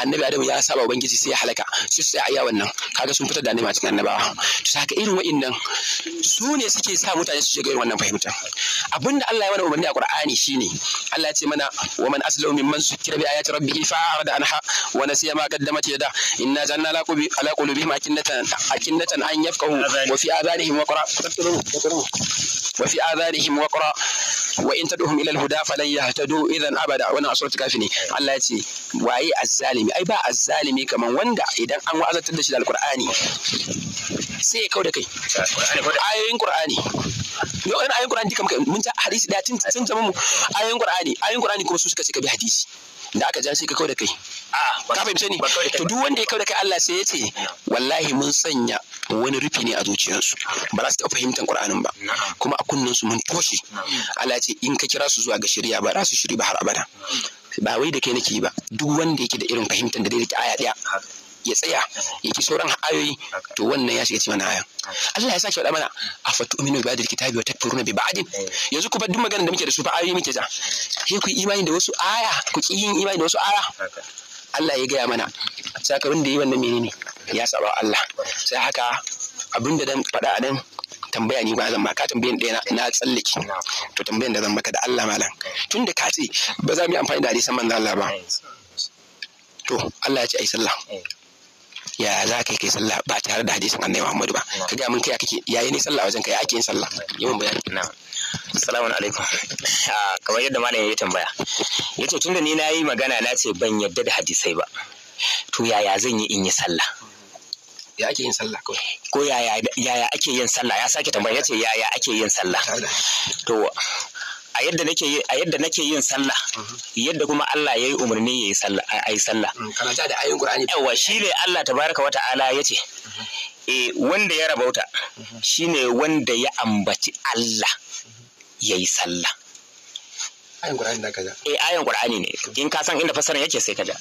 annabi Adamu ya saba ubangiji sai ya halaka su ce a wannan kaga sun fitar da annabi a cikin annabawa to saka irin wa'annan su ne suke sa mutane su shiga irin wannan fahimta abinda Allah ya mana umarni a Qur'ani shine Allah ya ce mana wa man aslamu mimman zukira bi ayati rabbihi fa arada anha wa نسي ما قدمت يداه إنا wa fi قلوبهم أكنة أكنة أن يفقهوا وفي آذانهم وقرا وفي آذانهم وقرا وإن تدعوهم إلى waye azzalimi ai ba azzalimi kaman wanda idan an wa'azantar da shi da alqur'ani sai ya kau da kai ayoyin qur'ani ayoyin qur'ani mun ta hadisi da tun tun zaman mu ayoyin qur'ani ayoyin qur'ani kuma su suka ce ka bi hadisi da aka jan sai ka kawo da kai ah, ka fahimce ni to duk wanda ya kau da kai Allah sai ya ce wallahi mun sanya wani rufi ne a zuciyarsu ba za su taɓa fahimtar Qur'anin ba kuma a kunnen su mun toshe Allah ya ce in ka kira su zuwa ga shari'a ba za su shiri ba har abada ba wai da kai nake ba duk wanda yake da irin fahimtar da dai aya daya ya tsaya ya ki sauran ayoyi to wannan ya shiga cikin wannan ayan Allah ya sake faɗa mana a fatu uminu ba da kitabi wa takfuruna bi ba'din yanzu ku bar duk maganar da muke da su fa ayoyi muke ja sai ku imani da wasu aya ku ki yin imani da wasu aya Allah ya gaya mana saka wanda yi wannan menene ya saba Allah sai haka abinda dan faɗa a nan tambaya ni ba zan ma ka tambayan ɗaya na tsallake to tambayan da zan maka da Allah malam tun da ka ce ba za mu yi amfani da hadisan manzo Allah ba to Allah ya ce ai sallah ya za ka kai sallah ba tare da hadisin annabi Muhammadu ba ka ga mun kai kake yayi ne sallah wajen kai ya ake yin sallah yi mun bayani na assalamu alaikum ah, kamar yadda malam ya tambaya yace tunda ni nayi magana na ce ban yadda da hadisai ba to yaya zan yi in yi sallah ya ake yin sallah kawai ko yaya yaya ake yin sallah ya sake tambaya yace yaya ake yin sallah to a yadda nake a yadda nake yin sallah mhm. yadda kuma Allah yayi umarni yayi sallah ayi sallah mm, kana ta da ayin Qur'ani yawa shine Allah tabaraka wa yace mhm. eh wanda ya rabauta mhm. shine wanda ya ambaci Allah yayi sallah ayin Qur'ani da kaza eh ayin Qur'ani ne in ka san inda fasaran yake sai kaja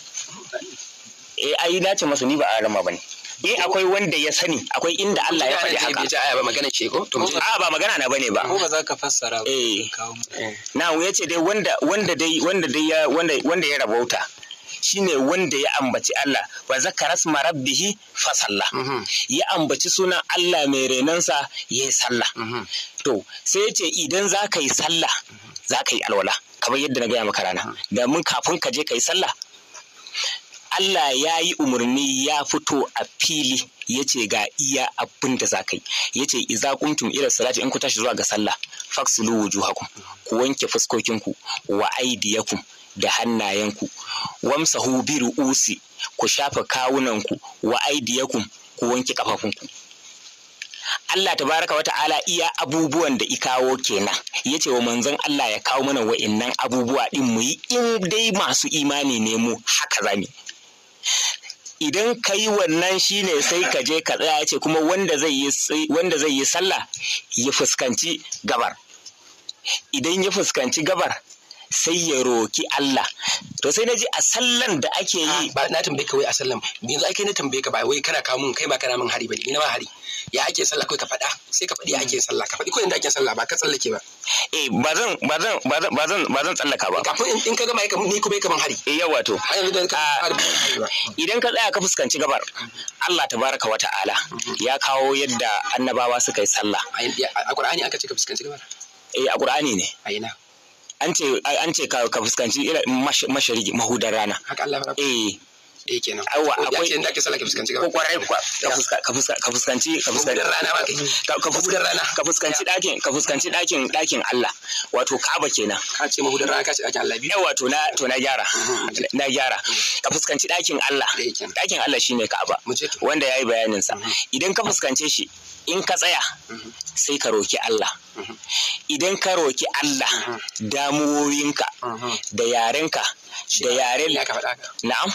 eh ai dace masu ni ba a rama bane eh akwai wanda ya sani akwai inda Allah ya faɗi haka bai aya ba magana ce ko to a ba magana na bane ba ko ba za ka fassara ba eh, eh. na yace dai wanda wanda dai wanda dai ya wanda wanda ya rabauta shine wanda ya ambaci Allah wa zakara asma rabbihi fa salla mm-hmm. ya ambaci sunan Allah mai renansa ya yi salla mm-hmm. to sai ce idan za ka yi salla za ka yi alwala kamar yadda na gaya maka rana mm-hmm. da mun kafin ka je ka yi salla Allah ya yi umarni ya fito a fili ya ce ga iya abin da za ka yi ya ce iza kuntum ila salati in ku tashi zuwa ga sallah faksulu wujuhakum ku wanke fuskokinku wa da hannayenku wamsahu bi ru'usi ku shafa kawunanku wa aidiyakum ku wanke kafafunku Allah tabaraka wa ta'ala iya abubuwan da ikawo kenan ya ce wa manzon Allah ya kawo mana wa'innan abubuwa din mu yi in dai masu imani ne mu haka zami idan ka yi wannan ne sai ka je ka tsaya ce kuma wanda zai yi sallah ya fuskanci gabar idan ya fuskanci gabar sai ya roki Allah to sai na a sallan da ake yi ah, ba na tambaye ka wai a sallan yanzu ake ne na tambaye ka ba wai kana kawo mun kai ba kana mun hari bane ni na ma hari ya ake sallah kai ka faɗa sai ka faɗi ya ake sallah ka fadi ko inda ake sallah ba ka tsallake ba eh ba zan ba zan ba zan ba zan tsallaka ba kafin in ka gama ni kuma ka ban hari eh yawa to ah, idan ka tsaya ka fuskanci gabar Allah tabaraka wa ta'ala mm-hmm. ya kawo yadda annabawa suka yi sallah a Qur'ani aka ce ka fuskanci gabar eh a Qur'ani ne ayina an ce ka fuskanci mashari mahudar rana ka fuskanci ka ka fuskanci ka fuskanci dakin Allah wato Kaaba kenan ka ce mahudar rana ka ce dakin Allah biyu yawa na to na gyara mm-hmm. na gyara mm. ka fuskanci dakin Allah dakin eh, Allah shine Kaaba wanda yayi bayanin sa mm-hmm. idan ka fuskance shi in ka tsaya sai ka roki Allah idan ka roki Allah damuwoyinka mhm. da yarenka da yaren na'am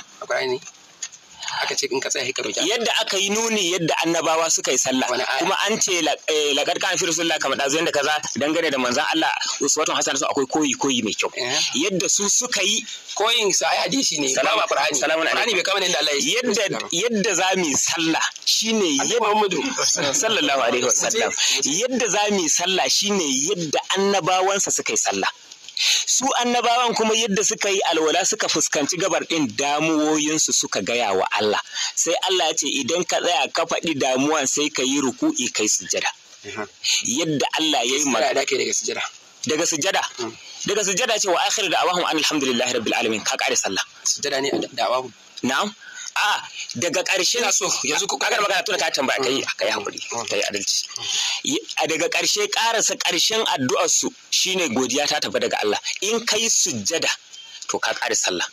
aka ce in ka tsaya hikaru yadda aka yi nuni yadda annabawa suka yi sallah kuma an ce eh, laqad kana fi rasulillah kamar da da kaza dangane da manzan Allah watan hasan su akwai koyi koyi mai kyau eh? yadda su suka yi koyin su ai shi ne ba ba salamu salamun bai kama ne da Allah yadda yadda mu yi sallah shine yadda Muhammadu sallallahu alaihi wasallam yadda mu yi sallah shine yadda annabawansa suka yi sallah su annabawan kuma yadda suka yi alwala suka fuskanci gabar ɗin damuwoyinsu suka gaya wa Allah sai Allah ya ce idan ka tsaya ka faɗi damuwa sai ka yi ruku'i kai sujada mhm. yadda Allah ya yi magana daga sujada daga sujada mhm. daga sujada ce wa akhir da'awahum alhamdulillahi rabbil alamin ka kare sallah sujada ne da'awahum na'am a daga ƙarshe na so yanzu ku kagar magana tuna ta tambaya kai kai hakuri kai adalci a daga ƙarshe ƙarasa ƙarshen addu'ar su shine godiya ta tafi daga Allah in kai sujjada to ka ƙare sallah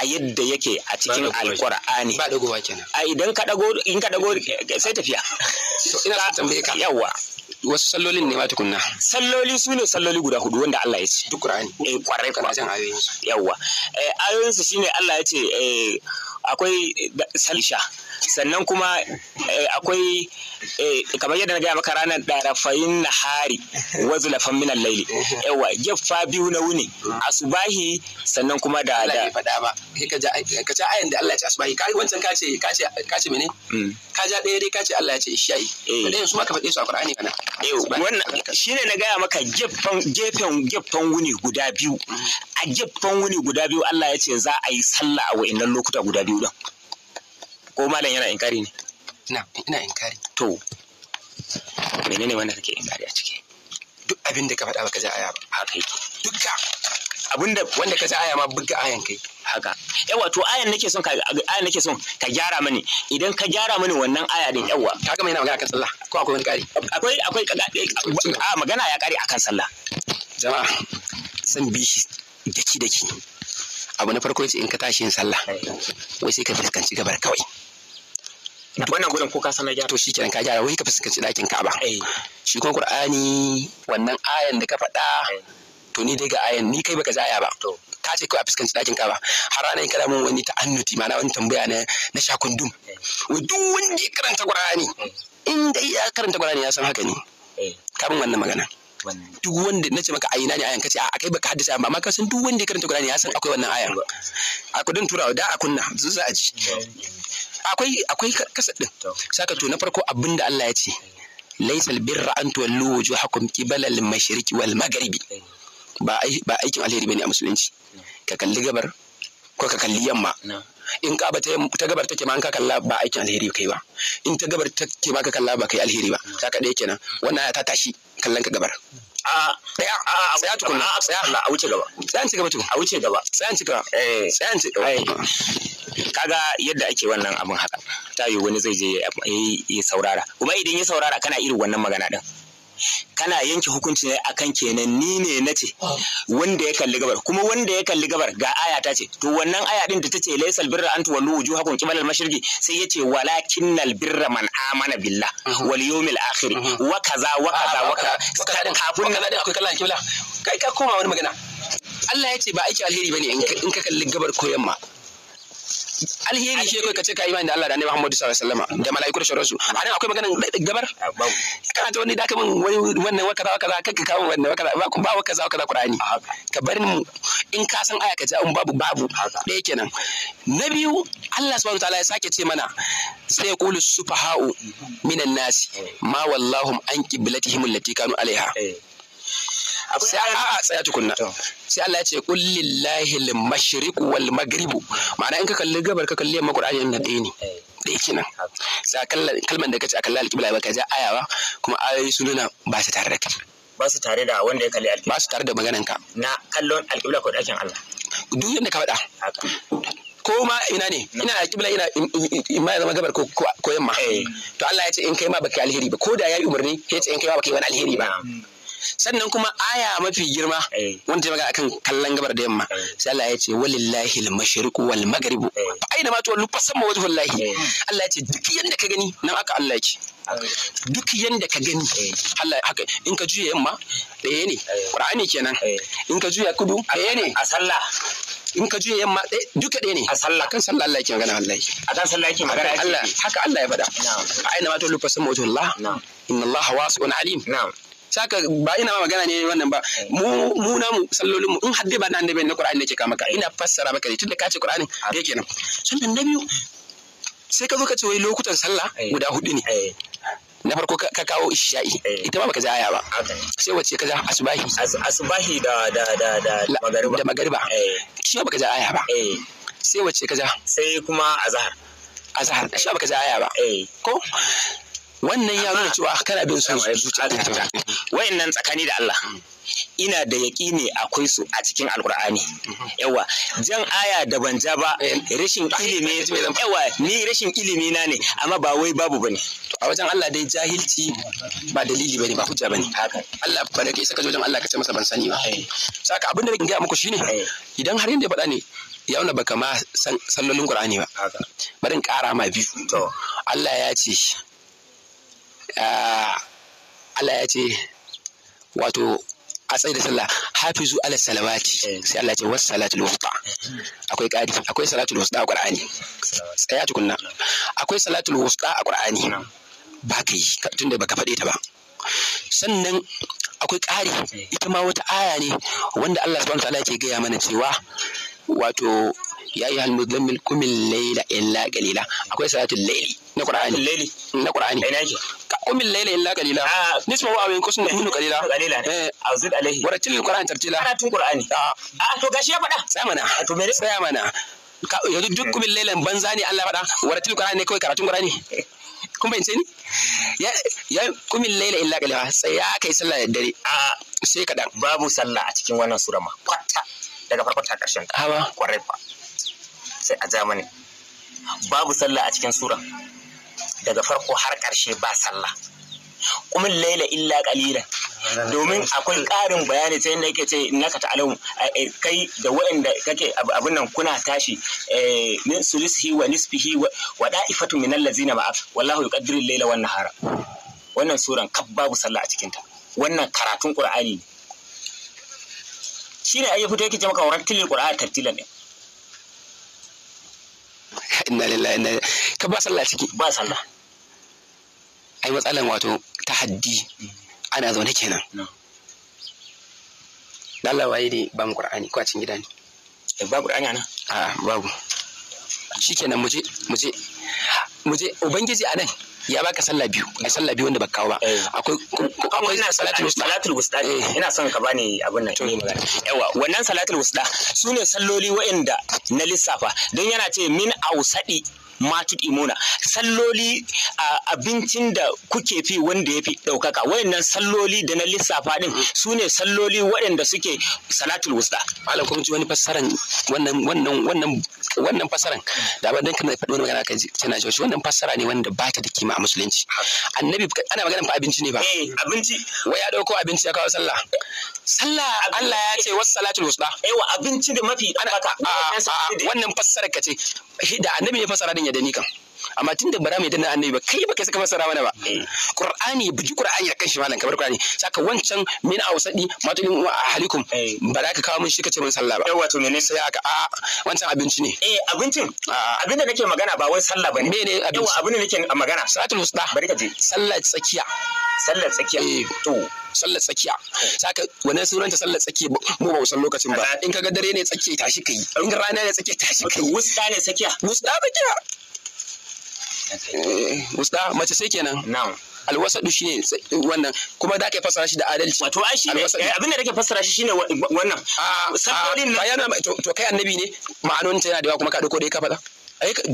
a yadda yake a cikin alkur'ani ba dagowa kenan a idan ka dago in ka dago sai tafiya so ina ka tambaye ka yawa wasu sallolin ne ma tukunna salloli su ne salloli guda hudu wanda Allah ya ce duk qur'ani eh kwarai kwarai yawa eh ayoyin su shine Allah ya ce eh akwai salisha sannan kuma eh, akwai eh, kamar yadda na gaya maka ranar hari nahari lafan minan laili yawa geffa biyu na wuni asubahi sannan kuma da da ka ayan da Allah ya ce asubahi ka wancan ka ce ka ce mene mm. ka ja dai ka ce Allah ya ce da eh. yanzu faɗe su a Qur'ani kana wannan shine na gaya maka gefen gefen gefen wuni guda biyu mm. a gefen wuni guda biyu Allah ya ce za a yi sallah a wa'annan lokuta guda biyu biyu ko malam yana inkari ne ina ina inkari to menene wanda kake inkari a ciki duk abin da ka faɗa baka ji aya ba haka yake dukka abinda wanda ka ji aya ma buga ayan kai haka yawa to ayan nake son ka ayan nake son ka gyara mani idan ka gyara mani wannan aya din yawa kaga mai yana magana akan sallah ko akwai wani kari akwai akwai eh, a magana ya kare akan sallah jama'a san bishi daki daki abu na farko in ka tashi yin sallah wai sai ka fuskanci gabar kawai wannan gurin ko ka sanar gyara to shikenan ka gyara wai ka fuskanci dakin ba eh. shi kuma Qur'ani wannan ayan da ka faɗa eh. to ni dai ga ayan ni kai baka ji aya ba ka ce kawai a fuskanci dakin ba har ranar kada mun wani ta'annuti ma'ana wani tambaya na na shakundum eh. wai duk wanda ya karanta Qur'ani in dai ya karanta Qur'ani ya san haka ne kafin wannan magana duk wanda nace maka a ina ne ayan kace a kai baka haddace amma amma ka san duk wanda ya karanta Qur'ani ya san akwai wannan ayan a kudin turawa da a kunna zu za a ji akwai akwai kasad din saka to na farko abinda Allah ya ce laysal birra an tuwallu wujuhakum qibala al mashriq wal maghribi ba aikin alheri bane a musulunci ka kalli gabar ko ka kalli yamma in kaba ta gabar take ma an ka kalla ba aikin alheri kai ba in ta gabar take ma ka kalla ba kai alheri ba ta kaɗai kenan wannan ta tashi kallon ka gabar a tsaya a tsaya tukun na tsaya Allah a wuce gaba tsayan ci gaba tukun a wuce gaba tsayan ci gaba eh tsayan ci gaba kaga yadda ake wannan abin haka ta yi wani zai je ya saurara kuma idan ya saurara kana irin wannan magana din kana yanke hukunci ne akan kenan ni ne na ce wanda ya kalli gabar kuma wanda ya kalli gabar ga aya ta ce to wannan aya din da ta ce laysal birra an tuwallu wujuhakum qibala al-mashriqi sai yace walakinnal birra man amana billah wal yawmil akhir wa kaza wa kaza wa kaza kafin nan akwai kallon kibla kai ka koma wani magana Allah ya ce ba aiki alheri bane in ka kalli gabar ko yamma alheri shi kai ka ce ka imani da Allah da Annabi Muhammad sallallahu alaihi wasallam da malaiku da sauransu a nan akwai maganar gabar kana ta wani da ka wani wannan waka waka za ka kawo wannan waka ba ku ba wakaza wakaza Qur'ani ka bar mu in ka san aya ka ji in babu babu ɗaya nan. na biyu Allah subhanahu wataala ya sake ce mana sai ya kulu sufaha'u minan nasi ma wallahum an qiblatihim allati kanu alaiha eh. sai a a tsaya tukunna sai Allah ya ce qul lillahi al-mashriq wal maghrib ma'ana in ka kalli gabar ka kalli yamma Qur'ani nan dai ne dai eh. kenan sai kalman da kace a kalli al-qibla ba ka ja aya ba kuma ayoyi su nuna ba su tare da kai ba su tare da wanda ya kalli al-qibla ba su tare da maganan ka na kallon al-qibla ko dakin Allah duk yadda ka faɗa ko ma ina ne ina kibla ina ma ya zama gabar ko yamma eh. to Allah ya ce in kai ma baka alheri ba ko da ya yi umarni ya ce in kai ma baka yi wani alheri ba sannan kuma aya mafi girma wanda eh. ta magana akan kallon gabar da yamma eh. sai Allah ya ce walillahi al-mashriqu wal maghribu eh. fa aina ma tuwallu fasamma wajhullahi Allah ya ce duk yanda ka gani nan aka Allah yake duk yanda ka gani Allah haka in ka juya yamma ɗaya ne Qur'ani kenan in ka juya kudu ɗaya ne a sallah in ka juya yamma duka ɗaya ne a sallah kan sallah Allah yake magana a akan sallah yake magana Allah haka Allah ya faɗa a aina ma tuwallu fasamma wajhullahi inna Allah wasi'un alim na'am saka ba ina ma magana ne wannan ba mu mu mu sallolin mu in har ba nan na annabi na Qur'ani nake ka maka ina fassara maka ne tunda ka ce Qur'anin da yake nan sannan na biyu sai ka zo ka ce wai lokutan sallah eh. guda hudu ne eh. na farko ka kawo isha'i eh. ita ba ka ji aya ba sai wace ka ji asubahi asubahi da da da da magariba da magariba shi ba ka ji aya ba sai wace ka ji sai kuma azhar azhar shi ba ka ji aya ba ko wannan ya nuna cewa kana bin son zuciya wayannan tsakani da Allah ina da yaƙini akwai su a cikin alkur'ani yawa jan aya da ban ja ba eh. rashin ilimi yawa ni rashin ilimi na ne amma ba wai babu bane a wajen Allah dai jahilci ba dalili bane ba hujja bane Allah barake kai saka wajen Allah ka ce masa ban sani ba eh. saka abin da nake ga muku shine eh. idan har yanda ya faɗa ne ya wuna baka ma sallolin Qur'ani ba barin ƙara ma biyu Allah ya ce Allah ya ce wato a tsaye da sallah hafizu ala salawati sai Allah ce wasu salatul wusta akwai ƙari, akwai salatul wusta a qur'ani tsaya tukunna akwai salatul wusta a qur'ani ba ka yi tun ba baka faɗe ta ba sannan akwai ƙari ita ma wata aya ne wanda Allah subhanahu wataala ke gaya mana cewa wato ya yi halmuzammil kumin laila illa qalila akwai salatul laili na qur'ani laili na qur'ani ina ke kumin laila illa qalila ah. nisba wa awin kusun nahinu qalila ne? eh azid alaihi wa ratil qur'an tartila karatun qur'ani a ah. ah, to gashi ya faɗa tsaya mana to me tsaya mana yanzu duk kumin eh. lailan banza ne Allah faɗa wa ratil qur'ani ne kawai karatun qur'ani kun bayyance ni ya kumin laila illa qalila sai ya kai sallah da dare a sai kadan babu sallah a cikin wannan sura ma kwata daga farkon ta ƙarshen ta kwarai fa sai a zamani babu sallah a cikin sura daga farko har ƙarshe ba sallah kuma laila illa ƙalilan domin akwai ƙarin bayani ta yadda yake ce naka ta'alam eh, kai da waɗanda kake abin nan kuna tashi eh, min sulisihi wa nisbihi wa da'ifatu min allazina ma'a wallahu yuqaddiru laila wan nahara wannan suran kab babu sallah a cikin ta wannan karatun qur'ani ne shine ai fito yake ce maka warattilil qur'ana tartila ne inna lillahi inna ka ba sallah ciki ba sallah ai matsalan wato tahaddi ana zaune kenan Allah waye ne ba mu qur'ani ko a cikin gida ne eh, ba qur'ani ana a babu shikenan muje muje muje ubangiji anan ya baka sallah biyu ga sallah biyu wanda baka kawo ba eh. akwai akwai ina salatul wusta salatul wusta eh. ina son ka bani abin nan yawa wannan salatul wusta sune salloli waɗanda na lissafa don yana ce min ausadi matu imuna salloli abincin da kuke fi wanda ya fi ɗaukaka wayannan salloli da na lissafa din mm. su ne salloli waɗanda suke salatul wusta malam kuma ji wani fassaran wannan wannan wannan wannan fassaran mm. da ba dan kana faɗi wani magana kan tana wannan fassara ne wanda ba ta da kima a musulunci annabi ana magana fa abinci ne ba eh abinci wai ya dauko abinci ya kawo sallah sallah Allah ya ce was salatul wusta aiwa abinci da mafi ana wannan fassara kace da annabi ya fassara din ya dani kan amma da bara mai danna annabi ba kai ba kai saka fassara mana ba eh, qur'ani buji qur'ani da kanshi malam kamar qur'ani saka wancan min ausadi matulin halikum eh. ba za ka kawo mun shi kace mun sallah ba yawa to ne sai aka a wancan abinci ne eh abincin abin da nake magana ba wai sallah ba me ne abinci yawa abin da nake magana salatul wusta bari ka je sallah tsakiya sallar tsakiya eh. to sallar tsakiya saka wani sunan ta sallar tsakiya mu ba san lokacin ba in kaga dare ne tsakiya tashi kai in rana ne tsakiya tashi kai wusta ne tsakiya wusta tsakiya Musta mace sai kenan na'am alwasadu shine wannan kuma da ka fassara shi da adalci wato ai shi eh, abin da kake fassara shi shine wannan ah, ah, ne. bayanan to kai annabi ne ma'anonin ta yana da yawa kuma ka dauko dai ka faɗa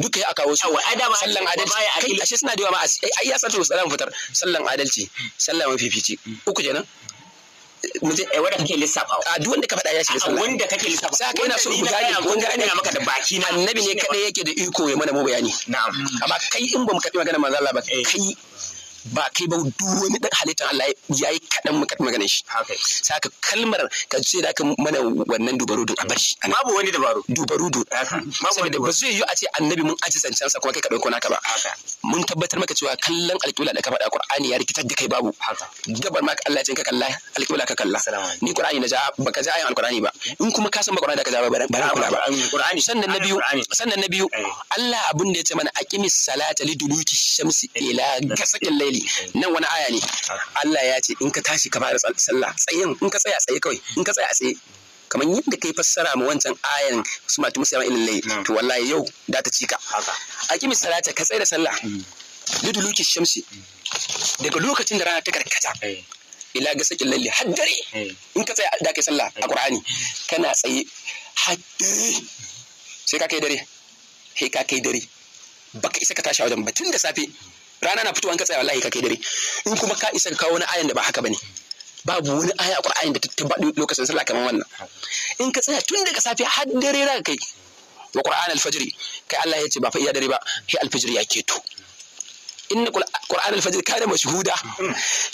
duka ya aka wasu sallan adalci kai ashe suna da yawa ma ai ya sarta wasu fitar sallan adalci sallan mafifici uku kenan mutum eh, wanda kake lissafa a duk wanda ka faɗa ya shiga sallah wanda kake lissafa sai kai na so ku gane kun gane maka da baki na annabi ne kadai yake da iko ya mana mu bayani na'am amma kai in ba mu kafi magana manzo Allah ba eh. kai ba kai ba duk wani dan halittar Allah ya yi kaɗan maganin shi saka kalmar ka ce da ka mana wannan dubaru dun a bar shi babu wani dubaru dubaru dun saboda ba zai yi a ce annabi mun aji zancen sa kuma kai ka dauko naka ba mun tabbatar maka cewa kallon alƙibla da ka faɗa Qur'ani ya rikitar da kai babu gabar ma Allah ya ce ka kalla alƙibla ka kalla ni Qur'ani na ja ka ja ayan alƙur'ani ba in kuma ka san ba Qur'ani da ka ja ba ba Qur'ani sannan na biyu sannan na biyu Allah abin da ya ce mana aqimis salata duluki shamsi ila gasakin eh. laili nan wani aya ne Allah ya ce in ka tashi ka fara sallah tsayin in ka tsaya tsaye kawai in ka tsaya tsaye kamar yadda kai fassara ma wancan ayan su matu musa ilin lai to wallahi yau da ta cika aqimi salata ka tsaya da sallah liduluki shamsi daga lokacin da rana ta karkata eh. ila ga sakin lalle haddare eh. in ka tsaya da kai sallah a eh. qur'ani kana tsaye har sai ka kai dare sai ka kai dare baka isa ka tashi a wajen ba tun da safe rana na fitowa an ka tsaya wallahi ka dare in kuma ka isa kawo wani ayan da ba haka bane babu wani aya a Qur'ani da ta faɗi lokacin sallah kamar wannan in ka tsaya tun daga safiya har dare za ka kai wa Qur'an al-fajr kai Allah ya ce ba fa iya dare ba sai al-fajr ya keto inna qur'an al-fajr kana mashhuda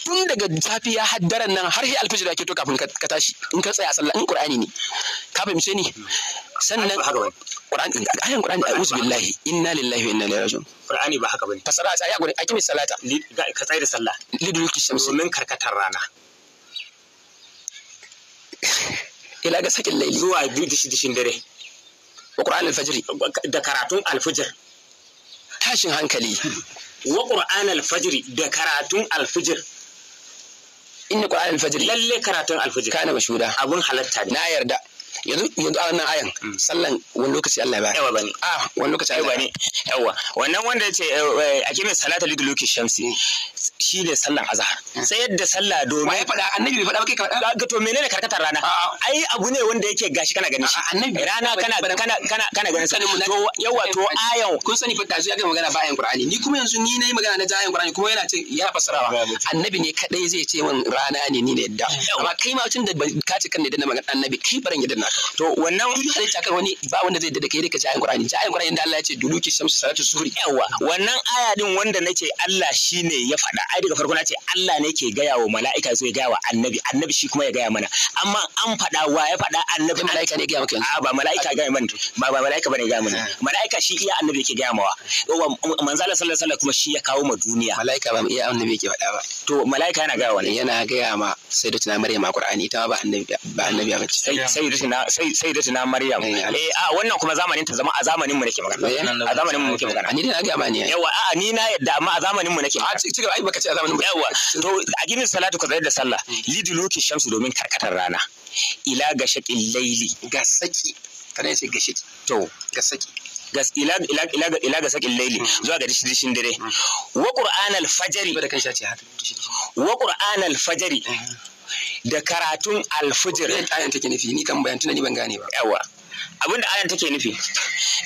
tun daga safiya har daren nan har sai al-fajr yake to kafin ka tashi in ka tsaya sallah in qur'ani ne ka fahimce ni sannan qur'an ayan qur'ani a'udhu billahi inna lillahi wa inna ilaihi raji'un qur'ani ba haka bane fasara a tsaya gurin akimi salata ka tsaya da sallah liduki shamsi domin karkatar rana ila ga sakin laili zuwa biyu dishi dishin dare wa qur'an al-fajr da karatun al-fajr tashin hankali wa qur'an al da karatun al inni inna qur'an lalle karatun al-fajr kana mashuda abun halatta na yarda yanzu yanzu a wannan ayan mm. sallan wani lokaci Allah ba yawa bane a ah, wani lokaci Allah bane yawa wannan wanda yace eh, eh, akimi salata liduluki shamsi mm. shi ne sallan azhar mm. sai yadda sallah domin wai fada annabi bai faɗa ba kai ka ga to menene karkatar rana ah. ai abu ne wanda yake gashi kana ganin shi ah, rana kana kana kana kana ganin mun to yawa to ayan kun sani fita zuwa ga magana ba ayan qur'ani ni kuma yanzu ni nayi magana na ja qur'ani kuma yana ce ya fasarawa annabi ne kadai zai ce min rana ne ni ne yadda amma kai ma tun da ka ce kan ne da magana annabi kai baran yadda to wannan halitta kar wani ba wanda zai dade kai da ka ji ayin Qur'ani ji ayin Qur'ani da Allah ya ce duluki shamsu salatu zuhri yawa wannan aya din wanda nace Allah shine ya faɗa ai daga farko nace Allah ne ke gaya wa mala'ika sai ya gaya wa annabi annabi shi kuma ya gaya mana amma an faɗa wa ya faɗa annabi mala'ika ne gaya maka a ba mala'ika gaya mana ba ba mala'ika bane gaya mana eh. mala'ika shi iya annabi yake gaya mawa manzo Allah sallallahu alaihi kuma shi ya kawo ma duniya mala'ika ba iya annabi yake faɗa ba to mala'ika yana gaya wa yana gaya ma sayyidatuna maryam a qur'ani ita ba annabi ba annabi ba sai sayyidatuna na sai sai da tunan Maryam eh, eh a wannan kuma zamanin ta zama a zamanin mu nake magana eh, a zamanin mu nake magana ni dai na ga ba ne yawa a ni na yadda amma a zamanin mu nake a ci gaba ai baka ce a zamanin mu yawa to a ginin salatu ka zai da sallah hmm. liduluki shamsu domin karkatar rana ila ga shaqil laili ga saki kada ya ce ga shaqi to ga saki gas ila ga sakin laili hmm. zuwa ga dishin dare hmm. wa qur'an al-fajri wa qur'an al-fajri eh. da karatun alfijir me ayan take nufi ni kan bayan tunani ban gane ba yawa abin da ayan take nufi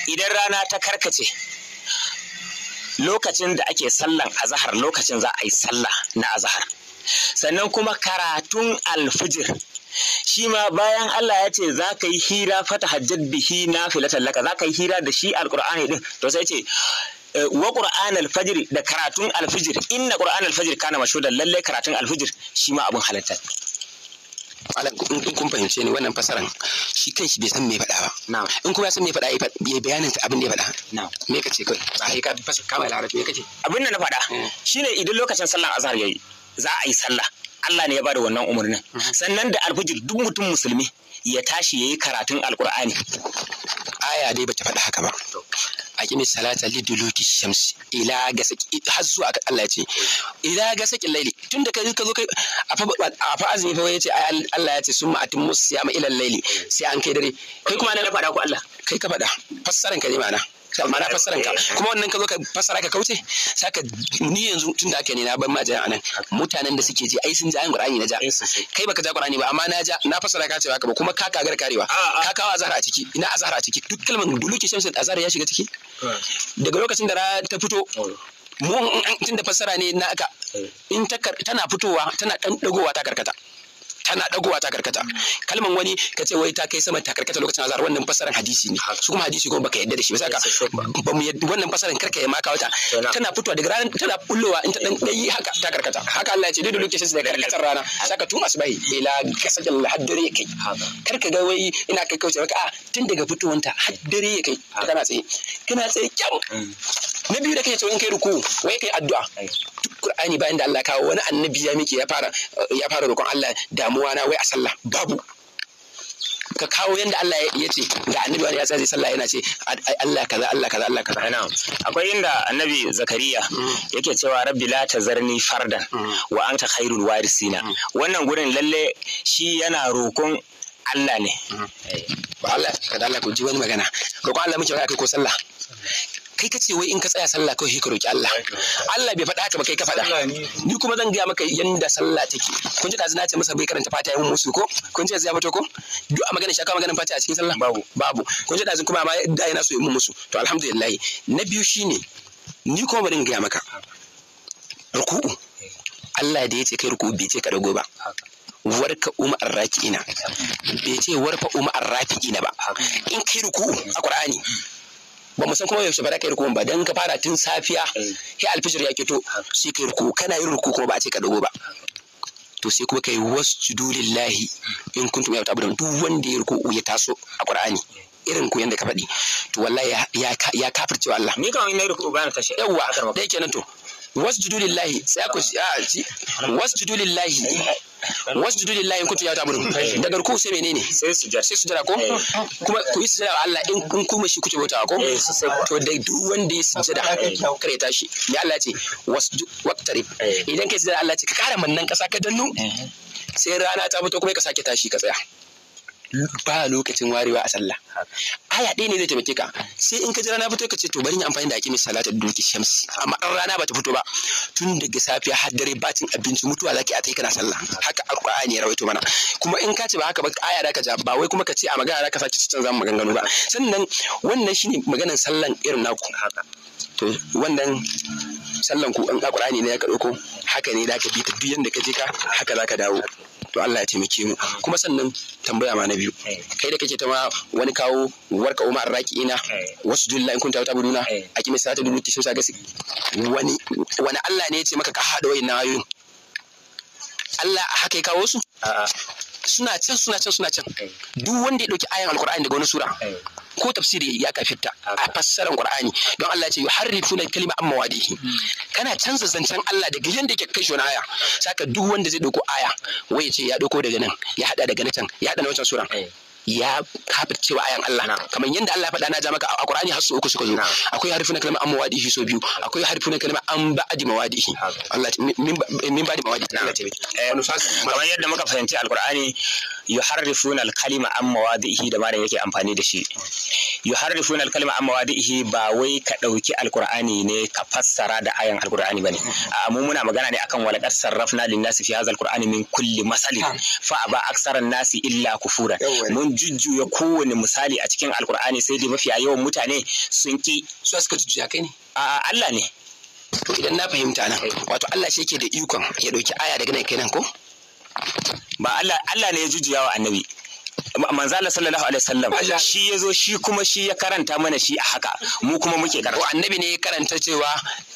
idan rana ta karkace lokacin da ake sallan azahar lokacin za a yi sallah na azahar sannan kuma karatun alfijir shi ma bayan Allah ya ce za ka yi hira fata hajjar bihi na filatallaka laka za ka yi hira da shi alkur'ani din to sai ce Eh, wa qur'an al-fajr da karatun al-fajr inna qur'an al-fajr kana mashhudan lalle karatun al-fajr shi ma abun halatta alan in kun fahimce ni wannan fasaran shi kan shi bai san me faɗa ba in kuma ya san me faɗa ya bayanin abin da ya faɗa me kace kai ba sai ka fasa kama larabi me kace abin da na faɗa eh. shine idan lokacin sallar azhar yayi za a yi sallah Allah ne ya bada wannan umarnin mhm. sannan da alfujir duk mutum musulmi ya tashi yayi karatun alqur'ani aya dai bata faɗa haka ba aqimi salata liduluki shamsi ila gasaki har zuwa Allah ya ce ila gasaki laili tunda kai ka zo kai a fa azumi fa yace Allah ya ce summa atimmu siyama ila laili sai an kai dare kai kuma na faɗa ku Allah kai ka faɗa fassaran ka ne ma'ana ma'ana fassaran ka kuma wannan ka zo ka fassara ka kauce saka ni yanzu tun da aka ne na ban ma anan mutanen da suke ji ai sun ji ayin qur'ani na ja eh, kai baka ja qur'ani ba amma na ja na fassara ka cewa ka ba kuma ka kagar karewa ka kawo azhar a ciki ina azhar a ciki duk kalman duluki shamsul azhar ya shiga ciki daga lokacin da ta fito oh. mu tun da fassara ne na aka eh. in tana fitowa tana dan dagowa ta karkata tana dagowa ta karkata kalman wani ka ce wai ta kai sama ta karkata lokacin azhar wannan fasaran hadisi ne su kuma hadisi kuma baka yadda da shi saka ba mu yadda wannan fasaran karka ya maka wata tana fitowa daga ranar tana bullowa in ta dan dai haka ta karkata haka Allah ya ce dai da lokacin da karkatar rana saka tuma bai ila kasajal haddare kai karka ga wai ina kai kauce maka a tun daga fitowanta haddare ya kai kana tsaye kana tsaye kyau mm. na biyu da kai cewa in kai ruku wai kai addu'a duk qur'ani bayan da Allah kawo wani annabi ya miki ya fara ya fara roƙon Allah da damuwa na wai a sallah babu ka kawo yanda Allah ya ce ga annabi wani ya tsaye sallah yana ce Allah kaza Allah kaza Allah kaza na akwai inda annabi zakariya mm. yake cewa rabbi la tazarni fardan mm. wa anta khairul warisina mm. wannan gurin lalle shi yana rokon Allah ne ba Allah kada Allah ku ji wani magana roƙon Allah muke kai ko sallah kai ka ce wai in ka tsaya sallah kawai ka roki Allah Allah bai faɗa haka ba kai ka faɗa ni kuma zan gaya maka yanda sallah take kun ji dazu na ce masa bai karanta fatiha yayin musu ko kun ji ya fito ko duk a magana shaka magana fatiha a cikin sallah babu babu kun ji dazu kuma ma da yana so yi musu to alhamdulillah na biyu shine ni kuma bari in gaya maka ruku'u Allah da ya ce kai ruku'u bai ce ka dago ba warka umma arraki'ina bai ce warfa umma arraki'ina ba in kai ruku'u a Qur'ani ba mu san kuma yaushe ba za ka yi rukun ba dan ka fara tun safiya eh. sai alfijir ya keto sai ka yi ruku kana yin ruku kuma ba a ce ka dago ba to sai kuma kai wasjudu lillahi in kuntum ya ta'budun duk wanda ya ruku ya taso a qur'ani irin ku yanda ka faɗi to wallahi ya kafirce Allah ni kawai na ruku ba na tashi yawa da yake nan to wasjudu lillahi sai ku ah, wasjudu lillahi wasjudu lillahi ku ya ta'budu daga ku sai menene sai su sai jira ko eh. kuma ku yi sujada Allah in kun kuma shi kuke bauta ko eh, to dai duk wanda ya sujada eh. kare ta shi ya Allah ce wasjud waqtarib idan kai sujada Allah ce ka kara mannan kasa ka dannu sai rana ta fito kuma ka sake tashi ka tsaya ba lokacin warewa a sallah aya ɗaya ne zai taimake ka sai in ka ji rana fito ka ce to bari ni amfani da ake mai salatu doki shamsi amma an rana ba ta fito ba tun daga safiya har dare bacin abinci mutuwa zaki a tai kana sallah haka alƙur'ani ya rawaito mana kuma in ka ce ba haka ba aya da ka ja ba wai kuma ka ce a magana da ka sake cikin zamu maganganu ba sannan wannan shine maganan sallan irin naku to wannan sallan ku in alƙur'ani ne ya ka ɗauko. haka ne da ka bi ta duk da ka je ka haka za ka dawo to Allah ya taimake mu kuma sannan tambaya ma na biyu eh. kai da kake ta ma wani kawo warka umar ina eh. wasu dullahi kun ta buduna eh. aki sa sata dubu tishin sa gasi wani wani Allah ne ya ce maka ka hada wayannan ayoyin Allah a haka ya kawo su suna can suna can suna can duk wanda ya dauki ayan alqur'ani daga wani sura ko tafsiri ya kafitta a fassaran qur'ani don Allah ya ce yuharrifuna kalima amma wadihi hmm. kana canza zancen Allah daga yanda yake kai shona aya saka duk wanda zai dauko aya wai yace ce ya dauko daga nan ya hada daga nan ya hada wancan suran eh. ya kafir cewa ayan Allah na. kamar yadda Allah faɗa na ja maka a Qur'ani har su uku suka zo akwai harfuna kalma an wadihi so biyu akwai harfuna kalma an ba'di mawadihi Allah min ba'di mawadihi Allah ya tabbata eh, kamar yadda muka fahimci al yuharrifuna al-kalima an mawadihi da malam yake amfani da shi yuharrifuna al-kalima an mawadihi ba wai ka dauki alqur'ani ne ka fassara da ayan alqur'ani bane ne. Mm-hmm. mu muna magana ne akan wala qad sarrafna lin-nasi fi hadha al min kulli masalin mm-hmm. fa aba aksaran nasi illa kufura mun jujjuya kowane misali a cikin alqur'ani sai dai mafi yawan mutane sun ki su suka jujjuya kai ne a Allah ne to idan na fahimta nan eh. wato Allah shi yake da ikon ya dauki aya daga nan kenan ko ba Allah Allah ne ya jujuya wa annabi manzo Allah sallallahu alaihi wasallam shi yazo shi kuma shi ya karanta mana shi a haka mu kuma muke karanta annabi ne ya karanta cewa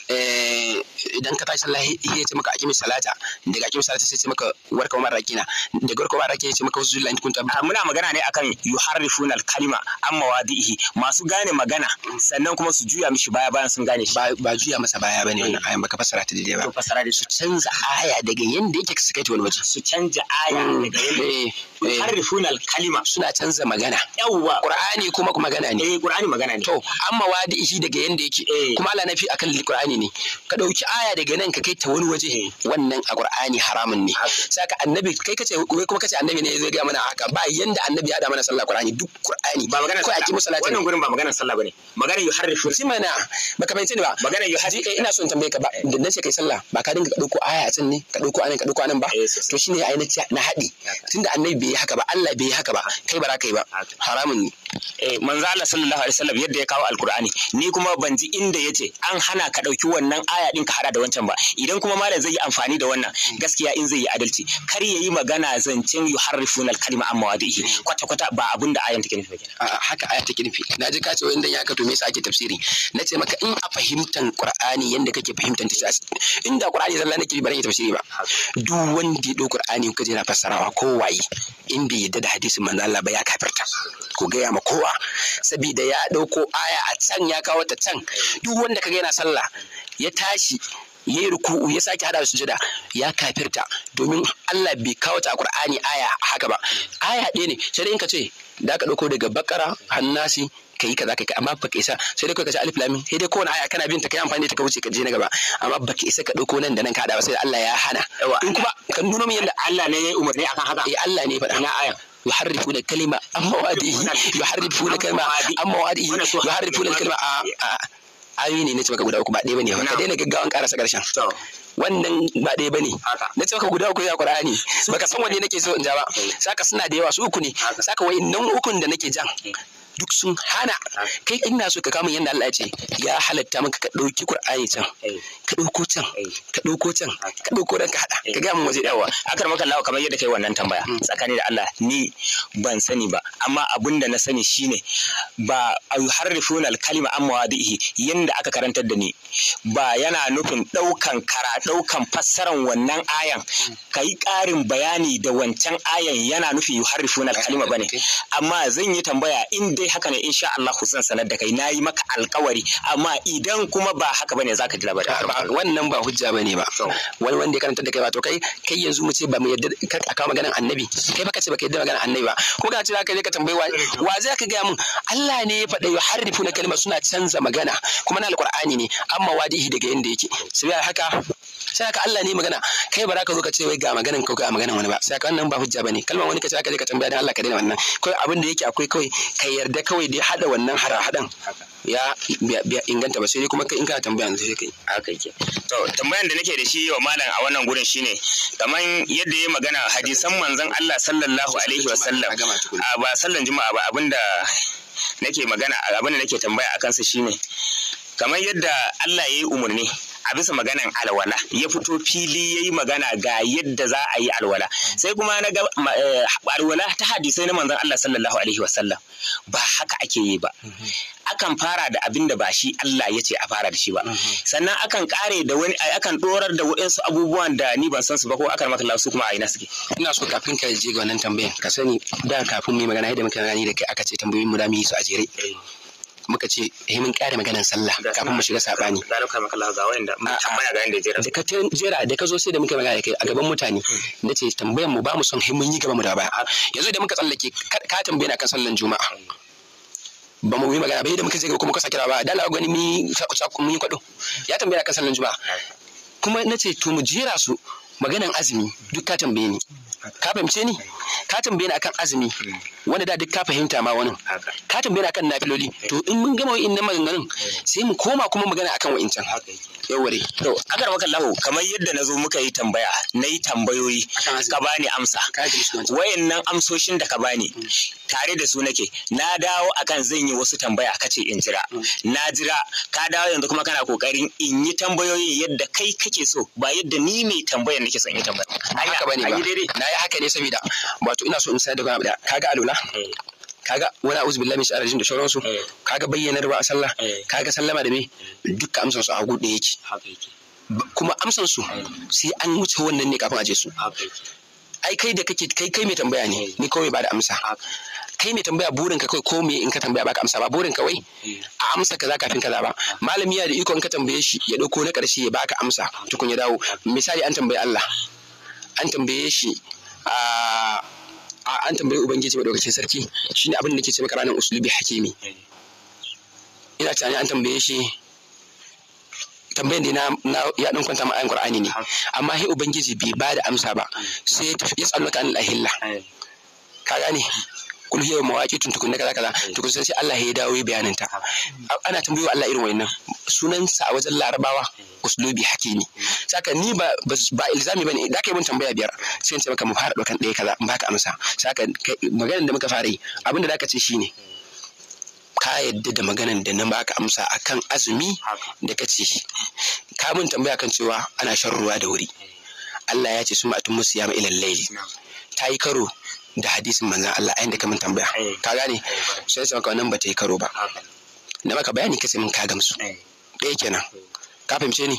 Eh, idan ka tashi sallah ya ce maka akimi salata daga akimi salata sai ce maka warka umar rakina daga warka umar rakina ya ce maka wasu zulla in kunta ah, muna magana ne akan yuharrifuna al-kalima amma mawadihi masu gane magana sannan kuma su juya mishi baya bayan sun gane shi ba juya masa baya bane wannan ayan baka fasara ta daidai ba fasara da su canza aya daga yanda yake suka ta wani waje su canza aya mm, daga yanda eh, eh. yuharrifuna al-kalima suna canza magana yawwa qur'ani kuma magana ne eh qur'ani magana ne to amma wadihi daga yanda yake kuma Allah nafi akan qur'ani haramun ne ka ɗauki aya daga nan ka kai ta wani waje wannan a qur'ani haramun ne saka annabi kai kace wai kuma kace annabi ne zai ga mana haka ba yanda annabi ya da mana sallah qur'ani duk qur'ani ba magana ko a kimu salati wannan gurin ba magana sallah bane magana yuharrifu simana baka fahimce ni ba magana yuharrifu eh, ina son tambaye ka ba da nace kai sallah ba ka dinga ka dauko aya a can ne ka dauko anan ka dauko anan ba eh, to shine ai na haɗi tunda annabi bai yi haka ba Allah bai yi haka ba kai ba za ka yi ba haramun ne Eh, manzo Allah sallallahu alaihi wasallam yadda ya kawo alkur'ani ni kuma ban ji inda yace an hana ka dauki wannan aya din ka hada da wancan ba idan kuma malam zai yi amfani da wannan mm. gaskiya in zai yi adalci kar ya yi magana zancen yuharrifuna alkalima amma wadihi mm. kwata kwata ba abin da ayan take nufi ba a'a haka aya take nufi na ji ka ce inda ya ka to me yasa ake tafsiri na ce maka in a fahimtan qur'ani yanda kake fahimtan ta inda qur'ani zalla nake ba nake tafsiri ba duk wanda ya dauki qur'ani kaje na fassarawa ko waye in bai yadda da hadisin manzo Allah ba ya kafirta ko ga ya kowa saboda ya ɗauko aya a can ya kawo ta can duk wanda kaga yana sallah ya tashi ya yi ruku'u ya sake hada su jada ya kafirta domin Allah bai kawo ta a Qur'ani aya haka ba aya ɗaya ne sai in ka ce da ka ɗauko daga bakara hannasi ka yi kaza ka kai amma baka isa sai dai ka ce alif lamin sai dai kowane aya kana bin ta kai amfani da ta ka wuce ka je na gaba amma baka isa ka dauko nan da nan ka hada ba sai Allah ya hana in kuma ka nuna min yadda Allah ne ya yi umarni akan haka eh Allah ne faɗa na aya يحرفون الكلمة عن مواضعه يحرفون الكلمة عن مواضعه يحرفون الكلمة ayoyi نتبع na ce maka guda uku ba ɗaya bane ka daina wannan ba ɗaya bane na ce guda uku ya Qur'ani baka san wanne nake so in ja ba mm. saka suna da yawa su uku ne saka nan ukun da nake jan mm. duk sun hana kai ina so ka kama yadda Allah ce ya halatta maka ka ɗauki Qur'ani can eh. ka ɗauko can eh. ka ɗauko can ka ɗauko ka haɗa ka ga mun waje dawa akar maka Allah kamar yadda kai wannan tambaya hmm. tsakani da Allah ni ban sani ba amma abin da na sani shine ba yuharrifuna al-kalima amma wadihi yanda aka karantar da ni ba yana nufin ɗaukan kara ɗaukan fassaran wannan ayan hmm. kai ƙarin bayani da wancan ayan yana nufin yuharrifuna al-kalima bane eh, amma zan yi tambaya inda. dai haka ne insha Allah zan sanar da kai nayi maka alkawari amma idan kuma ba haka bane zaka ji labarin wannan ba hujja bane ba wani wanda ya karanta da kai ba to kai kai yanzu mu ce ba mu yadda ka a kawo maganar annabi kai baka ce baka yadda maganar annabi ba kuma ka ce kai je ka tambayi wa zai ka ga mun Allah ne ya faɗa na kalma suna canza magana kuma na alqur'ani ne amma wadihi daga yanda yake sai haka sai ka Allah ne magana kai ba za ka zo ka ce wai ga maganin ko ga maganin wani ba sai ka wannan ba hujja bane kalmar wani ka ce aka je ka tambaya dan Allah ka daina wannan kawai abin da yake akwai kawai ka yarda kawai da hada wannan hara hadan ya inganta ba sai dai kuma kai in kana tambaya sai kai haka yake to tambayan da nake da shi wa malam a wannan gurin shine kaman yadda ya magana hadisan manzon Allah sallallahu alaihi wasallam ba sallan juma'a ba abinda nake magana abinda nake tambaya akan sa shine kamar yadda Allah ya yi umarni a bisa maganan alwala ya fito fili ya yi magana ga yadda za a yi alwala sai kuma na ga eh, alwala ta hadisai na manzon Allah sallallahu alaihi wasallam ba haka ake yi ba akan fara da abin da ba shi Allah ya ce a fara da shi ba sannan akan kare da wani akan dorar da waɗansu abubuwan da ni ban san su ba ko akan maka su kuma a ina suke ina so kafin ka je ga wannan tambayan ka sani da kafin mu yi magana yadda muka gani da kai aka ce tambayoyin mu da mu yi su a jere muka ce eh mun kare maganar sallah kafin mu shiga sabani da lokacin maka Allah ga wanda mun tambaya ga da ka jera da ka zo sai da muka magana kai a gaban mutane hmm. nace tambayan mu ba mu son mun yi gaba mu da baya yanzu da muka tsallake ka tambaye na kan sallan juma'a hmm. ba mu yi magana ba da muka je kuma ka sake ba dala gani mi mun yi kwado hmm. ya tambaye na kan sallan juma'a kuma nace to mu jira su maganan azumi duk ka tambaye ni ka fahimce ni ka tambaye ni akan azumi wanda da duk ka fahimta ma wani ka tambaye ni akan nafiloli to in mun gama wa'in maganganun eh. sai mu koma kuma magana akan wa'incan yaware to akar maka lahu kamar yadda na zo muka yi tambaya na yi tambayoyi ka bani amsa wayannan amsoshin da ka bani mm. tare da su nake na dawo akan zan yi wasu tambaya kace in jira mm. na jira ka dawo yanzu kuma kana kokarin in yi tambayoyi yadda kai kake so ba yadda ni mai tambayar nake son yi tambaya haka bane ba na yi haka ne saboda wato ina so in sayar da kaga alula eh. kaga wani auzu billahi min sha'arajin da shauransu eh. kaga bayyanarwa a sallah eh. kaga sallama da me eh. dukkan amsar su a hagu da yake kuma amsar su sai an wuce wannan ne kafin a je su ai kai da kake kai kai mai tambaya ne ni kawai ba da amsa kai mai tambaya burin ka kai ko me in ka tambaya baka amsa ba burin ka wai a amsa kaza kafin kaza ba ah. malami ya da iko in ka tambaye shi ya dauko na karshe ya baka amsa ah. tukun ya dawo ah. misali an tambaye Allah an tambaye shi a an tambayi ubangiji madaukakin sarki shine abin da nake ce maka ranar usulubi hakimi ina tunani an tambaye shi tambayan da na ya dan kwanta ma'ayin qur'ani ne amma sai ubangiji bai ba da amsa ba sai ya tsallaka a an lahilla ka gane kul hiya tuntukun na kaza kaza eh. tukun sai Allah ya dawo bayanin ta ana tambayo Allah irin wayannan sunan sa a wajen larabawa uslubi hakimi eh. saka ni ba ba ilzami bane da kai mun tambaya biyar sai ce maka mu fara dokan ɗaya kaza in baka amsa saka maganar da muka fara yi abinda zaka ce shine ka yadda da maganar da na baka amsa akan azumi da kace ka mun tambaya kan cewa ana shan ruwa da wuri eh. Allah ya ce sun ma'atun musu yama ilal laili ta karo da hadisin manzan Allah ayin da kamun tambaya eh. ka gane eh, sai sai maka wannan ba ta yi karo ba na maka bayani kace min ka gamsu eh. ɗaya kenan ka fahimce ni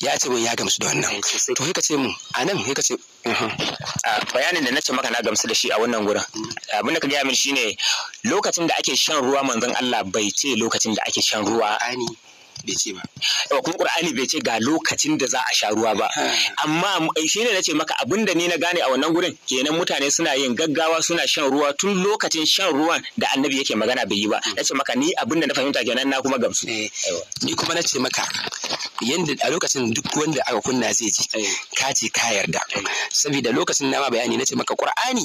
ya ce min ya gamsu da wannan to sai ka ce min a nan sai ka ce uhm. bayanin da na ce maka na gamsu da shi a wannan gurin abin da ka gaya min shine lokacin da ake shan ruwa manzan Allah bai ce lokacin da ake shan ruwa bai ce ba kuma qur'ani bai ce ga lokacin da za a sha ruwa ba hmm. amma eh, shi ne na ce maka abinda ni na gane a wannan gurin kenan mutane suna yin gaggawa suna shan ruwa tun lokacin shan ruwan da annabi yake magana bai yi ba hmm. na ce maka ni abinda na fahimta kenan na kuma gamsu eh, ni kuma na ce maka yanda a lokacin duk wanda aka kunna zai ji eh. ka ce ka yarda saboda lokacin na ma bayani na ce maka qur'ani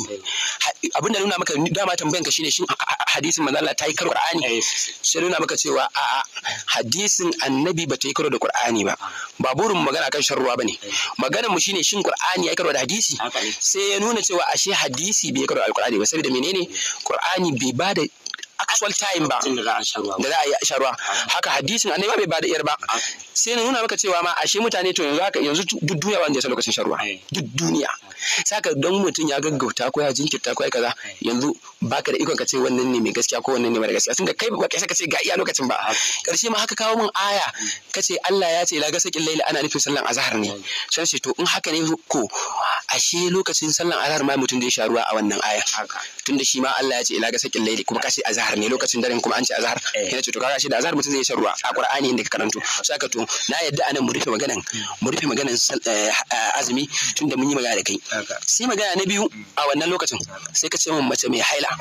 abinda nuna maka dama tambayan ka shine shin hadisin manzo ta yi kar qur'ani sai nuna maka cewa a hadisin hadisin annabi bata yi karo da qur'ani ba ba burin magana kan shan ruwa bane maganar mu shine shin qur'ani ya karo da hadisi sai ya nuna cewa ashe hadisi bai karo da alqur'ani ba saboda menene qur'ani bai ba da actual time ba da za a yi sharuwa? haka hadisin annabi ba bai bada iyar ba sai na nuna maka cewa ma ashe mutane to yanzu haka yanzu duk duniya wanda ya san lokacin duk duniya saka don mutum ya gaggauta ko ya jinkirta ko ya kaza yanzu baka da ikon ka ce wannan ne mai gaskiya ko wannan ne mara gaskiya tunda kai ba kai ka ce ga iya lokacin ba karshe ma haka kawo min aya kace Allah ya ce la gasakin laila ana nufin sallan azhar ne san shi to in haka ne ko ashe lokacin sallan azhar ma mutum zai sha ruwa a wannan aya tunda shi ma Allah ya ce la gasakin laila kuma kace azhar ne lokacin daren kuma an ce azhar kina eh. ce to kaga shi da azhar mutum zai sha ruwa a Qur'ani inda ka karanto saka to na yadda anan mu rufe maganan mu rufe maganan eh, azumi tunda mun yi magana da kai sai magana na biyu a wannan lokacin sai ka ce mun mace mai haila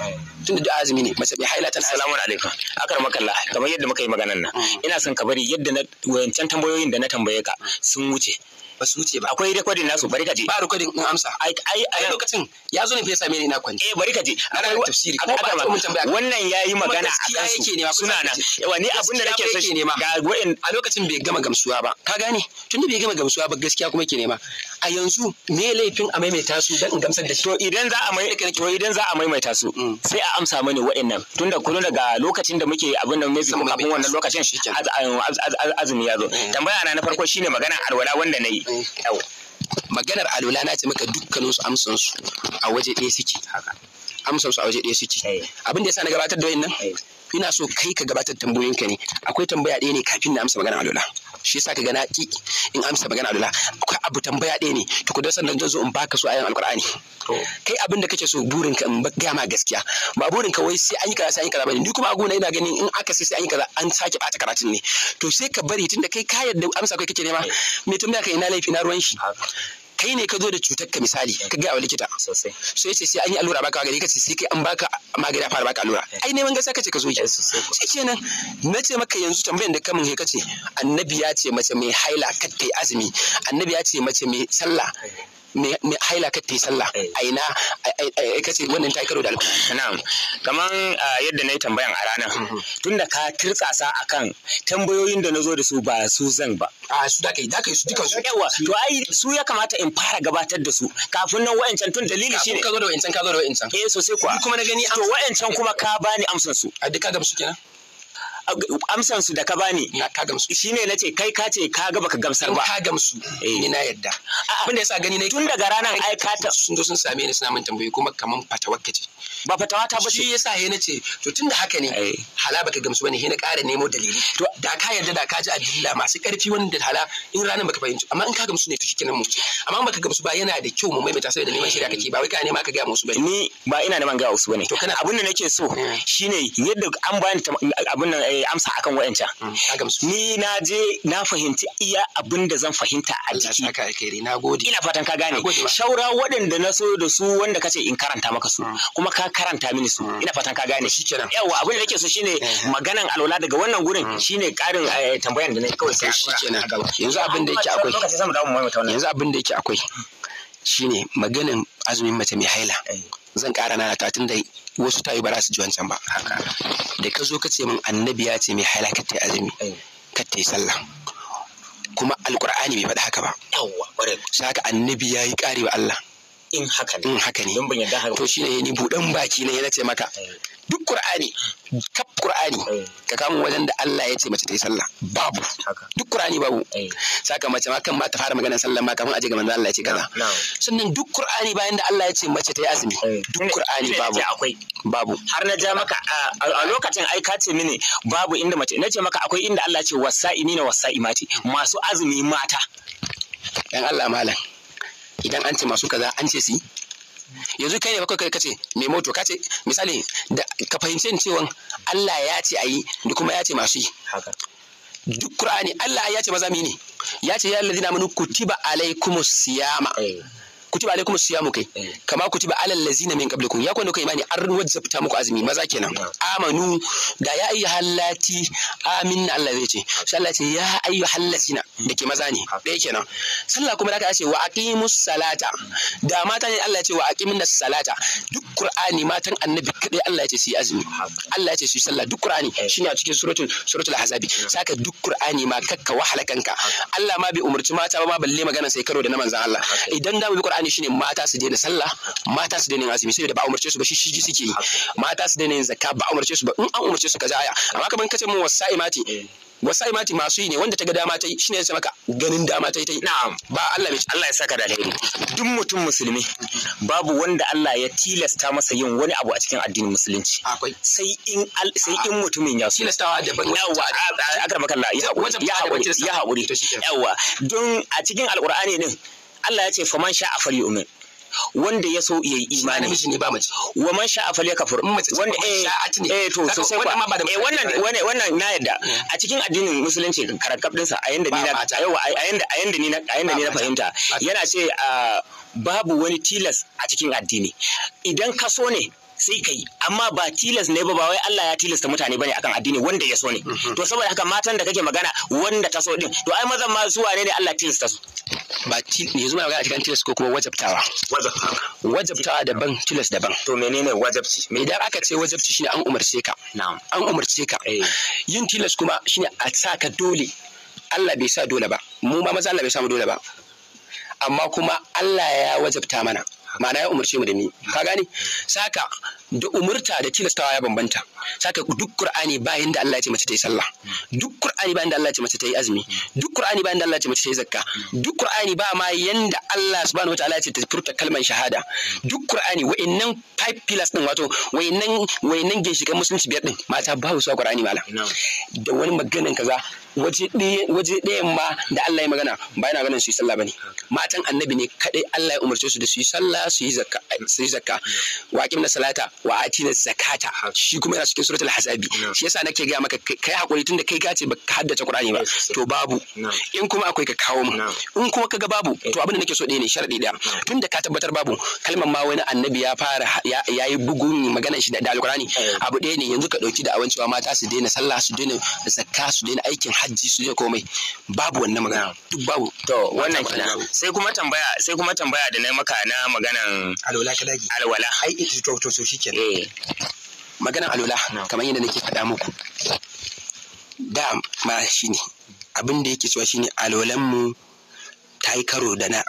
tun da azumi ne mace bai haila tana salamun alaikum akar makalla kamar yadda muka yi maganan nan mm. ina son ka bari yadda na wayancan tambayoyin da na tambaye ka sun wuce ba su wuce ba akwai rekodin nasu bari ka je ba rekodin in amsa ai ai lokacin ya zo ne fesa mene na kwanci eh bari ka je ana tafsiri ko ba mun tambaya wannan yayi magana a kan su suna nan yawa ni abin da nake so shi ne ma ga wa'in a lokacin bai gama gamsuwa ba ka gane tunda bai gama gamsuwa ba gaskiya kuma ke nema a yanzu me laifin a maimaita su dan in gamsar da shi to idan za a maimaita to idan za a maimaita su mm. sai a amsa mani nan. tunda kullu daga lokacin da muke abin nan bi kafin wannan lokacin azumi ya zo mm. tambaya na na farko shine magana alwala wanda nayi kyau maganar alula na ce maka dukkanin su amsan su a waje ɗaya suke amsan su a waje ɗaya suke eh. abin da yasa na gabatar da wayannan eh. ina so kai ka gabatar tambayoyinka ne akwai tambaya ɗaya ne kafin na amsa maganar alula shi yasa ka gana ki in amsa magana da akwai abu tambaya ɗaya ne to kudan sannan zan zo in baka so ayan alqur'ani kai abin da kake so burin ka in ga ma gaskiya ba burin ka wai sai an yi kaza sai an yi kaza bane ni kuma a gona ina ganin in aka sai sai an yi kaza an sake bata karatun ne to sai ka bari tunda kai ka yadda amsa kai kake nema eh. me tambaya ka ina laifi na ruwan shi kai ne ka zo da cutar ka misali ka ga wa likita so yace sai an yi allura baka magani kace sai kai an baka magani fara baka allura eh. ai neman gaskiya kace ka zo eh, ki shi kenan nace maka yanzu tambayan da kamun kai kace annabi ya ce mace mai haila kai azumi annabi ya ce mace mai sallah eh. me haila ka ta yi sallah eh. a ina ka ce wannan ta yi karo da alƙur'ani na'am kaman yadda na yi tambayan a ranar mm-hmm. tunda ka tirtsasa akan tambayoyin da na zo da su ba su zan ba a su da kai da kai su dukan su yawa to ai su ya kamata in fara gabatar da su kafin nan wa'ancan tun dalili shine ka zo da wa'ancan ka zo da wa'ancan eh sosai kuwa kuma na gani to wa'ancan kuma ka bani amsan su a duka su kenan amsan su da ka bani ka gamsu shine nace kai ka ce ka ga baka gamsar ba ka gamsu eh. ni na yadda abin da yasa gani ne tun daga ranar ai ka ta sun zo sun same ni suna min tambayi kuma kaman fatawakka ce ba fatawa ta bace shi yasa he nace to tunda haka ne eh. hala baka gamsu bane he na ƙara nemo dalili to da ka yarda da ka ji adilla masu ƙarfi wanda hala in ranar baka fahimci amma in ka gamsu ne to shikenan mu amma baka gamsu ba yana da kyau mu maimaita da neman shirya kake ba wai ka nema ka ga musu bane ni ba ina neman ga musu bane to kana abin da nake so eh. shine yadda an bani abin nan eh, amsa akan wayancan mm, ka gamsu ni na je na fahimci iya abin da zan fahimta a jiki Allah saka nagode ina fatan ka gane shaura waɗanda na so da su wanda kace in karanta maka su mm. kuma ka karanta mini su mm. ina fatan ka gane shikenan yawa abin da nake so shine mm-hmm. maganan alwala daga wannan gurin mm. shine karin eh, tambayan da nake kawai sai shikenan yanzu abin da yake akwai yanzu abin da yake akwai shine maganan azumin mace mai haila eh. zan ƙara nana ta tunda wasu tayi ba za su ji wancan ba da ka zo ka ce min annabi ya ce mai haila ka ta azumi eh. ka ta sallah kuma alkur'ani bai faɗi haka ba yawa haka annabi ya yi wa Allah in haka ne in haka ne don ban yadda haka to shine ni buɗan baki ne yana ce maka eh. duk Kur'ani. kaf Kur'ani. Eh. ka kamo wajen da Allah ya ce mace ta yi sallah babu duk Kur'ani babu eh. saka mace ma kan ma ta fara magana sallah ma kafin aje ga manzo Allah ya ce kaza sannan duk Kur'ani bayan da Allah ya ce mace ta yi azumi duk Kur'ani babu akwai babu har na ja maka a lokacin ai ka ce mini babu inda mace na ce maka akwai inda Allah ya ce wasa'imina wasa'imati masu azumi mata dan Allah malam idan an ce masu kaza an ce si, yanzu kai ne ba kai kace mai moto kace misali da ka fahimci cewa Allah ya ce ayi da kuma ya ce masu yi duk Qur'ani Allah ya ce maza mu ya ce ya allazina amanu kutiba alaikumus siyama eh. kutiba alaikum siyamu kai eh. kama kutiba alal lazina min qablikum ya kwanda kai imani an wajabta muku azumi maza kenan amanu da ya ayyuha allati amin Allah zai ce sai Allah ce ya ayyuha allazina hmm. dake maza ne dai kenan sallah kuma da aka ce wa aqimus salata da mata ne Allah ya ce wa aqimus salata duk qur'ani matan annabi kadai Allah ya ce su yi azumi Allah ya ce su yi sallah duk qur'ani eh. shine a cikin suratul suratul ahzabi saka duk qur'ani ma kakka wahalakan ka. Allah ma bai umurci mata ba balle magana sai karo da na manzon Allah idan da mu bi qur'ani qur'ani shine mata su daina sallah mata su daina azumi saboda ba umarce su ba shi shi suke yi mata su daina yin zakka ba umarce su ba in an umarce su kaza aya amma kaman kace mun wasa'imati wasa'imati masu yi ne wanda ta ga dama ta yi shine yace maka ganin dama ta yi ta yi na'am ba Allah ya Allah ya saka da alheri duk mutum musulmi babu wanda Allah ya tilasta masa yin wani abu a cikin addinin musulunci akwai sai in sai in mutumin ya tilasta tilastawa da yawa akar makalla ya haƙuri ya haƙuri yawa don a cikin alqur'ani din Allah ya ce faman sha a fali umin wanda ya so ya yi imani miji ne ba mace wa man sha afal ya kafur wanda eh eh to so eh, wannan wannan wannan na yadda eh. a cikin addinin musulunci karatkaf dinsa a yanda ni na a yanda a yanda ni na a yanda ni na fahimta yana ce ah, babu wani tilas a cikin addini idan ka so ne sai ka yi amma ba tilas ne ba wai Allah ya tilasta mutane bane akan addini wanda ya so ne mhm. to saboda haka matan da kake magana wanda ta so din to ai mazan ma su wane ne Allah tilasta su ba yanzu mai magana cikin tilas ko kuma wajabtawa wajabtawa daban tilas daban to menene wajabci Me da aka ce wajabci shine an umarce ka na'am an umarce ka eh. yin tilas kuma shine a sa ka dole Allah bai sa dole ba mu ma maza Allah bai sa mu dole ba amma kuma Allah ya wajabta mana ma'ana ya umarce mu da mi ka gane saka da umurta da tilastawa ya bambanta saka duk qur'ani bayan da Allah ya ce mace ta yi sallah duk qur'ani bayan da Allah ya ce mace ta yi azumi duk qur'ani bayan da Allah ya ce mace ta yi zakka duk qur'ani ba ma yanda Allah subhanahu wataala ya ce ta furta kalmar shahada duk qur'ani wa'annan five pillars din wato wa'annan wa'annan ginshikan musulunci biyar din mata ba su qur'ani mala da wani maganin kaza waje ɗayan ma da Allah ya magana ba yana ganin su yi sallah bane matan annabi ne kadai Allah ya umarce su da su yi sallah su yi zakka su yi zakka waqim na salata wa atina zakata shi kuma yana cikin suratul hasabi shi yasa nake ga maka kai hakuri tunda kai ka ce ka haddace qur'ani ba to babu in kuma akwai ka kawo mu in kuma kaga babu to eh. abin da nake so ɗaya ne sharadi ɗaya tunda ka tabbatar babu kalmar ma wani annabi ya fara ya yi bugun magana shi da alqur'ani eh. abu ɗaya ne yanzu ka dauki da awan cewa mata su daina sallah su daina zakka su daina aikin hajji su daina komai babu wannan magana duk babu to wannan kenan sai kuma tambaya sai kuma tambaya da na maka na maganan alwala ka alwala ai ita to to so shike eh alola kamar yadda nake faɗa muku da ma ne, abin da yake cewa shi ne alolanmu ta yi karo da na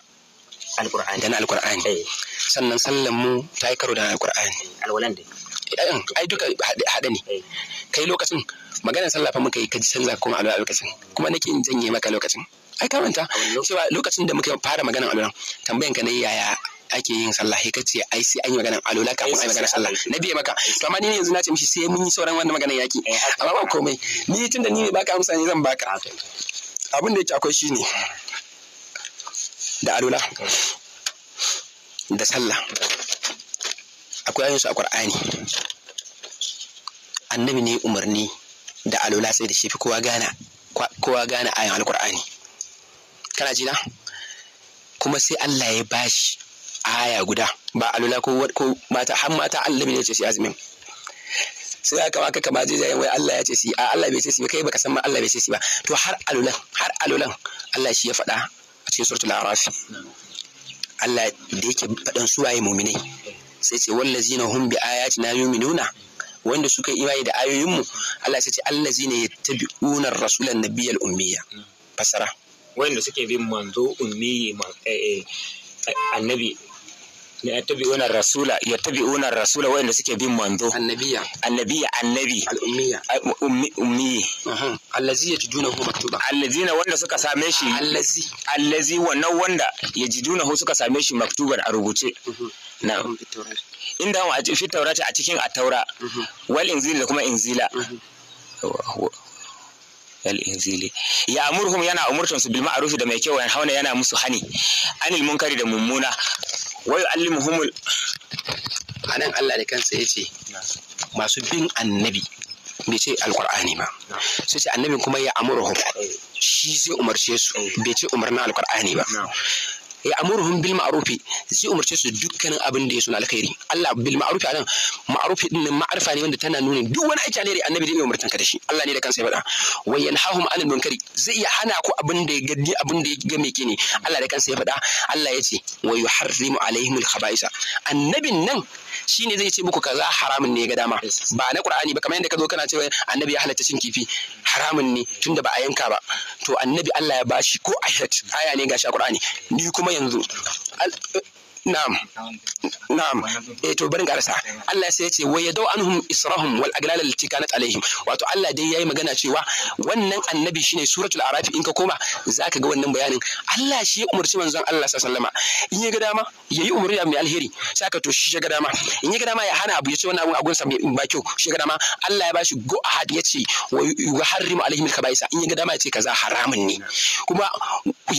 alkur'ani da na alkur'ani sannan sallanmu mu ta yi karo da na alkur'ani alwalan a ai duka haɗe ne eh. kai lokacin maganar sallah fa muka yi ka ji canza kuma alola lokacin kuma nake in janye maka lokacin ai karanta cewa lokacin da muka fara maganar alola tambayanka ka ne yaya ake yin sallah sai kace ai sai an yi maganar alola kafin ai maganar sallah na biye maka to amma ni ne yanzu na ce mishi sai mun yi sauran wannan maganar yaki eh, amma ba komai ni tunda ni ne baka amsa ne zan baka abin da yake akwai shine da alola da sallah akwai ayoyinsu a Qur'ani annabi ne umarni da alola sai da shi fi kowa gane kowa gana ayan alqur'ani kana ji na kuma sai Allah ya bashi aya guda ba alula ko ko mata har mata Allah ne ce shi azumin sai aka maka kama jajayen wai Allah ya ce si a Allah bai ce si ba kai baka san ma Allah bai ce si ba to har alulan har alulan Allah shi ya faɗa a cikin suratul araf Allah da yake faɗan suwaye muminai sai ce wallazina hum bi ayatina yu'minuna wanda suka yi imani da mu Allah sai ce allazina yattabi'una rasulan nabiyyal ummiya fasara wanda suke bin manzo ummi eh, eh, annabi la yattabi'una rasula yattabi'una rasula suke bin manzo annabiya annabiya annabi al'ummiya ummiya ummi allazi yajidunahu maktuba na wanda suka same shi allazi allazi wannan wanda yajidunahu suka same shi maktuban a rubuce mhm. na inda wa fi taurata a cikin a taura mhm. wal inzila da kuma inzila mhm. al-inzili ya amurhum yana umurtansu bil ma'ruf da mai kyau yana hauna yana musu hani anil munkari da mummuna wa a nan Allah da kansa ce masu bin annabi bai ce alkur'ani ba sai ce annabi kuma ya amurhum eh. shi zai umarce su eh. bai ce umarnin alkur'ani ba ya amuruhum bil ma'arufi zai umarci su dukkanin abin da ya suna alkhairi Allah bil ma'rufi anan ma'rufi din nan ne wanda tana nuna duk wani aiki alheri annabi zai umartan ka da shi Allah ne da kansa ya faɗa wa yanhahum anil munkari zai iya hana ku abin da ya gaddi abin da ya ga ke ne Allah da kansa ya faɗa Allah ya ce wa yuharrimu alaihim al khaba'isa annabin nan shine zai ce muku kaza haramun ne ga dama ba na qur'ani ba kamar yadda ka zo kana cewa annabi ya halatta cin kifi haramun ne tunda ba a yanka ba to annabi Allah ya bashi ko ayat aya ne gashi a qur'ani ni kuma yanzu na'am na'am eh to barin karasa Allah sai ya ce wa yadau anhum israhum wal aglal allati kanat alaihim wato Allah dai yayi magana cewa wannan annabi shine suratul a'raf in ka koma zaka ga wannan bayanin Allah shi ya umarci manzon Allah sallallahu alaihi in ya ga dama yayi umarni mai alheri saka to shi ya ga dama in ya ga dama ya hana abu ya ce wannan abun a gunsa ba kyau shi ya ga dama Allah ya bashi go ahad ya ce wa yuharrimu alaihim al-kaba'isa in ya ga dama ya ce kaza haramun ne kuma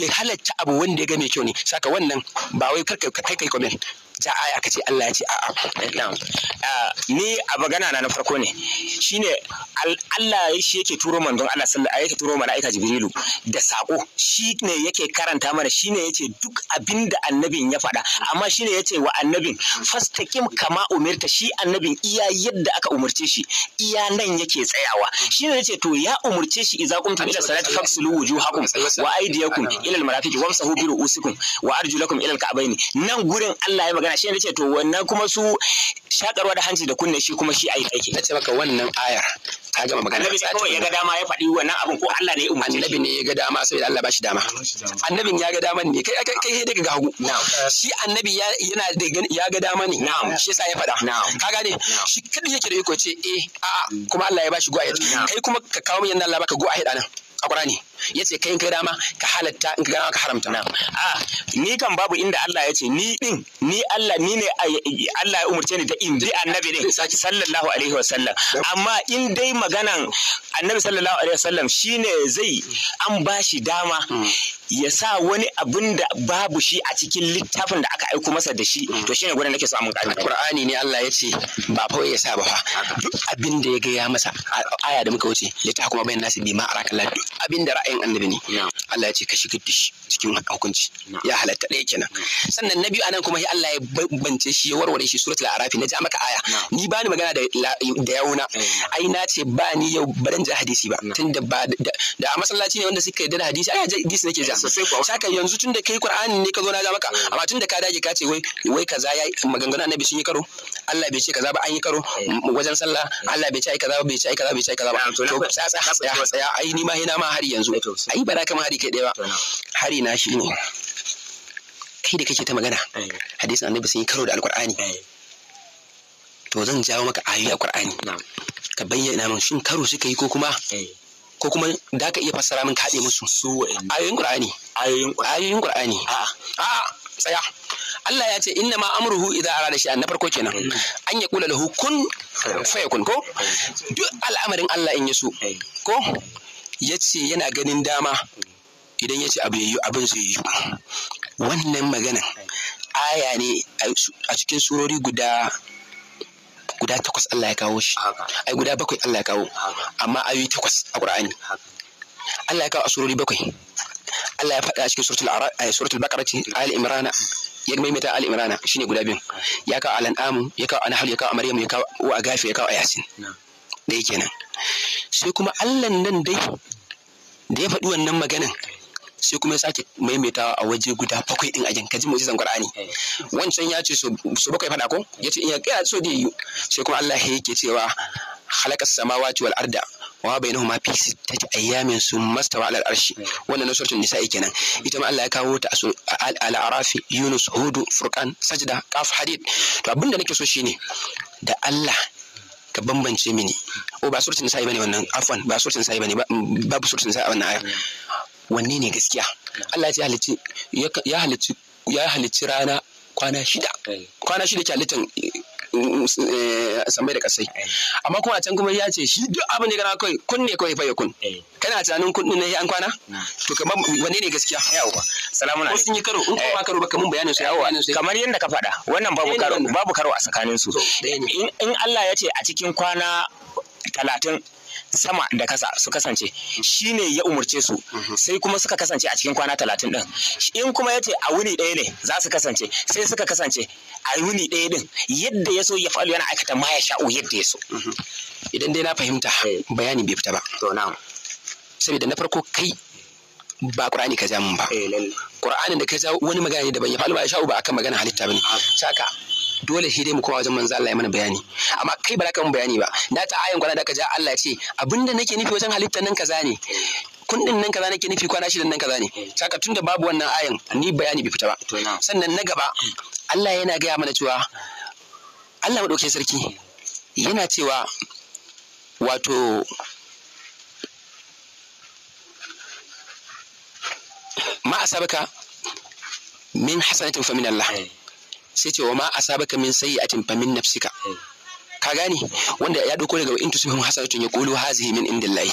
ya halatta abu wanda ya ga mai kyau ne saka wannan ba wai karka que comen ja aya ka ce Allah ya ce a'a ni a magana na na farko ne shine Allah ya shi yake turo manzon Allah sallallahu alaihi turo mala'ika Jibrilu da sako shi ne yake karanta mana shine yace duk abin da annabin ya faɗa amma shine yace wa annabin fastaqim kama umirta shi annabin iya yadda aka umurce shi iya nan yake tsayawa shine yace to ya umurce shi idza kum ila salati faksulu wujuhakum wa aydiyakum ila almarafiq wamsahu bi ru'usikum wa arjulakum ila al nan gurin Allah ya magana shi ne ce to wannan kuma su shakarwa da hanci da kunne shi kuma shi a yi aiki nace maka wannan ayar ta gama magana annabi kawai ya ga dama ya faɗi wannan abin ko Allah ne ya umarci annabi ne ya ga dama saboda Allah ba shi dama annabin ya ga dama ne kai kai sai daga hagu Na'am. shi annabi yana da ya ga dama ne shi yasa ya faɗa Na'am. ka gane shi kadai yake da iko ce eh a'a kuma Allah ya ba shi go ahead kai kuma ka kawo min yanda Allah baka go ahead anan a Qur'ani ya ce kai kai dama ka halatta in ka gana ka haramta na a ni kan babu inda Allah ya ce ni din ni Allah ni ne Allah ya umurce ni da in ji annabi ne sallallahu alaihi wasallam amma in dai maganan annabi sallallahu alaihi wasallam shine zai an bashi dama ya sa wani abin da babu shi a cikin littafin da aka aiko masa da shi to shine gurin nake samun ƙari Qur'ani ne Allah ya ce ba fa ya sa ba fa duk abin da ya ga ya masa aya da muka wuce littafin kuma bayan nasi bi ma duk abin da ra'ayin annabi ne Allah ya ce ka shigar da shi cikin hukunci ya halatta ɗaya kenan sannan na biyu anan kuma shi Allah ya bambance shi ya warware shi suratul arafi na ji maka aya ni ba ni magana da yauna yawuna eh, ai na ce ba ni yau baran ja hadisi ba tunda ba da a masallaci ne wanda suka yarda da hadisi ai hadisi nake ja saka yanzu tunda kai qur'ani ne ka zo na ji maka eh. amma tunda ka dage ka ce wai wai kaza yayi maganganun annabi sun yi karo Allah bai ce kaza ba an yi karo eh. wajen sallah Allah bai ce ai kaza ba bai ce ai kaza bai ce ai kaza ba to sai tsaya ai ni ma hina ma har yanzu ai ba za ka ma hari kai ɗaya ba hari na shi ne kai da kake ta magana eh. hadisin annabi sun yi karo da alkur'ani eh. to zan jawo maka ayoyi a qur'ani ka bayyana min shin karo suka yi ko kuma eh. ko kuma da ka iya fassara min kaɗe musu su ayoyin qur'ani ayoyin qur'ani a'a tsaya Allah ya ce inna ma amruhu idza arada shay'an na farko kenan an ya kula lahu kun fayakun ko duk al'amarin Allah in yaso ko ya ce yana ganin dama idan ya ce abu ya yi abin zai yi wannan magana aya ne a cikin surori guda guda takwas Allah ya kawo shi ai guda bakwai Allah ya kawo amma ayoyi takwas a Qur'ani Allah ya kawo a surori bakwai Allah ya faɗa a cikin suratul a eh, suratul baqara ce ali imrana ya maimaita ali imrana shine guda biyun ya kawo al-an'am ya kawo anhal ya kawo maryam ya kawo a gafi ya kawo yasin ɗaya kenan sai kuma Allah nan dai da ya faɗi wannan maganan sai kuma ya sake maimaitawa a waje guda bakwai din ajin kaji zan Qur'ani eh. wancan ya ce so bakwai faɗa ko ya ce in ya kai so da yi sai kuma Allah ya yake cewa halakar samawati wal arda wa bainahuma fi sittati ayyamin su stawa ala arshi eh. wannan suratul nisa'i kenan ita ma Allah ya kawo ta al araf yunus hudu furqan sajda qaf hadid to abinda nake so shine da Allah ka bambance mini o oh, ba surcin sai bane wannan afwan ba surcin sai bane mm, babu suratul a wannan ayar wanne ne gaskiya Allah ya halicci ya halicci ya halicci rana kwana shida eh. kwana shida ke halittan Eh, samai da kasai eh. amma kuma a can kuma ya ce shi duk abin da kana kai kun ne eh. kawai fayyar kun kana tunanin kun din ne an kwana to kamar wanne ne gaskiya yawa salamu alaikum sun yi karo in kuma karo baka mun bayanin su yawa kamar yadda ka faɗa wannan babu karo babu karo a tsakanin su in Allah ya ce a cikin kwana talatin sama da kasa su kasance shine ya umurce su mhm. sai kuma suka kasance a cikin kwana talatin din in kuma yace a wuni ɗaya ne za su kasance sai suka kasance a wuni ɗaya din yadda ya so ya fa'alu yana aikata ma ya sha'u yadda ya so mhm. idan dai na fahimta eh. bayani bai fita ba to na'am saboda na farko kai ba qur'ani ka ja mun ba eh, qur'anin da ka ja wani magana ne daban ya fa'alu ba ya sha'u ba akan magana halitta bane ah. saka dole shi dai mu koma wajen manzo Allah ya mana bayani amma kai ba za ka bayani ba na ta ayin kwana da ka ja Allah ya ce abinda nake nufi wajen halittar nan kaza ne kundin nan kaza nake nufi kwana shidan nan kaza ne saka tunda babu wannan ayin ni bayani bai fita ba sannan na gaba Allah yana gaya mana cewa Allah madaukakin sarki yana cewa wato ma asabaka min hasanatin fa min Allah eh. sai ce wa ma a sabaka min sai a timfamin nafsika eh. ka gane wanda ya dauko daga in tusbihum hasanatun yaqulu hazihi min indillahi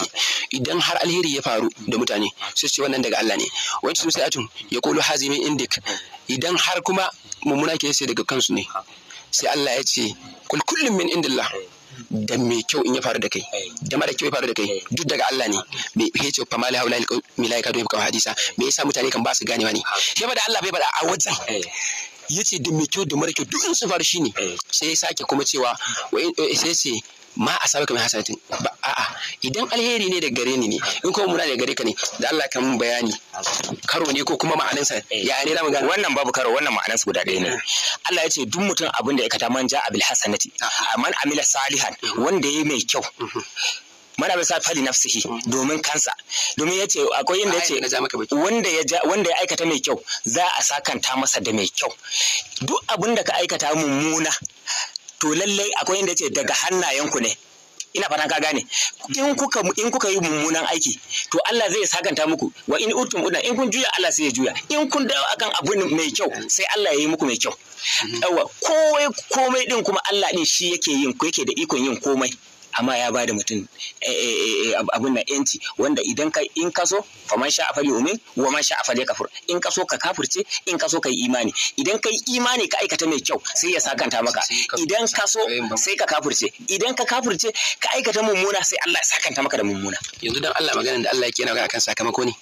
idan har alheri ya faru da mutane sai ce wannan daga Allah ne wa in tun ya yaqulu hazihi min indik idan har kuma mummuna ke sai daga kansu ne sai Allah ya ce kul kullum min indillah eh. da mai kyau in ya faru da kai eh. da mara kyau ya faru da kai duk daga Allah ne me hece fa mali haula milaika do kawai hadisa me yasa mutane kan ba su ganewa ne ya da Allah bai bada a wajen ya ce da mai kyau da mara kyau duk in sun faru shi ne eh. sai ya sake kuma cewa eh, sai ce ma a sabu kamar hasanatin a'a idan alheri ne da gare ni ne in kuma muna da gare ka ne da Allah kan bayani karo ne ko kuma sa eh. ya ne zamu gane wannan babu karo wannan ma'anansa guda ɗaya ne Allah ya ce duk mutum abin da ya kata man a bil hasanati man amila salihan mm-hmm. wanda ya yi mai kyau mm-hmm. mana bisa fali nafsihi domin kansa domin yace akwai inda yace wanda ya wanda ya aikata mai kyau za a sakanta masa da mai kyau duk abin da ka aikata mummuna to lallai akwai inda yace daga hannayenku ne ina fatan ka gane in kuka yi mummunan aiki to Allah zai sakanta muku wa in urtum udna in kun juya Allah sai ya juya in kun dawo akan abu mai kyau sai Allah ya yi muku mai kyau mhm. yawa komai komai din kuma Allah din shi yake yin ku yake da ikon yin komai amma ya bada mutum eh, eh, eh, abun na yanci wanda idan ka in ka so fa man sha afali umin wa man sha afali kafur in ka so ka kafurce in ka so ka yi imani idan ka yi imani ka aikata mai kyau sai ya sakanta maka idan ka so sai ka kafurce idan ka kafurce ka aikata mummuna sai Allah ya sakanta maka da mummuna yanzu dan Allah magana da Allah yake yana akan sakamako ne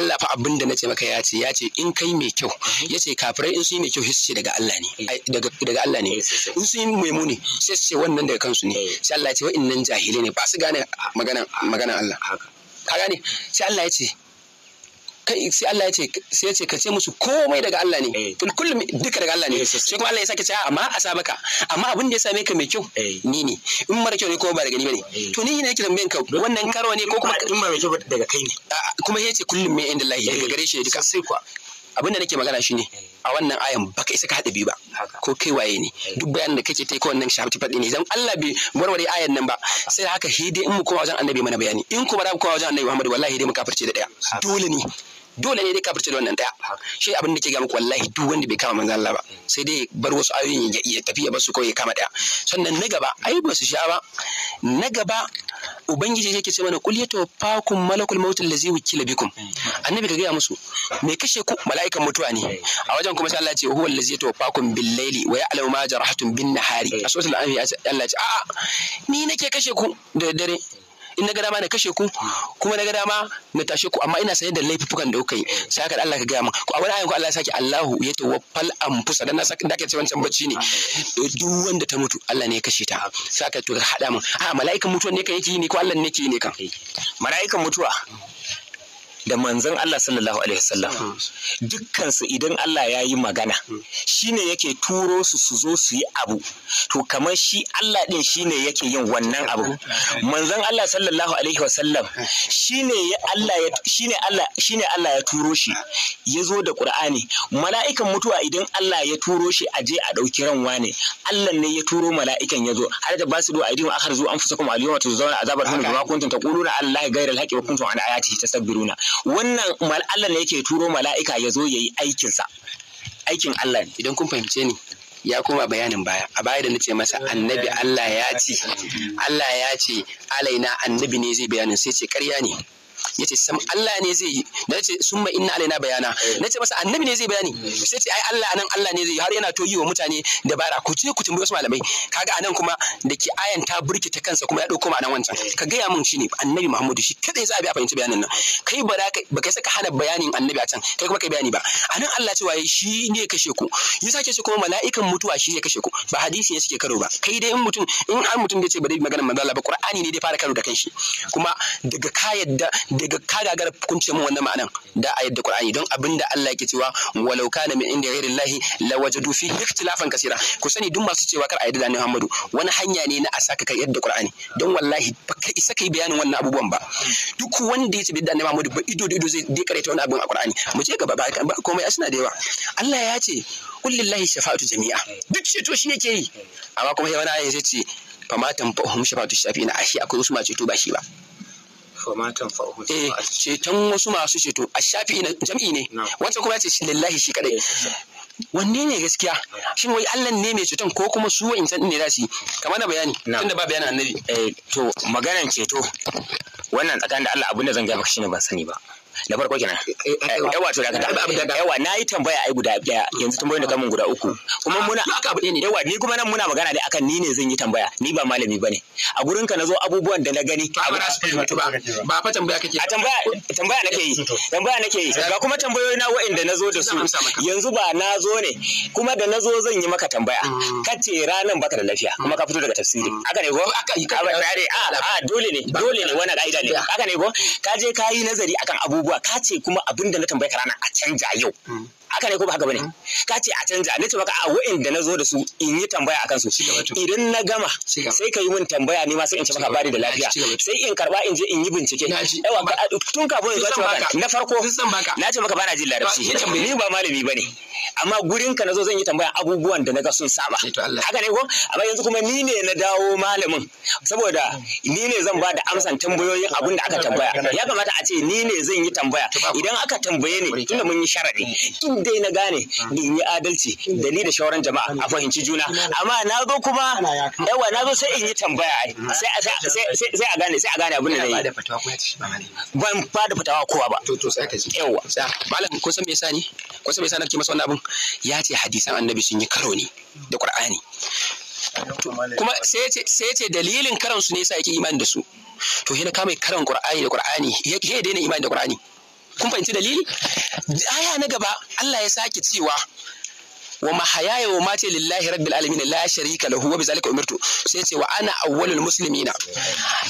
Allah fa abin da ce maka ya ce ya ce in kai mai kyau mhm. ya ce kafirai in su yi mai kyau hisse daga Allah ne mhm. daga Allah ne eh, in su yi mai muni sai su ce wannan daga kansu ne eh. sai Allah ya ce wa'annan jahilai ne ba su gane maganan maganan Allah ka gane sai Allah ya ce kai sai Allah ya ce sai ya ce ka ce musu komai daga Allah ne eh. kullum duka daga Allah ne eh, sai kuma Allah ya sake cewa amma a sa maka amma abin da ya same ka mai kyau eh. ni ne in mara kyau ne ko ba daga ni bane to ni ne yake tambayan ka wannan karo ne ko kuma in mara kyau daga kai ne kuma ya ce kullum mai inda Allah daga gare shi duka sai kuwa abin da nake magana shine a wannan ayan baka isa ka haɗa biyu ba ko kai waye ne eh. duk bayanin da kake taiko wannan shafi faɗi ne idan Allah bai warware ayan nan ba sai haka hidi in mu koma wajen annabi mana bayani in kuma da mu koma wajen annabi Muhammad wallahi dai mu kafirce da daya dole ne dole ne dai kafirce da wannan daya shi abin da ke gama wallahi duk wanda bai kama manzan Allah ba sai dai bar wasu ayoyin ya tafi ya basu ko ya kama daya sannan na gaba ai ba su sha ba na gaba ubangiji yake ce mana kul yatawaffakum malakul maut allazi wukila bikum annabi ka gaya musu me kashe ku mala'ikan mutuwa ne a wajen kuma sai Allah ya ce huwa allazi yatawaffakum bil laili wa ya'lamu ma jarahtum bin nahari a suratul Allah ya ce a'a ni nake kashe ku da dare in na ga dama na kashe ku kuma na ga dama na tashe ku amma ina sanye da laifukan da kuka yi sai haka Allah ka gaya min a wani ayin ku Allah ya saki Allahu ya tawaffal fusa dan na saki da ake ce wancan bacci ne duk wanda ta mutu Allah ne ya kashe ta sai haka to ka hada min a mala'ikan mutuwa ne ka yake yi ne ko Allah ne yake yi ne kan mala'ikan mutuwa da manzon Allah sallallahu alaihi wasallam dukkansu idan Allah ya yi magana hmm. shine yake turo su su zo su yi abu to kamar shi Allah din shine yake yin wannan abu manzon Allah sallallahu alaihi wasallam hmm. shine Allah ya shine Allah shine Allah ya turo shi hmm. ya zo da Qur'ani mala'ikan mutuwa idan Allah ya turo shi a je a dauki ran wane Allah ne ya turo mala'ikan ya zo har da basu do aidin akhar zo an fusakum al-yawma tuzawna azabar hunna bima kuntum taquluna Allah ghayra al-haqqi wa kuntum an ayatihi tasabbiruna wannan Allah ne yake turo mala'ika ya zo ya yi aikinsa aikin Allah ne idan kun fahimce ni ya koma bayanin baya a baya da na ce masa annabi Allah ya ce Allah ya ce alaina annabi ne zai bayanin sai ce karya ne yace sam Allah ne zai yi da yace summa inna alaina bayana nace masa annabi ne zai bayani sai ce ai Allah anan Allah ne zai yi har yana to yi wa mutane dabara ku ce ku tambayi wasu malamai kaga anan kuma da ke ayan ta burkita kansa kuma ya dauko nan wancan ka gaya mun shine annabi Muhammadu shi kadai za a bi a fahimci bayanin nan kai ba ba kai saka hana bayanin annabi a can kai kuma kai bayani ba anan Allah waye shi ne kashe ku sake ce kuma mala'ikan mutuwa shi ne kashe ku ba hadisi ne suke karo ba kai dai in mutum in an mutum da ce ba dai maganar manzo Allah ba Qur'ani ne dai fara karo da kanshi kuma daga ka yadda daga ka kun kunce min wannan ma'anan da ayat da Qur'ani don abinda Allah yake cewa walau kana min inda ghairi Allah lawajadu fi ikhtilafan kaseera ku sani duk masu cewa kar ayat da Muhammadu wani hanya ne na a saka kai yadda Qur'ani don wallahi baka isa kai bayanin wannan abubuwan ba duk wanda ya ce bidda ne Muhammadu ba ido da ido zai dai ta wannan abin a Qur'ani mu je gaba ba komai asna da yawa Allah ya ce kullillahi shafa'atu jami'a duk to shi yake yi amma kuma sai wani ayin sai ce famatan fahum shafa'atu shafi'ina ashi akwai wasu ce to ba shi ba eh ceton wasu masu ceto a shafi na jam'i ne wancan kuma ya ce lillahi shi kadai wanne ne gaskiya shin wai Allah ne mai ceton ko kuma su can ne za su yi kamar na bayani tunda ba bayanin annabi eh to maganan ceto wannan tsakanin da Allah abinda zan gaya maka ne ban sani ba na farko kenan eh, eh, eh, yawa to daga yawa na yi tambaya ai guda daya yanzu tambayoyin da kamun guda uku kuma ah, muna yawa ni kuma nan muna magana ne akan ni ne zan yi tambaya ni ba malami bane a gurin ka nazo abubuwan da na gani ba fa tambaya kake a tambaya tambaya nake yi tambaya nake yi ga kuma tambayoyi na wa'anda nazo da su yanzu ba na zo ne kuma da nazo zan yi maka tambaya mm. kace ranan baka da lafiya kuma ka fito daga tafsiri mm. haka ne ko a dole ne dole ne wannan ka'ida ne haka ne ko ka je ka yi nazari akan abubuwa abubuwa ka ce kuma abin da na tambaya rana a canja yau hmm. haka ne ko ba haka bane mm-hmm. ka ce a canja nace maka a wa'anda na zo da su in yi tambaya akan su idan na gama sai ka yi min tambaya ni ma sai in ce maka bari da lafiya sai in karba in je in yi bincike yawa tun kafin zuwa ce maka na farko na ce maka bana jin larabci ni ba malami bane mm. amma gurin ka nazo zan yi tambaya abubuwan da naga sun saba haka ne ko amma yanzu kuma ni ne na dawo malamin saboda mm. ni ne zan ba da amsan tambayoyin abun da aka tambaya ya kamata a ce ni ne zan yi tambaya idan aka tambaye ni tunda mun yi sharadi mm. yadda na gane ah. in yi adalci da ni da shauran jama'a a fahimci juna amma na zo kuma yawa na zo sai in yi tambaya ah. sai a gane sai a gane abin da nayi ban fada fatawa kowa ba to to sai ka ji yawa malam ko san me yasa ni ko san me yasa nake masa wannan abin ya ce hadisan annabi sun yi karo ne da qur'ani kuma sai ce dalilin karansu ne yasa yake imani da su to yana kama karan qur'ani da qur'ani yake daina imani da qur'ani kun fahimci dalili aya na gaba Allah ya sake cewa wa mahayaya wa mati lillahi rabbil alamin la sharika lahu wa bizalika umirtu sai ce wa ana awwalul muslimina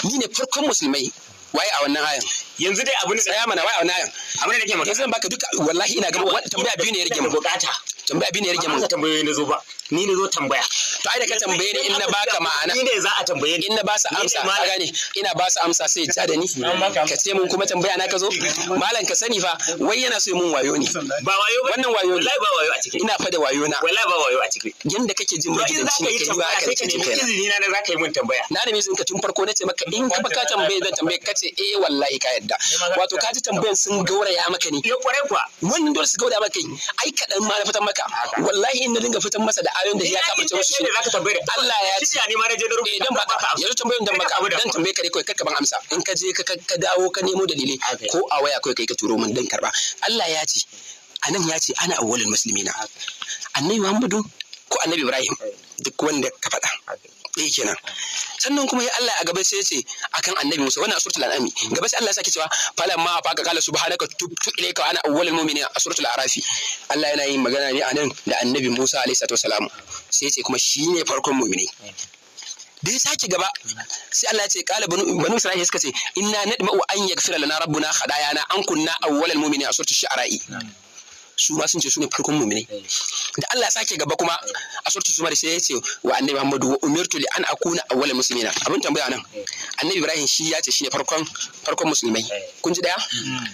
ni ne farkon musulmai waye a wannan ayan yanzu dai abin tsaya mana wai auna abin da nake maka zan baka duka wallahi ina gaba tambaya biyu ne ya rage mu bukata tambaya biyu ne ya rage mu tambayoyi na zo ba ni ne zo tambaya to ai da ka tambaye ni in na baka ma'ana ni ne za a tambaye ni in na ba su amsa ka gane ina ba su amsa sai ya da ni ka ce mun kuma tambaya na ka zo malam ka sani fa wai yana so mun wayo ne ba wayo ba wannan wayo ne ba wayo a ciki ina fa da wayo na wallahi ba wayo a ciki yanda kake jin ba idan cin kai ba ka ce kai izini na za ka yi mun tambaya na ne mun ka tun farko na ce maka in ka baka tambaye zan tambaye ka ce eh wallahi ka yadda shiga wato ka ji tambayan sun gauraya maka ne ya kware kwa wannan dole su gauraya maka ai ka ma mara fitan maka wallahi in na dinga fitan masa da ayoyin da ya kafa cewa shi Allah ya ci ni ma na je da rubuta idan eh, ba ka yanzu tambayan dan maka dan tambaye ka dai kai ka ban amsa in ka je ka dawo ka nemo dalili ko a waya kai kai ka turo min dan karba Allah ya ce anan ya ce ana awwalul muslimina annabi Muhammadu ko annabi Ibrahim duk wanda ka faɗa ɗaya kenan sannan kuma ya Allah a gaba sai ya ce akan annabi Musa wannan suratul an'ami gaba sai Allah ya sake cewa falan ma fa qala subhanaka tubtu ilayka ana awwalul mu'minin a suratul arafi Allah yana yin magana ne anan da annabi Musa alaihi salatu wasalam sai ya ce kuma shine farkon mu'mini da ya sake gaba sai Allah ya ce kala banu isra'ila suka ce inna nadma'u an yaghfira lana rabbuna khadayana an kunna awwalul mu'minin a suratul shu'ara su ma sun ce su ne farkon mu'mini da Allah ya sake gaba kuma a surtu su sai ya ce wa annabi Muhammadu wa umirtu li an akuna awwal muslimina abin tambaya nan annabi Ibrahim shi ya ce shi ne farkon farkon musulmai kun ji daya mm.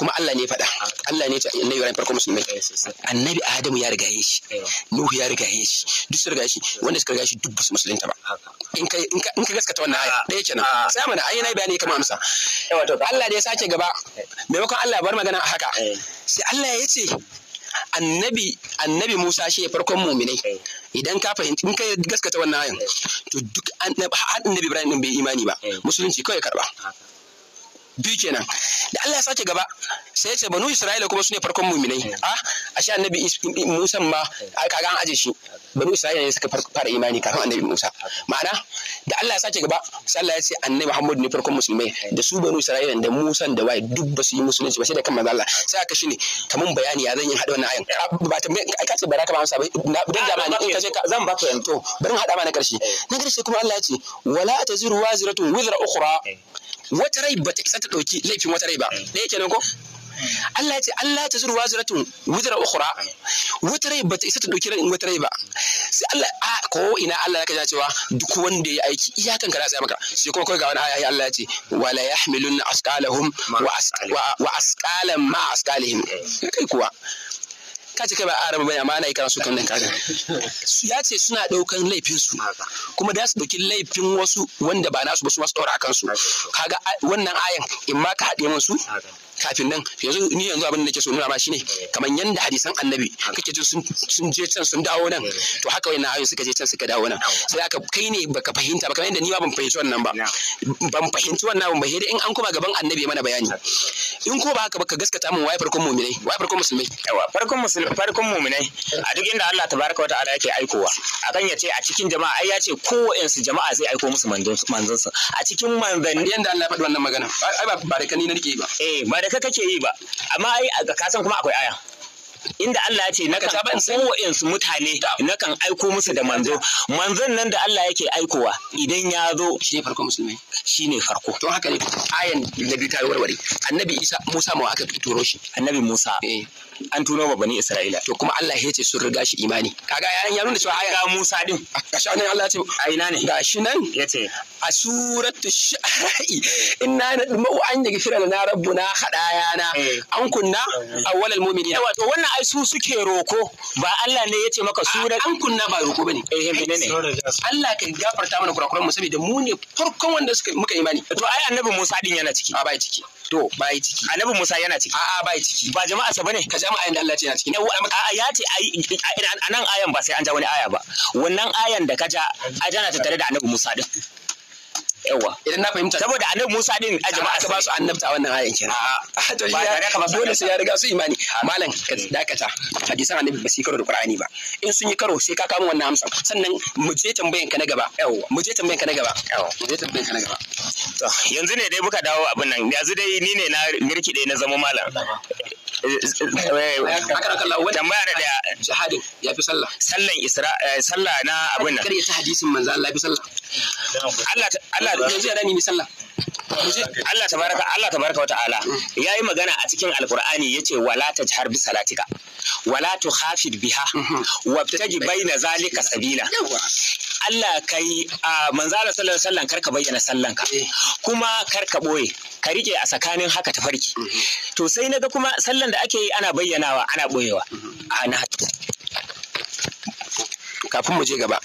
kuma Allah ne faɗa Allah ne ya ce annabi Ibrahim farko musulmai eh, annabi Adamu ya riga shi Nuhu ya riga shi duk sun riga shi wanda suka riga shi duk basu musulunta ba in ka ka gaskata wannan aya ah. ɗaya kenan ah. sai mana ayi nayi bayani kamar amsa Allah da ya sake gaba eh. maimakon Allah bar magana a haka eh. sai Allah ya ce annabi annabi Musa shi farkon muminai idan ka fahimci in kai gaskata wannan ayan to duk annabi Ibrahim din bai imani ba musulunci kawai karba biyu kenan da Allah ya sake gaba sai ya ce banu Isra'ila kuma su ne farkon muminai ah, a ashe annabi Musa ma kaga an aje shi banu Isra'ila ne suka fara imani kafin annabi Musa ma'ana da Allah ya sake gaba sai Allah ya ce annabi Muhammad ne farkon musulmai da su banu Isra'ila da Musa da wai duk ba su yi musulunci ba sai da kan manzo Allah sai aka shine kaman bayani ya zan yi hada wannan ayan ba ta mai ka ce bara ka ba amsa ba dan jama'a ne in ka ce ka zan ba ka yanto bari hada ma na karshe na karshe kuma Allah ya ce wala taziru waziratu wizra ukhra eh. wata rai bata isa ta ɗauki laifin wata rai ba ɗaya kenan ko Allah ya ce Allah ta zuru waziratun wuzra ukhra wata rai bata isa ta dauki ran wata rai ba sai Allah a ko ina Allah ya kaja cewa duk wanda ya aiki iyakan da sai maka sai kuma kai ga wani aya Allah ya ce wala yahmilun asqalahum wa asqalan ma asqalihim eh. kai kuwa ka ce kai ba arabu bane amma ana yi karatu kan nan kaga ya ce suna daukan laifin su kuma da su dauki laifin wasu wanda ba nasu ba su masu daura akan su kaga wannan ayan in ma ka haɗe mun su kafin nan yanzu ni yanzu abin da nake so nuna ma shine kamar yanda hadisan annabi kake jin sun je can sun dawo nan to haka na ayoyin suka je can suka dawo nan sai aka kai ne baka fahimta ba kamar yanda ni ma ban fahimci wannan ba ban fahimci wannan ba sai in an koma gaban annabi mana bayani in ko ba haka ba ka gaskata mun waye farkon mu'minai wai farkon musulmai yawa farkon musulmai farkon mu'minai a duk inda Allah tabaraka wataala yake aikowa akan ya ce a cikin jama'a ai ya ce kowayensu jama'a zai aiko musu manzon manzon a cikin manzanni yanda Allah ya faɗi wannan magana ai ba da kani na nake ba eh ba ka kake yi ba amma ai ka san kuma akwai aya inda Allah ya ce na kan su mutane na kan aiko musu da manzo manzon nan da Allah yake aikowa idan ya zo shi ne farko musulmai shi ne farko to haka ne ayan da bi ta warware annabi Isa Musa ma aka turo shi annabi Musa eh an tuno ba bani Isra'ila to kuma Allah ya ce sun riga shi imani kaga yayin ya nuna cewa aya ga Musa din gashi nan Allah ya ce a ina ne gashi nan ce a suratu sha'i inna nadmau an yaghfira na rabbuna na. Eh. an kunna awwalal mu'minin wato wannan ai su suke roko ba Allah ne ya ce maka surat an kunna ba roko bane eh, eh ne. Allah kan gafarta mana kurakuran mu saboda mu ne farkon wanda suka muka imani to ai annabi Musa din yana ciki a bai ciki to bai ciki annabi Musa yana ciki a'a bai ciki ba jama'a sa bane ka dama ayan da Allah ce yana ciki ya ce a nan ayan ba sai an ja wani aya ba wannan ayan da ka ja a jana ta tare da annabi Musa din yawa idan na fahimta saboda annabi Musa din a jama'a ka ba su annabta wannan ayan kira a to dole sai ya riga su imani malam ka mm. dakata hadisan annabi ba su karo da Qur'ani ba in sun yi karo sai ka kama wannan amsa sannan mu je tambayan ka na gaba yawa mu je tambayan ka na gaba yawa mu je tambayan ka na gaba to yanzu ne dai muka dawo abin nan yanzu dai ni ne na girki dai na zama malam Eh, eh, eh, tambaya ya fi sallah sallan isra sallah na abin nan ta hadisin manzo Allah ya fi sallah Allah Allah yanzu ya dani mi sallah Allah tabaraka magana a cikin alqur'ani yace wala tajhar bi salatika wala tukhafid biha wabtaji baina zalika sabila Allah kai ah, manzo Allah sallallahu alaihi wasallam karka bayyana sallanka kuma karka ɓoye. ka rike a tsakanin haka ta farki mhm. to sai naga kuma sallan da ake yi ana bayyanawa ana boyewa mhm. ana kafin mu je gaba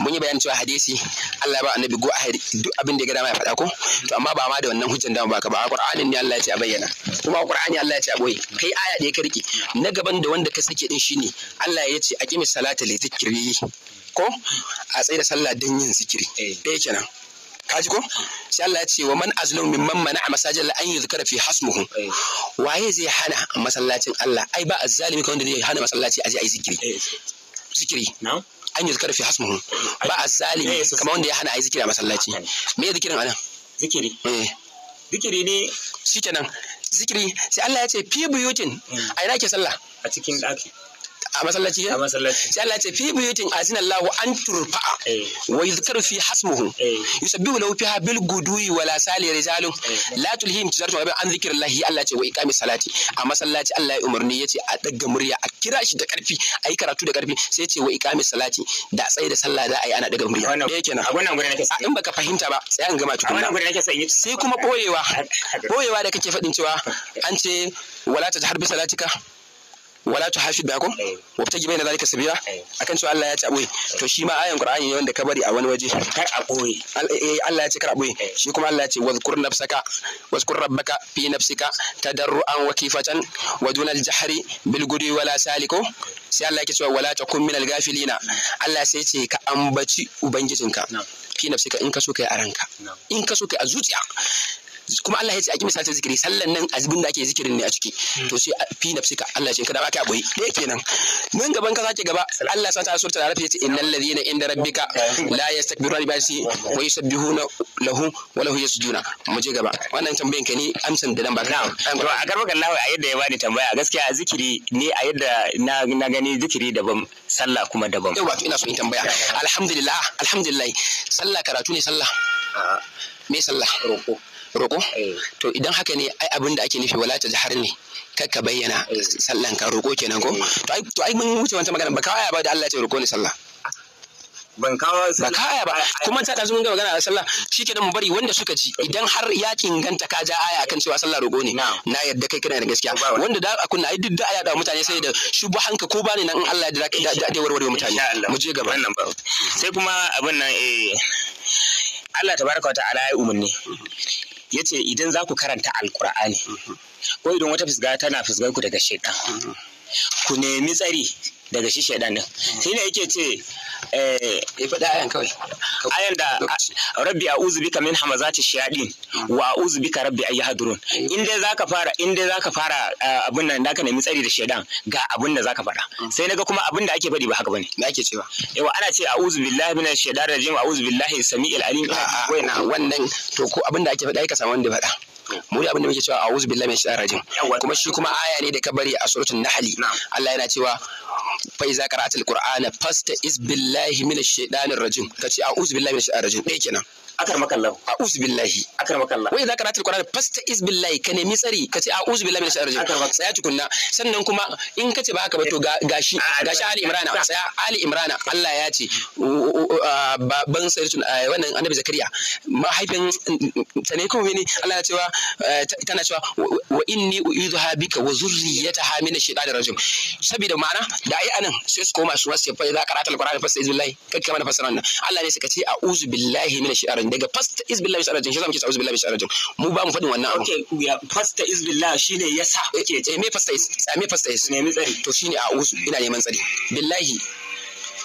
mun yi bayanin cewa hadisi Allah ya ba annabi go ahir duk abin da ya ga dama ya faɗa ko to amma ba ma da wannan hujjan da ba ka ba Qur'anin ne Allah ya ce a bayyana kuma Qur'ani Allah ya ce a boye kai aya da ya karki na gaban da wanda ka sake din shine Allah ya ce aqimi salata li zikri ko a tsaye da sallah don yin zikiri eh. ɗaya kenan kaji ko sai Allah ya ce wa man azlum mimman mana mana'a masajid an yuzkara fi hasmuhu eh. waye zai hana masallacin Allah ai ba azzalimi kawai wanda zai hana masallaci aje ai zikiri eh, eh. zikiri na'am an yuzkara fi hasmuhu ba azzalimi kamar wanda ya hana ai zikiri a masallaci me zikirin anan zikiri eh zikiri ne shikenan zikiri sai Allah ya ce fi buyutin hmm. ai nake sallah a cikin daki a masallaci a masallaci sai Allah ya ce fi buyutin azinallahu an turfa'a eh. wa yuzkaru fi hasmuhu eh. yusabbihu lahu fiha bil guduyi wala sali rijalun eh. la tulhim tijaratu wa an zikrillahi Allah ya ce wa iqami salati a masallaci Allah ya umarni ya ce a daga murya a kira shi da karfi a yi karatu da karfi sai ya ce wa iqami salati da tsaye da sallah za a yi ana daga murya ɗaya kenan a wannan gurin nake sai in baka fahimta ba sai an gama tukunna a wannan gurin nake sai sai kuma boyewa boyewa da kake fadin cewa an ce wala tajhar bi salatika wala tu hafi biya ko eh. wabtaji bai na zalika sabila eh. akan cewa Allah ya ce aboye to shi ma ayan Qur'ani ne wanda ka bari a wani waje kar a boye eh, Allah ya ce kar a boye shi kuma Allah ya ce wazkur nafsaka wazkur rabbaka fi nafsika tadarruan wa kifatan wa dun al-jahri bil gudi wala saliku sai Allah yake cewa wala takun min al-gafilina Allah sai ce ka ambaci ubangijinka fi nafsika in ka so kai a ranka in ka so kai a zuciya kuma Allah ya ce a kimi zikiri sallan nan azbin da ake zikirin ne a ciki hmm. to sai fi nafsika Allah ce kada baka boye dai kenan mun gaban ka sake gaba Allah sa ta surta da rafi ce innal ladina inda rabbika la yastakbiruna bi basi wa yusabbihuna lahu wa lahu yasjuduna mu je gaba wannan tambayan ka ne amsan da nan ba na to a garba Allah a yadda ya bani tambaya gaskiya zikiri ne a yadda na gani zikiri daban sallah kuma daban yawa ina so in tambaya alhamdulillah alhamdulillah sallah karatu ne sallah me sallah roko roƙo eh. to idan haka ne ai abin da ake nufi wala ta jahar ne kakka bayyana eh. sallan ka roƙo kenan ko eh. to ai mun wuce wancan magana ba kawai ba da Allah ya ce roƙo ne sallah ban kawo ba kawai ba kuma ta dazu mun ga magana sallah shikenan mu bari wanda suka ji idan har ya kinganta ka ja aya akan cewa sallah rogo ne na yadda kai kana da gaskiya wanda da akun ai duk da aya da mutane sai da ba hanka ko bane nan in Allah ya da da warware mutane mu je gaba sai kuma abin nan eh Allah tabaraka wa ta'ala ya umarni mm-hmm. ya ce idan za ku karanta alkur'ani ko idan wata fisga tana fisgar ku daga shaidan ku nemi tsari daga shi shaidan din shi ne yake ce eh, ya faɗa ayan kawai ayan da rabbi a'udhu bika min hamazati shayatin wa a'udhu bika rabbi ay yahdurun in dai zaka fara in dai zaka fara eh, abin nan da ka nemi tsari da shaidan ga abin da zaka faɗa hmm. sai naga kuma abin da ake faɗi ba haka bane me ake cewa yawa ana ce a'udhu billahi minash shaitanir rajim a'udhu billahi samii'il alim wannan to ko abin da ake faɗa ai ka samu wanda faɗa mu da abin da muke cewa a'udhu billahi minash shaitanir rajim kuma shi kuma aya ne da ka bari a suratul nahli Allah yana cewa fa iza qara'atil qur'ana fasta'iz billahi minash shaitanir rajim kace a'udhu billahi minash shaitanir rajim dai kenan akarmaka Allah a'udhu billahi akarmaka Allah wai zaka ratul qur'ani fasta'iz billahi ka nemi tsari ka a'udhu billahi minash shaitanir rajim tsaya tukunna sannan kuma in kace ba haka ba to gashi gashi Ali imrana tsaya Ali imrana Allah ya ce ban sai wannan Annabi Zakariya mahaifin ta ne kuma ne Allah ya cewa Eh, tana cewa wa inni ha bika wa zurriyataha min ash-shaytanir rajim saboda ma'ana da ai anan sai su koma su wasu fa za karata al fa sai billahi kai kamar fasara nan Allah ne suka ce a'udhu billahi min ash-shaytanir rajim daga is billahi min ash-shaytanir rajim shi zamu ce a'udhu billahi min ash-shaytanir rajim mu ba mu fadin wannan abu okay eh, eh, is billahi shine yasa okay me me is me is? ne mi tsari to shine a'udhu ina neman tsari billahi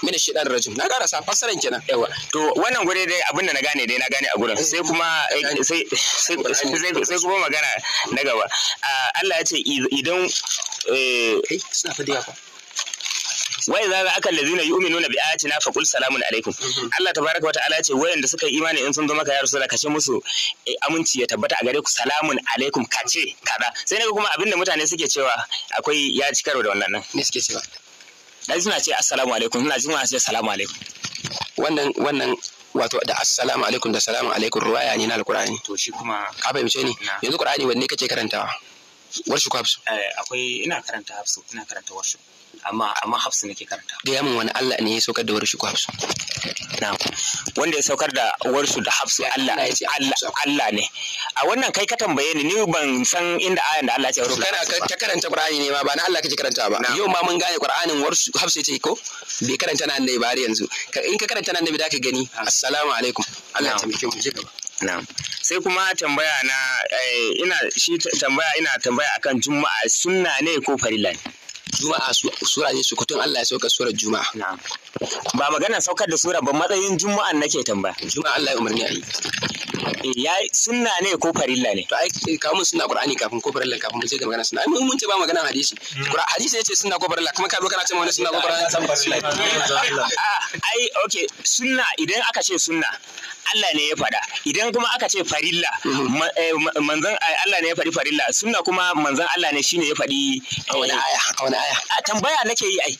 mina dan rajim na karasa fassaran kenan yawa to wannan gure dai abin da na gane dai na gane a gurin sai kuma eh, sai sai kuma magana na gaba ah, Allah ya ce idan eh, wai za ga akan lazina yu'minuna bi ayatina fa qul salamun alaikum mhm. Allah tabaraka wa ta'ala ce wayanda suka yi imani in sun zo maka ya rasulullah kace musu eh, aminci ya tabbata a gare ku salamun alaikum kace kada sai naga kuma abinda mutane suke cewa akwai ya ci karo da wannan nan ne suke cewa dan suna ce assalamu alaikum suna suna ce assalamu alaikum wannan wannan wato da assalamu alaikum da salamu alaikum ruwaya ne na alqur'ani to shi kuma ka fahimce ni yanzu qur'ani wanne kake karantawa worship hafsu eh, akwai ina karanta hafsu ina karanta worship amma amma hafsu nake karanta ga mun wani Allah ne ya saukar da warshi ko hafsu na'am wanda ya saukar da warsu da hafsu Allah Allah Allah ne a wannan kai ka tambaye ni ni ban san inda ayan da Allah ya ce warsu kana ka karanta Qur'ani ne ma ba na Allah kake karanta ba yau ma mun gane Qur'anin warsu hafsu ce ko bai karanta na ne ba har yanzu in ka karanta na ne da ka gani assalamu alaikum Allah ya taimake mu je gaba na'am sai kuma tambaya na eh, ina shi tambaya ina tambaya akan juma'a sunna ne ko farilla ne juma'a sura ne su kutun Allah ya sauka surar juma'a ba magana saukar da sura ba matsayin juma'an nake tambaya juma'a Allah ya umarni a yi eh, ya sunna ne ko farilla ne to ai eh, kawo mun sunna qur'ani kafin ko farilla kafin mu ce ga magana sunna mun mun ce ba magana hadisi hmm. hadisi yace sunna ko farilla kuma ka zo kana ce mana sunna ko farilla ah, ai okay sunna idan aka ce sunna Allah ne ya faɗa idan kuma aka ce farilla mhm. eh, manzon eh, Allah ne ya faɗi farilla sunna kuma manzon Allah ne shine ya faɗi a wani eh, aya a wani aya tambaya nake yi ai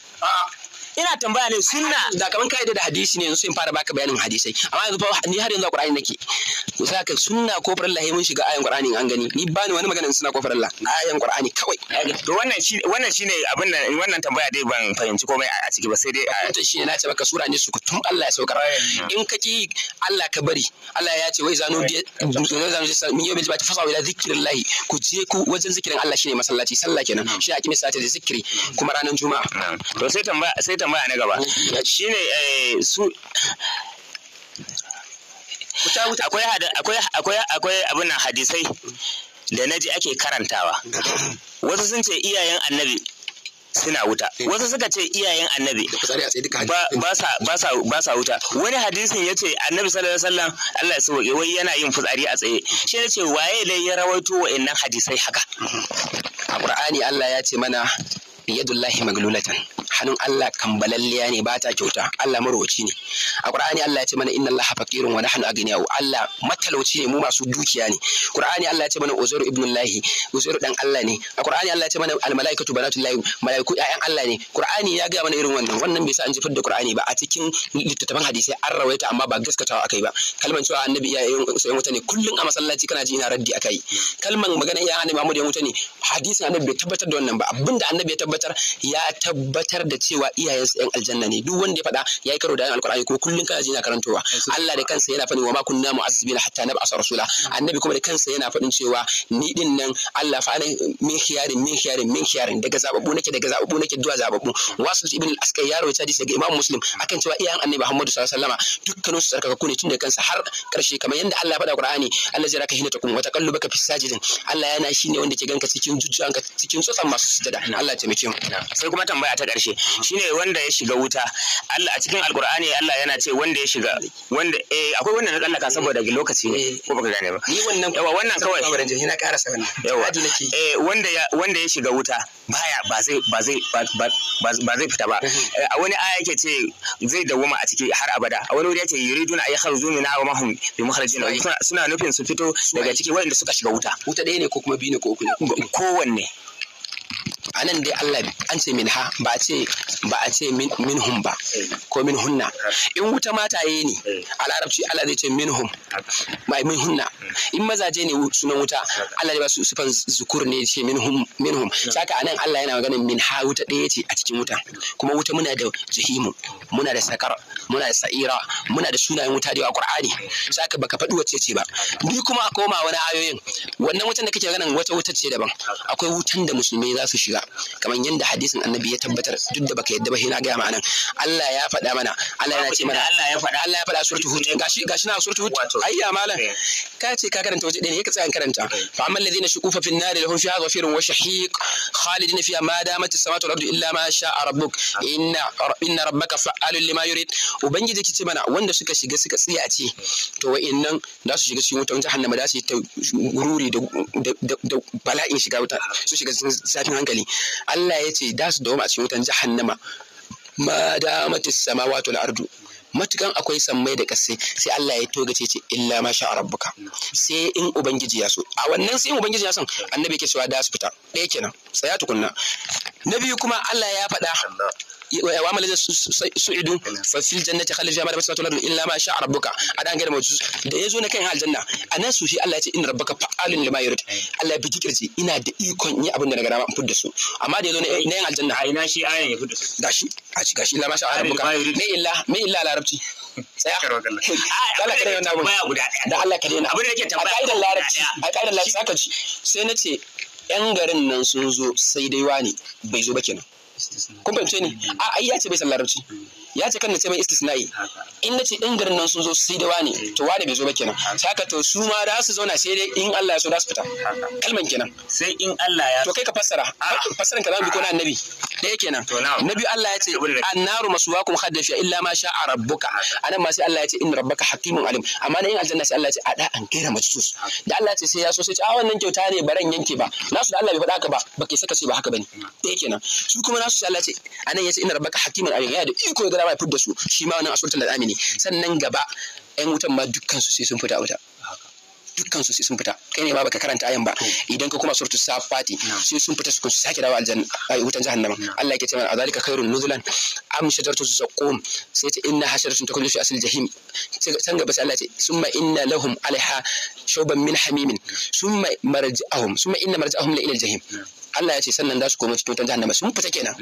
ina tambaya ne sunna da kaman kai da hadisi ne yanzu in fara baka bayanin hadisai amma yanzu fa ni har yanzu a Qur'ani nake to sai ka sunna ko farilla mun shiga ayan Qur'ani an gani ni bani wani magana sunna ko farilla ayan Qur'ani kawai to wannan shi wannan shine abin nan wannan tambaya dai ban fahimci komai a ciki ba sai dai a to shine na ce baka sura ne su tun Allah ya saukar in ka ki Allah ka bari Allah ya ce wai zanu biya zanu min yi ba ta fasawa ila zikrillah ku je ku wajen zikirin Allah shine masallaci sallah kenan shi a kimi sa ta zikiri kuma ranar juma'a to sai tambaya sai tambaya na gaba shine eh, su akwai akwai akwai akwai abin nan hadisai da naji ake karantawa wasu sun ce iyayen annabi suna wuta wasu suka ce iyayen annabi ba sa wuta wani hadisin ya ce annabi sallallahu alaihi wasallam Allah ya sauke wai yana yin fitsari a tsaye shi ya ce waye ne ya rawaito wa'annan hadisai haka a qur'ani Allah ya ce mana yadullahi maglulatan hannun Allah balalliya ne ba ta kyauta Allah marwaci ne a Qur'ani Allah ya ce mana inna Allah faqirun wa nahnu aghniyau Allah matalauci ne mu masu dukiya ne Qur'ani Allah ya ce mana uzairu ibnullahi uzairu dan Allah ne a Qur'ani Allah ya ce mana al malaikatu banatullahi malaiku ayan Allah ne Qur'ani ya ga mana irin wannan wannan bai sa an jifar da Qur'ani ba a cikin littattafan hadisi an rawaita amma ba gaskatawa akai ba kalman cewa annabi ya yi sayan wuta ne kullun a masallaci kana ji ina raddi akai kalman magana ya annabi Muhammad ya wuta ne hadisin annabi bai tabbatar da wannan ba abinda annabi ya tabbatar ya tabbatar da cewa iyayensu yan aljanna ne duk wanda ya faɗa yayi karo da ayan alqur'ani ko kullun kana jina karantowa Allah da kansa yana faɗin wa ma kunna mu'azzibina hatta nab'asa rasula annabi kuma da kansa yana faɗin cewa ni din nan Allah fa ne min khiyarin min khiyarin min khiyarin daga zababbu nake daga zababbu nake duwa zababbu wasu ibn al askari ya rawaita hadisi ga imam muslim akan cewa iyayen annabi Muhammad sallallahu alaihi wasallama dukkanin su sarkaka kune tun da kansa har karshe kamar yadda Allah ya faɗa Qur'ani Allah zai raka hinata kuma wa taqallubaka fi sajidin Allah yana shine wanda ke ganka cikin jujjuwanka cikin tsotsan masu sujada Allah ya taimake cikin sai kuma tambaya ta karshe shine wanda ya shiga wuta Allah a cikin alkur'ani Allah yana ce wanda ya shiga wanda eh akwai wanda na tsallaka saboda lokaci ne eh. ko baka gane ba ni wannan yawa wannan kawai yana karasa wannan yawa eh wanda ya wanda ya shiga wuta baya ba zai ba zai ba zai fita ba mhm. eh, a wani aya yake ce zai dawoma a ciki har abada a wani wuri yake yuriduna ay min wa mahum bi mukhrajin suna nufin su fito daga ciki wanda suka shiga wuta wuta ɗaya ne ko kuma biyu ne ko uku ne kowanne a nan dai Allah an ce min ha ba a ce ba a ce min hun ba ko min hunna in wuta mataye ne a larabci Allah zai ce minhum mai min hunna in mazaje ne sunan wuta Allah ba su sufan zukur ne ce minhum minhum saka nan Allah yana maganin min ha wuta ɗaya ce a cikin wuta kuma wuta muna da jahimu muna da sakar muna da sa'ira muna da sunayen wuta da ƙur'ani. Qur'ani saka baka faɗi wacce ce ba ni kuma a koma wani ayoyin wannan wutan da kake ganin wata wuta ce daban akwai wutan da musulmai za su shiga ba kamar yanda hadisin annabi ya tabbatar duk da baka yadda ba hina gaya ma'anan Allah ya faɗa mana Allah yana ce mana Allah ya faɗa Allah ya faɗa suratul hud gashi gashi na suratul hud ayya malam eh. ka ce ka karanta waje ɗaya ne ka tsaya karanta eh. fa amma alladhina shuqufa fin nari lahum fiha ghafirun wa shahiq khalidina fiha ma damat as-samawati wal ardu illa ma sha'a rabbuk inna inna rabbaka fa'alun lima yurid ubangiji ki ce mana wanda suka shiga suka tsaya ce to wa'annan za su shiga cikin wutar jahannama za su yi ta gururi da bala'in shiga wuta su shiga cikin zafin hankali Allah ya ce da su dawoma a cikin wutan jahannama ma damatis samawati wal ardu matukan akwai sammai da kasai sai Allah ya togace ce illa ma sha rabbuka sai in ubangiji ya so a wannan sai in ubangiji ya son annabi yake cewa da su fita ɗaya kenan tsaya tukunna na biyu kuma Allah ya faɗa wa amal su'idun fa fil jannati khalid fiha ma lam tasmatu illa ma sha rabbuka adan gaida mutu da yazo na kan aljanna anan su shi Allah ya ce inna rabbaka fa'alun lima yurid Allah ya bigi kirji ina da ikon yi abin da daga ma in fudda su amma da yazo na yin aljanna ai na shi ayan ya fudda su gashi a ci gashi illa ma sha rabbuka me illa me illa larabci tsaya Allah ka daina mun da Allah ka daina abin da yake tambaya a kaidan larabci a kaidan larabci saka ci sai ce yan garin nan sun zo sai dai wani bai zo ba kenan kun fahimce ni a ai ya ce bai san larabci ya ce kan na ce mai istisna'i in na ce ɗan garin nan sun zo sai da wani to wani bai zo ba kenan saka to su ma da su zauna sai dai in Allah ya so da su fita kalman kenan sai in Allah ya to kai ka fassara fassaran ka biko bi ko na annabi ɗaya kenan nabi Allah ya ce annaru masuwakum khaddafiya illa ma sha'a rabbuka anan ma sai Allah ya ce in rabbaka hakimun alim amma na in aljanna sai Allah ya ce ada an gaira majus da Allah ya ce sai ya so sai ce a wannan kyauta ne baran yanke ba nasu da Allah bai faɗa ka ba bake saka sai ba haka bane ɗaya kenan su kuma su sai Allah ce anan yace inna rabbaka hakiman alim yana da iko da rama ya fudda su shi ma wannan asuratul al'ami ne sannan gaba ɗan wutan ma dukkan su sai sun fita wuta dukkan su sai sun fita kai ne ma baka karanta ayan ba idan ka kuma suratul safati sai sun fita su sake dawo aljanna ai wutan jahannama Allah yake cewa azalika khairun nuzulan am shajaratu zaqum sai ta inna hasharatun takullu fi asl jahim san gaba sai Allah ce summa inna lahum alaiha shawban min hamimin summa marji'ahum summa inna marji'ahum la ila jahim Allah ya ce sannan za su koma cikin wutar jahannama sun fita kenan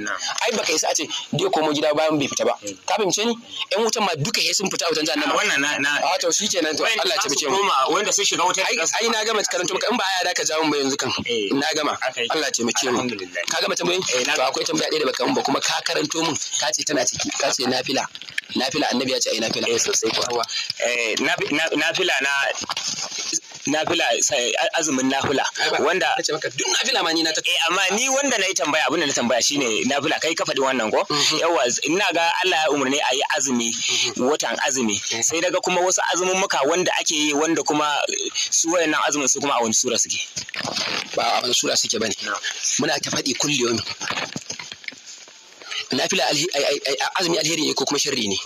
ai baka yasa a ce dai komo gida bayan bai fita ba mm. ka fahimce ni ɗan wutan ma duka sai sun fita wutar jahannama wannan na na wato ah, shi kenan to Allah ya tabbace mu wanda sai shiga wutar ai na gama karanto maka in ba aya da ka jawo mu yanzu kan eh. na gama Allah ya tabbace mu ka gama tambayoyin eh, to akwai tambaya ɗaya da baka mun ba kuma ka karanto mun ka ce tana ciki ka ce nafila nafila annabi ya ce ai nafila eh sosai ko eh, nafila na nafila azumin nafila wanda duk nafila ma ni na ta eh, amma ni wanda na yi tambaya abin da na tambaya shine nafila kai ka faɗi wannan ko mhm. yawa ina ga Allah ya umarni a yi azumi mhm. watan azumi sai daga kuma wasu azumin muka wanda ake yi wanda kuma su wayannan azumin su kuma a wani sura suke ba a wani sura suke bane muna ta faɗi kulli yau nafila azumi alheri ne ko kuma sharri ne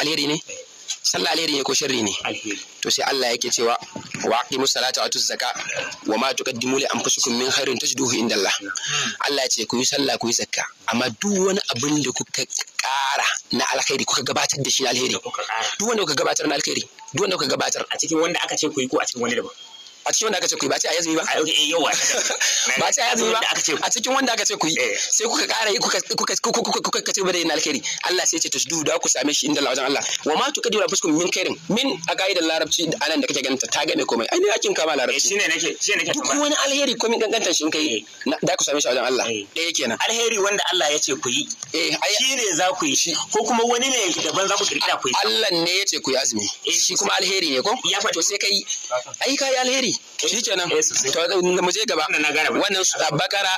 alheri ne eh. sallah alheri ne ko sharri ne to sai Allah yake cewa wa aqimus salata wa atuz zaka wa ma tuqaddimu li anfusikum min khairin tajiduhu indallah hmm. Allah ya ce ku yi sallah ku yi zakka amma duk wani abin da kuka kara na alkhairi kuka gabatar da shi na alheri duk wanda kuka gabatar na alkhairi duk wanda kuka gabatar a cikin wanda aka ce ku yi ko a cikin wani daban a cikin wanda aka ce ku yi ba ce a yanzu ba a eh, yawa ba ce a yanzu ba a cikin wanda aka ce ku yi eh. sai kuka ƙara yi kuka kuka kuka ce ba da yin alkhairi Allah sai ya ce to da ku same shi inda Allah wajen Allah wa ma kadira fuskum min khairin min a ga'ida larabci anan da kake ganin ta game komai ai ne yakin kama larabci eh, shine nake shine nake duk wani alheri komai gangantar shi in kai da ku same shi wajen Allah eh kenan alheri wanda Allah ya ce ku yi shi ne za ku yi shi ko kuma wani ne daban za ku kirkira ku yi Allah ne ya ce ku yi azumi shi kuma alheri ne ko ya to sai kai ai kai alheri shi shikenan eh, to eh, mu je gaba wannan bakara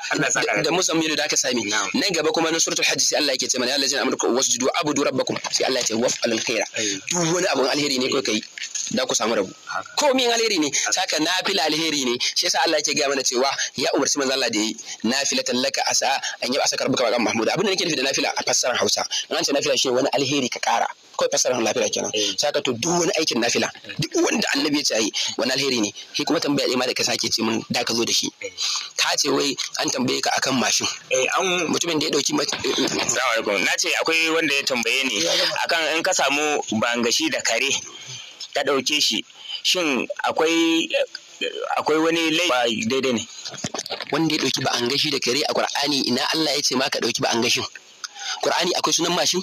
da musamman da aka sami nan gaba kuma na suratul hajji sai Allah yake ce mana ya allazina amruku wasjudu abudu rabbakum sai Allah ya ce waf'alul khaira duk wani abun alheri ne kai kai da ku samu rabu min alheri ne saka nafila alheri ne shi yasa Allah yake gaya mana cewa ya umarci manzo Allah da yi nafilatan laka asa an yi asakar buka kan mahmud abin da nake nufi da nafila a fassarar Hausa an ce nafila shi wani alheri ka kara ko fassarar nafila kenan eh. saka to duk wani aikin nafila eh. duk wanda annabi ya ce yi wani alheri ne shi kuma tambaya ma da ka sake ce mun da ka zo da shi eh. ka ce wai an tambaye ka akan mashin mutumin da ya dauki na ce akwai wanda ya tambaye ni akan in ka samu bangashi da kare ta ɗauke shi shin akwai akwai wani laifi daidai ne wanda ya ɗauki ba an gashi da kare a qur'ani ina Allah ya ce ma ka ɗauki ba an gashin qur'ani akwai sunan mashin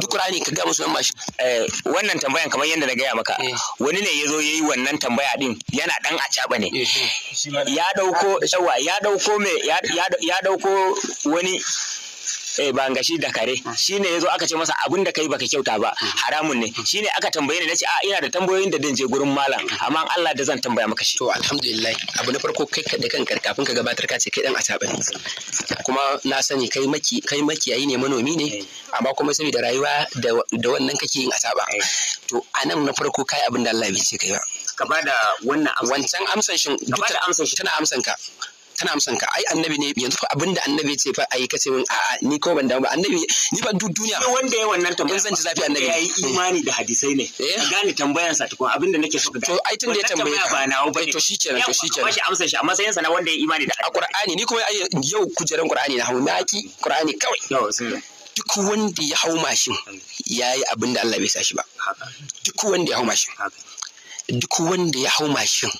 duk qur'ani ka ga musu sunan mashin eh, wannan tambayan kamar yadda na gaya maka eh. wani ne ya zo yayi wannan tambaya din yana dan a caba ne eh, ya dauko ya dauko me ya dauko wani Eh, bangashi da kare ah. shine yazo aka ce masa abin da kai baka kyauta ba ah. haramun ne ah. shine aka tambaye ni nace a ina da tambayoyin da dan je gurin malam amma Allah da zan tambaya maka shi to alhamdulillah abu na farko kai da kanka kafin ka gabatar ka ce kai dan asaba ne kuma na sani kai maki kai makiyayi ne manomi ne eh. amma kuma saboda rayuwa da wannan kake yin asaba eh. to anan na farko kai abin da Allah bai ce kai ba ka bada wannan wancan amsan shin tana amsan ka tana amsan ka ai annabi ne yanzu fa abinda annabi ce fa ai kace min a'a ni ko ban damu ba annabi ni fa duk duniya wanda ya wannan tambaya in zan ji zafi annabi yayi imani da hadisai ne eh? ka gane tambayan sa tukun abinda nake so ka to ai tun ya tambaye ka ba nawo ba to shikenan to shikenan shi amsa shi a matsayin sa na wanda ya imani da alqur'ani ni kuma yau kujeran Qur'ani na hawo naki Qur'ani kawai yau duk wanda ya hau mashin ya yi abin da Allah bai sa shi ba duk wanda ya hau mashin duk wanda ya hau mashin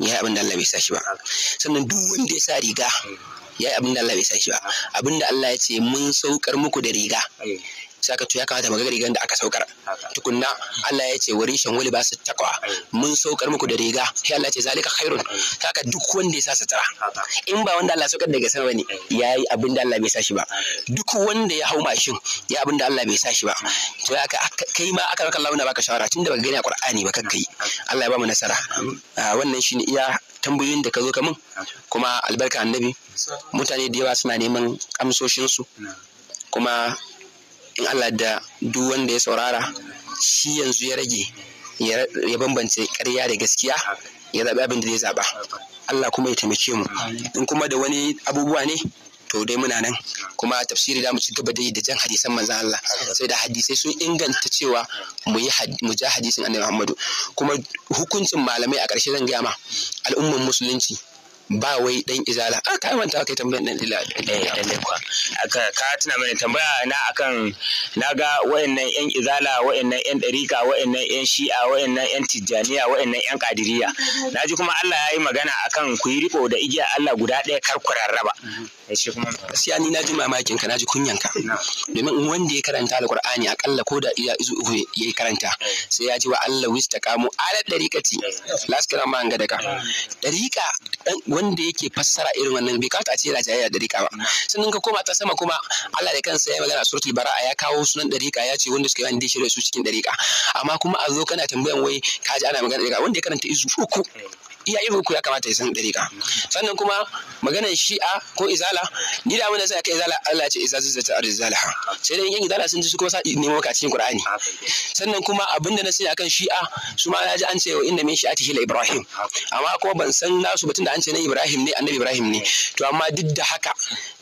ya yi abin da Allah bai sa shi ba sannan duk wanda ya sa riga ya yi abin da Allah bai sa shi ba abin da Allah ya ce mun saukar muku da riga sai aka ya kamata magagari rigan da aka saukar tukunna Allah ya ce shan wali ba su takwa mun saukar muku da riga sai Allah ya ce zalika khairun kaka duk wanda ya sa sutura in ba wanda Allah ya saukar daga sama ne yayi abin da Allah bai sa shi ba duk wanda ya hau mashin ya abin da Allah bai sa shi ba to haka kai ma aka raka Allah na baka shawara tunda baka gani a Qur'ani ba kai. Allah ya ba mu nasara ah, wannan shine iya tambayoyin da ka zo ka min kuma albarka annabi mutane da yawa suna neman amsoshinsu kuma in Allah da duk wanda ya saurara shi yanzu ya rage ya bambance ƙarya da gaskiya ya zaɓi abin da zai zaɓa Allah kuma ya taimake mu in kuma da wani abubuwa ne to dai muna nan kuma tafsiri da mu ci gaba da yi jan hadisan manzon Allah sai da hadisai sun inganta cewa mu yi mu ja hadisin Annabi Muhammadu kuma hukuncin malamai a ƙarshe zan gaya ma al'umman musulunci ba wai dan izala a ah, ka manta kai tambayar dan izala dan lekwa ka tuna mana tambaya na akan naga wayannan yan izala wayannan yan dariqa wayannan yan shi'a wayannan yan tijjaniya wayannan yan kadiriya naji kuma Allah ya yi magana akan ku yi riko da igiya Allah guda ɗaya kar ku rarraba shi kuma gaskiya ni naji mamakin ka naji kunyan ka domin wanda ya karanta alqur'ani akalla ko da iya izu uku ya karanta sai ya ji wa Allah wista kamo 'Ala dariqati last kana ma an ga daga dariqa wanda yake fassara irin wannan bai kata a ce yana jayayya da dariƙa ba sannan ka koma ta sama kuma Allah da kansa ya magana suratul bara'a ya kawo sunan dariƙa ya ce wanda suka yi da su cikin dariƙa amma kuma a zo kana tambayan wai ka ji ana magana dariƙa wanda ya karanta izu uku iya irin ku ya kamata ya san dariƙa mm. sannan kuma maganar shi'a ko izala ni da mun sai aka izala Allah ya ce izazu zata arzalaha mm. sai dai yan izala sun ji su kuma sai nemo ka cikin Qur'ani sannan kuma abinda da na sani akan shi'a su ma na ji an ce wa inna shia shi'atihi la Ibrahim amma kuma ban san nasu batun da an ce na Ibrahim ne annabi Ibrahim ne mm. to amma duk da haka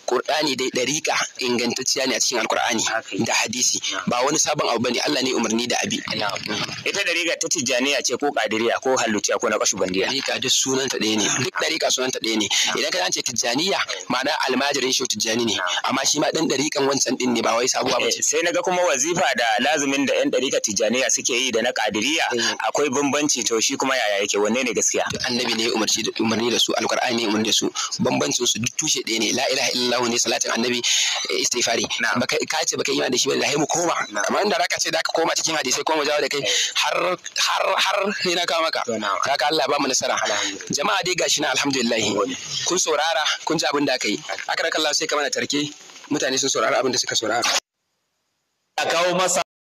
Qur'ani dai dariƙa ingantacciya ne a cikin Alqur'ani da hadisi ba wani sabon abu bane Allah ne umarni da abi ita dariƙa ta tijaniya ce ko qadiriya ko halluciya ko na bandiya. dariƙa duk sunanta ɗaya ne duk dariƙa sunanta ɗaya ne idan ka ce tijaniya ma'ana almajirin shi tijani ne amma shi ma dan dariƙan wancan din ne ba wai sabuwa ba ce eh, sai naga kuma wazifa da lazumin da yan dariƙa tijaniya suke yi da na qadiriya eh. akwai bambanci to shi kuma yaya yake wanne ne gaskiya annabi ne umarni da su alqur'ani ne umarni da su bambancin su duk tushe ɗaya ne la ilaha illallah Allah ne salatin annabi eh, istighfari baka ka ce baka imani da shi ba da mu koma kamar inda raka ce da ka koma cikin hadisi ko mu jawo da kai eh. har har har ne na kawo maka kaka Allah ba mu nasara jama'a dai gashi na alhamdulillah kun saurara kun ji abin da aka yi aka Allah sai ka mana tarke mutane sun saurara abin da suka saurara a kawo masa